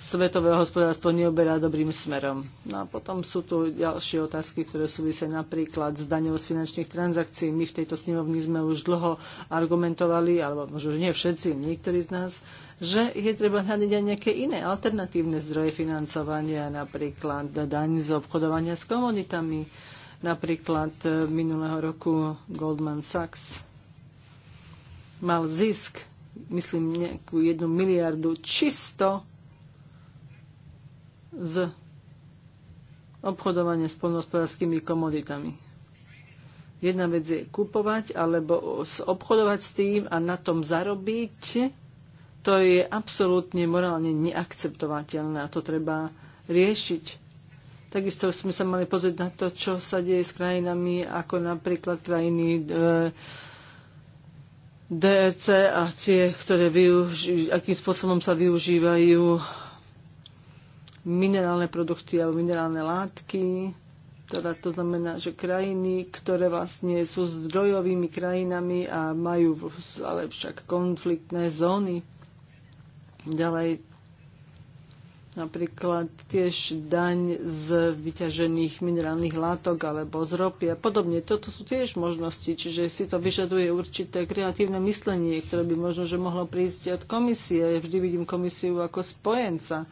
svetové hospodárstvo neoberá dobrým smerom. No a potom sú tu ďalšie otázky, ktoré súvisia napríklad s daňou z finančných transakcií. My v tejto snemovni sme už dlho argumentovali, alebo možno nie všetci, niektorí z nás, že je treba hľadať aj nejaké iné alternatívne zdroje financovania, napríklad daň z obchodovania s komoditami, napríklad e, minulého roku Goldman Sachs mal zisk, myslím, nejakú jednu miliardu čisto z obchodovania s polnohospodárskymi komoditami. Jedna vec je kupovať alebo obchodovať s tým a na tom zarobiť to je absolútne morálne neakceptovateľné a to treba riešiť. Takisto sme sa mali pozrieť na to, čo sa deje s krajinami, ako napríklad krajiny e, DRC a tie, ktoré využi- akým spôsobom sa využívajú minerálne produkty alebo minerálne látky. Teda to znamená, že krajiny, ktoré vlastne sú zdrojovými krajinami a majú ale však konfliktné zóny. Ďalej napríklad tiež daň z vyťažených minerálnych látok alebo z ropy a podobne. Toto sú tiež možnosti, čiže si to vyžaduje určité kreatívne myslenie, ktoré by možno, že mohlo prísť od komisie. Ja vždy vidím komisiu ako spojenca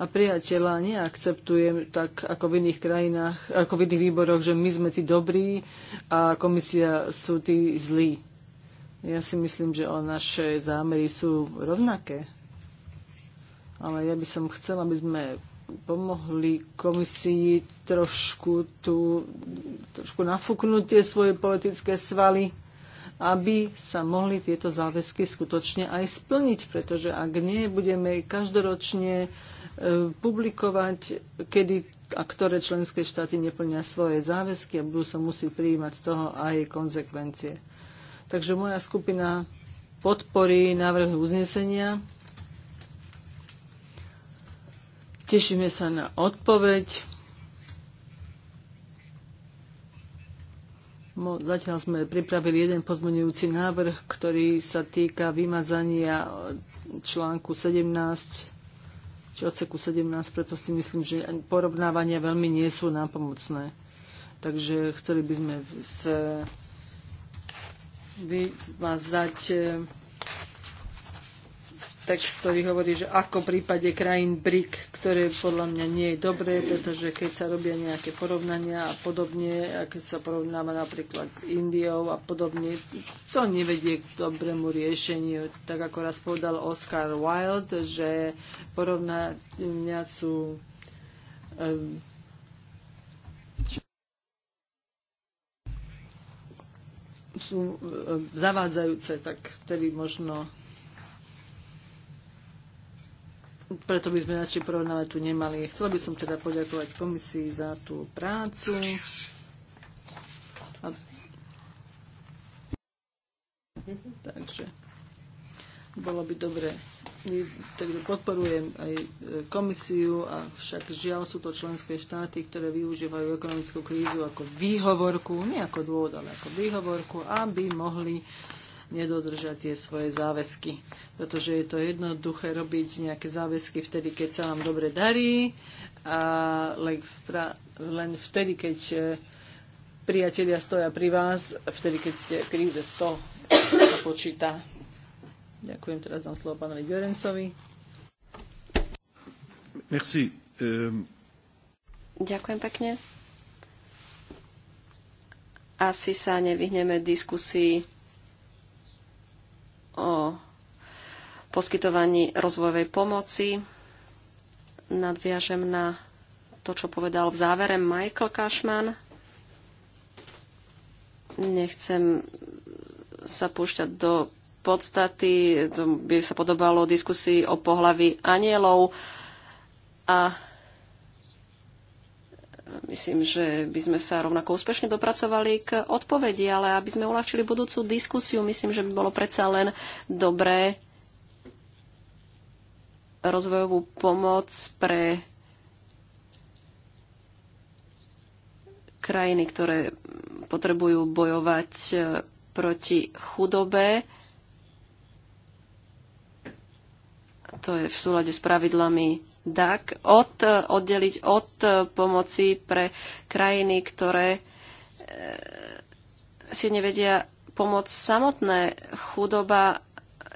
a priateľa neakceptujem tak ako v iných krajinách, ako v iných výboroch, že my sme tí dobrí a komisia sú tí zlí. Ja si myslím, že o naše zámery sú rovnaké. Ale ja by som chcela, aby sme pomohli komisii trošku, tu, trošku nafúknúť tie svoje politické svaly, aby sa mohli tieto záväzky skutočne aj splniť, pretože ak nie, budeme každoročne e, publikovať, kedy a ktoré členské štáty neplnia svoje záväzky a budú sa musieť prijímať z toho aj konsekvencie. Takže moja skupina podporí návrh uznesenia. Tešíme sa na odpoveď. Zatiaľ sme pripravili jeden pozmenujúci návrh, ktorý sa týka vymazania článku 17, či odseku 17, preto si myslím, že porovnávania veľmi nie sú nám pomocné. Takže chceli by sme z vymazať e, text, ktorý hovorí, že ako v prípade krajín BRIC, ktoré podľa mňa nie je dobré, pretože keď sa robia nejaké porovnania a podobne, a keď sa porovnáva napríklad s Indiou a podobne, to nevedie k dobrému riešeniu. Tak ako raz povedal Oscar Wilde, že porovnania sú um, sú e, zavádzajúce, tak vtedy možno preto by sme radšej porovnávať tu nemali. Chcel by som teda poďakovať komisii za tú prácu. A... Takže bolo by dobre takže podporujem aj e, komisiu a však žiaľ sú to členské štáty, ktoré využívajú ekonomickú krízu ako výhovorku, nie ako dôvod, ale ako výhovorku, aby mohli nedodržať tie svoje záväzky. Pretože je to jednoduché robiť nejaké záväzky vtedy, keď sa vám dobre darí, a len vtedy, keď e, priatelia stoja pri vás, vtedy, keď ste v kríze, to sa počíta. Ďakujem, teraz dám slovo pánovi Görencovi. Merci. Um... Ďakujem pekne. Asi sa nevyhneme diskusii o poskytovaní rozvojovej pomoci. Nadviažem na to, čo povedal v závere Michael Cashman. Nechcem sa púšťať do podstaty, to by sa podobalo diskusii o pohlavi anielov a myslím, že by sme sa rovnako úspešne dopracovali k odpovedi, ale aby sme uľahčili budúcu diskusiu, myslím, že by bolo predsa len dobré rozvojovú pomoc pre krajiny, ktoré potrebujú bojovať eh, proti chudobe, to je v súlade s pravidlami DAC, od, e, oddeliť od e, pomoci pre krajiny, ktoré e, si nevedia pomôcť samotné. Chudoba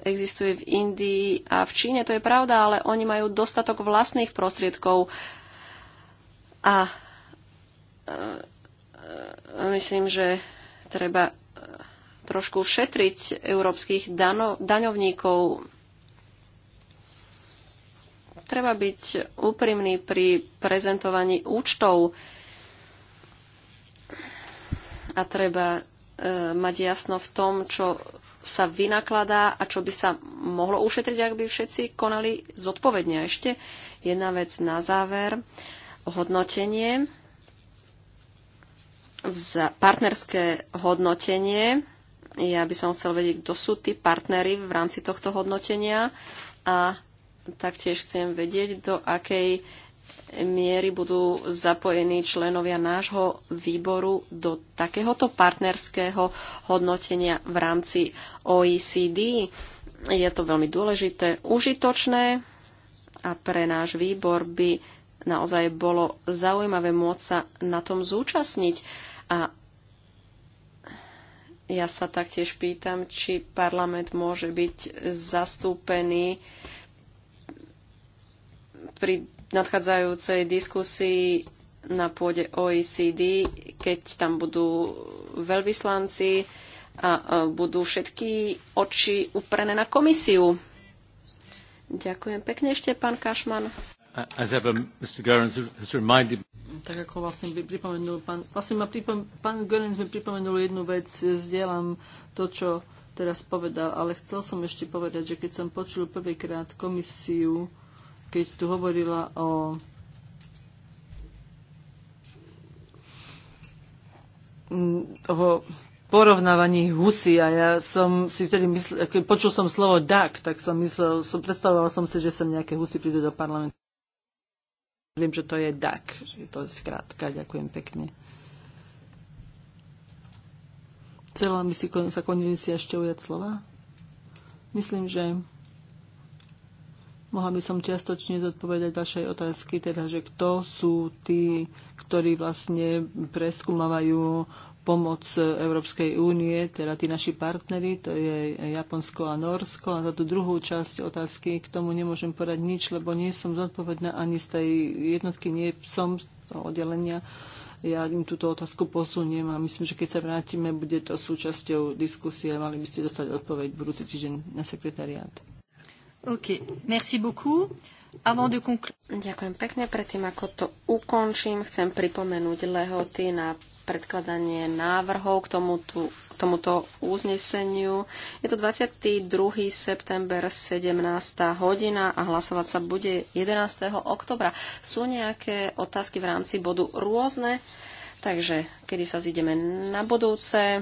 existuje v Indii a v Číne, to je pravda, ale oni majú dostatok vlastných prostriedkov a myslím, že treba trošku šetriť európskych dano, daňovníkov. Treba byť úprimný pri prezentovaní účtov a treba e, mať jasno v tom, čo sa vynakladá a čo by sa mohlo ušetriť, ak by všetci konali zodpovedne. A ešte jedna vec na záver. Hodnotenie. Vza- partnerské hodnotenie. Ja by som chcel vedieť, kto sú tí partnery v rámci tohto hodnotenia a taktiež chcem vedieť, do akej miery budú zapojení členovia nášho výboru do takéhoto partnerského hodnotenia v rámci OECD. Je to veľmi dôležité, užitočné a pre náš výbor by naozaj bolo zaujímavé môcť sa na tom zúčastniť. A ja sa taktiež pýtam, či parlament môže byť zastúpený pri nadchádzajúcej diskusii na pôde OECD, keď tam budú veľvyslanci a budú všetky oči uprené na komisiu. Ďakujem pekne ešte, pán Kašman. Tak ako vlastne by pripomenul pán, vlastne ma pripom, pán Görens mi pripomenul jednu vec, zdieľam to, čo teraz povedal, ale chcel som ešte povedať, že keď som počul prvýkrát komisiu, keď tu hovorila o o porovnávaní husy a ja som si vtedy myslel, keď počul som slovo duck, tak som myslel, som, predstavoval som si, že sem nejaké husy prídu do parlamentu. Viem, že to je duck, že to je skrátka. Ďakujem pekne. Chcela by si sa konvencia ešte ujať slova? Myslím, že Mohla by som čiastočne zodpovedať vašej otázky, teda, že kto sú tí, ktorí vlastne preskúmavajú pomoc Európskej únie, teda tí naši partnery, to je Japonsko a Norsko. A za tú druhú časť otázky k tomu nemôžem povedať nič, lebo nie som zodpovedná ani z tej jednotky, nie som z toho oddelenia. Ja im túto otázku posuniem a myslím, že keď sa vrátime, bude to súčasťou diskusie. Mali by ste dostať odpoveď budúci týždeň na sekretariát. OK, merci beaucoup. Avant de conclu- Ďakujem pekne. Predtým, ako to ukončím, chcem pripomenúť lehoty na predkladanie návrhov k tomuto, k tomuto uzneseniu. Je to 22. september 17. hodina a hlasovať sa bude 11. oktobra. Sú nejaké otázky v rámci bodu rôzne? Takže, kedy sa zídeme na budúce?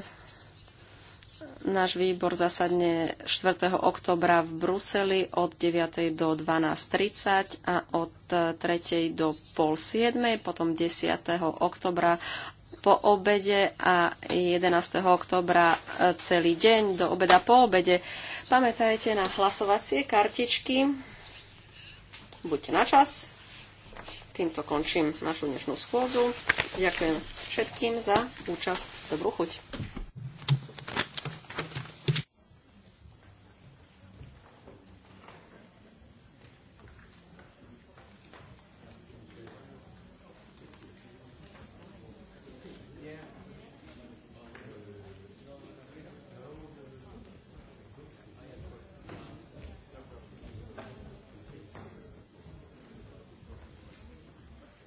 Náš výbor zasadne 4. oktobra v Bruseli od 9. do 12.30 a od 3. do pol 7. potom 10. oktobra po obede a 11. oktobra e, celý deň do obeda po obede. Pamätajte na hlasovacie kartičky. Buďte na čas. Týmto končím našu dnešnú schôdzu. Ďakujem všetkým za účasť. Dobrú chuť.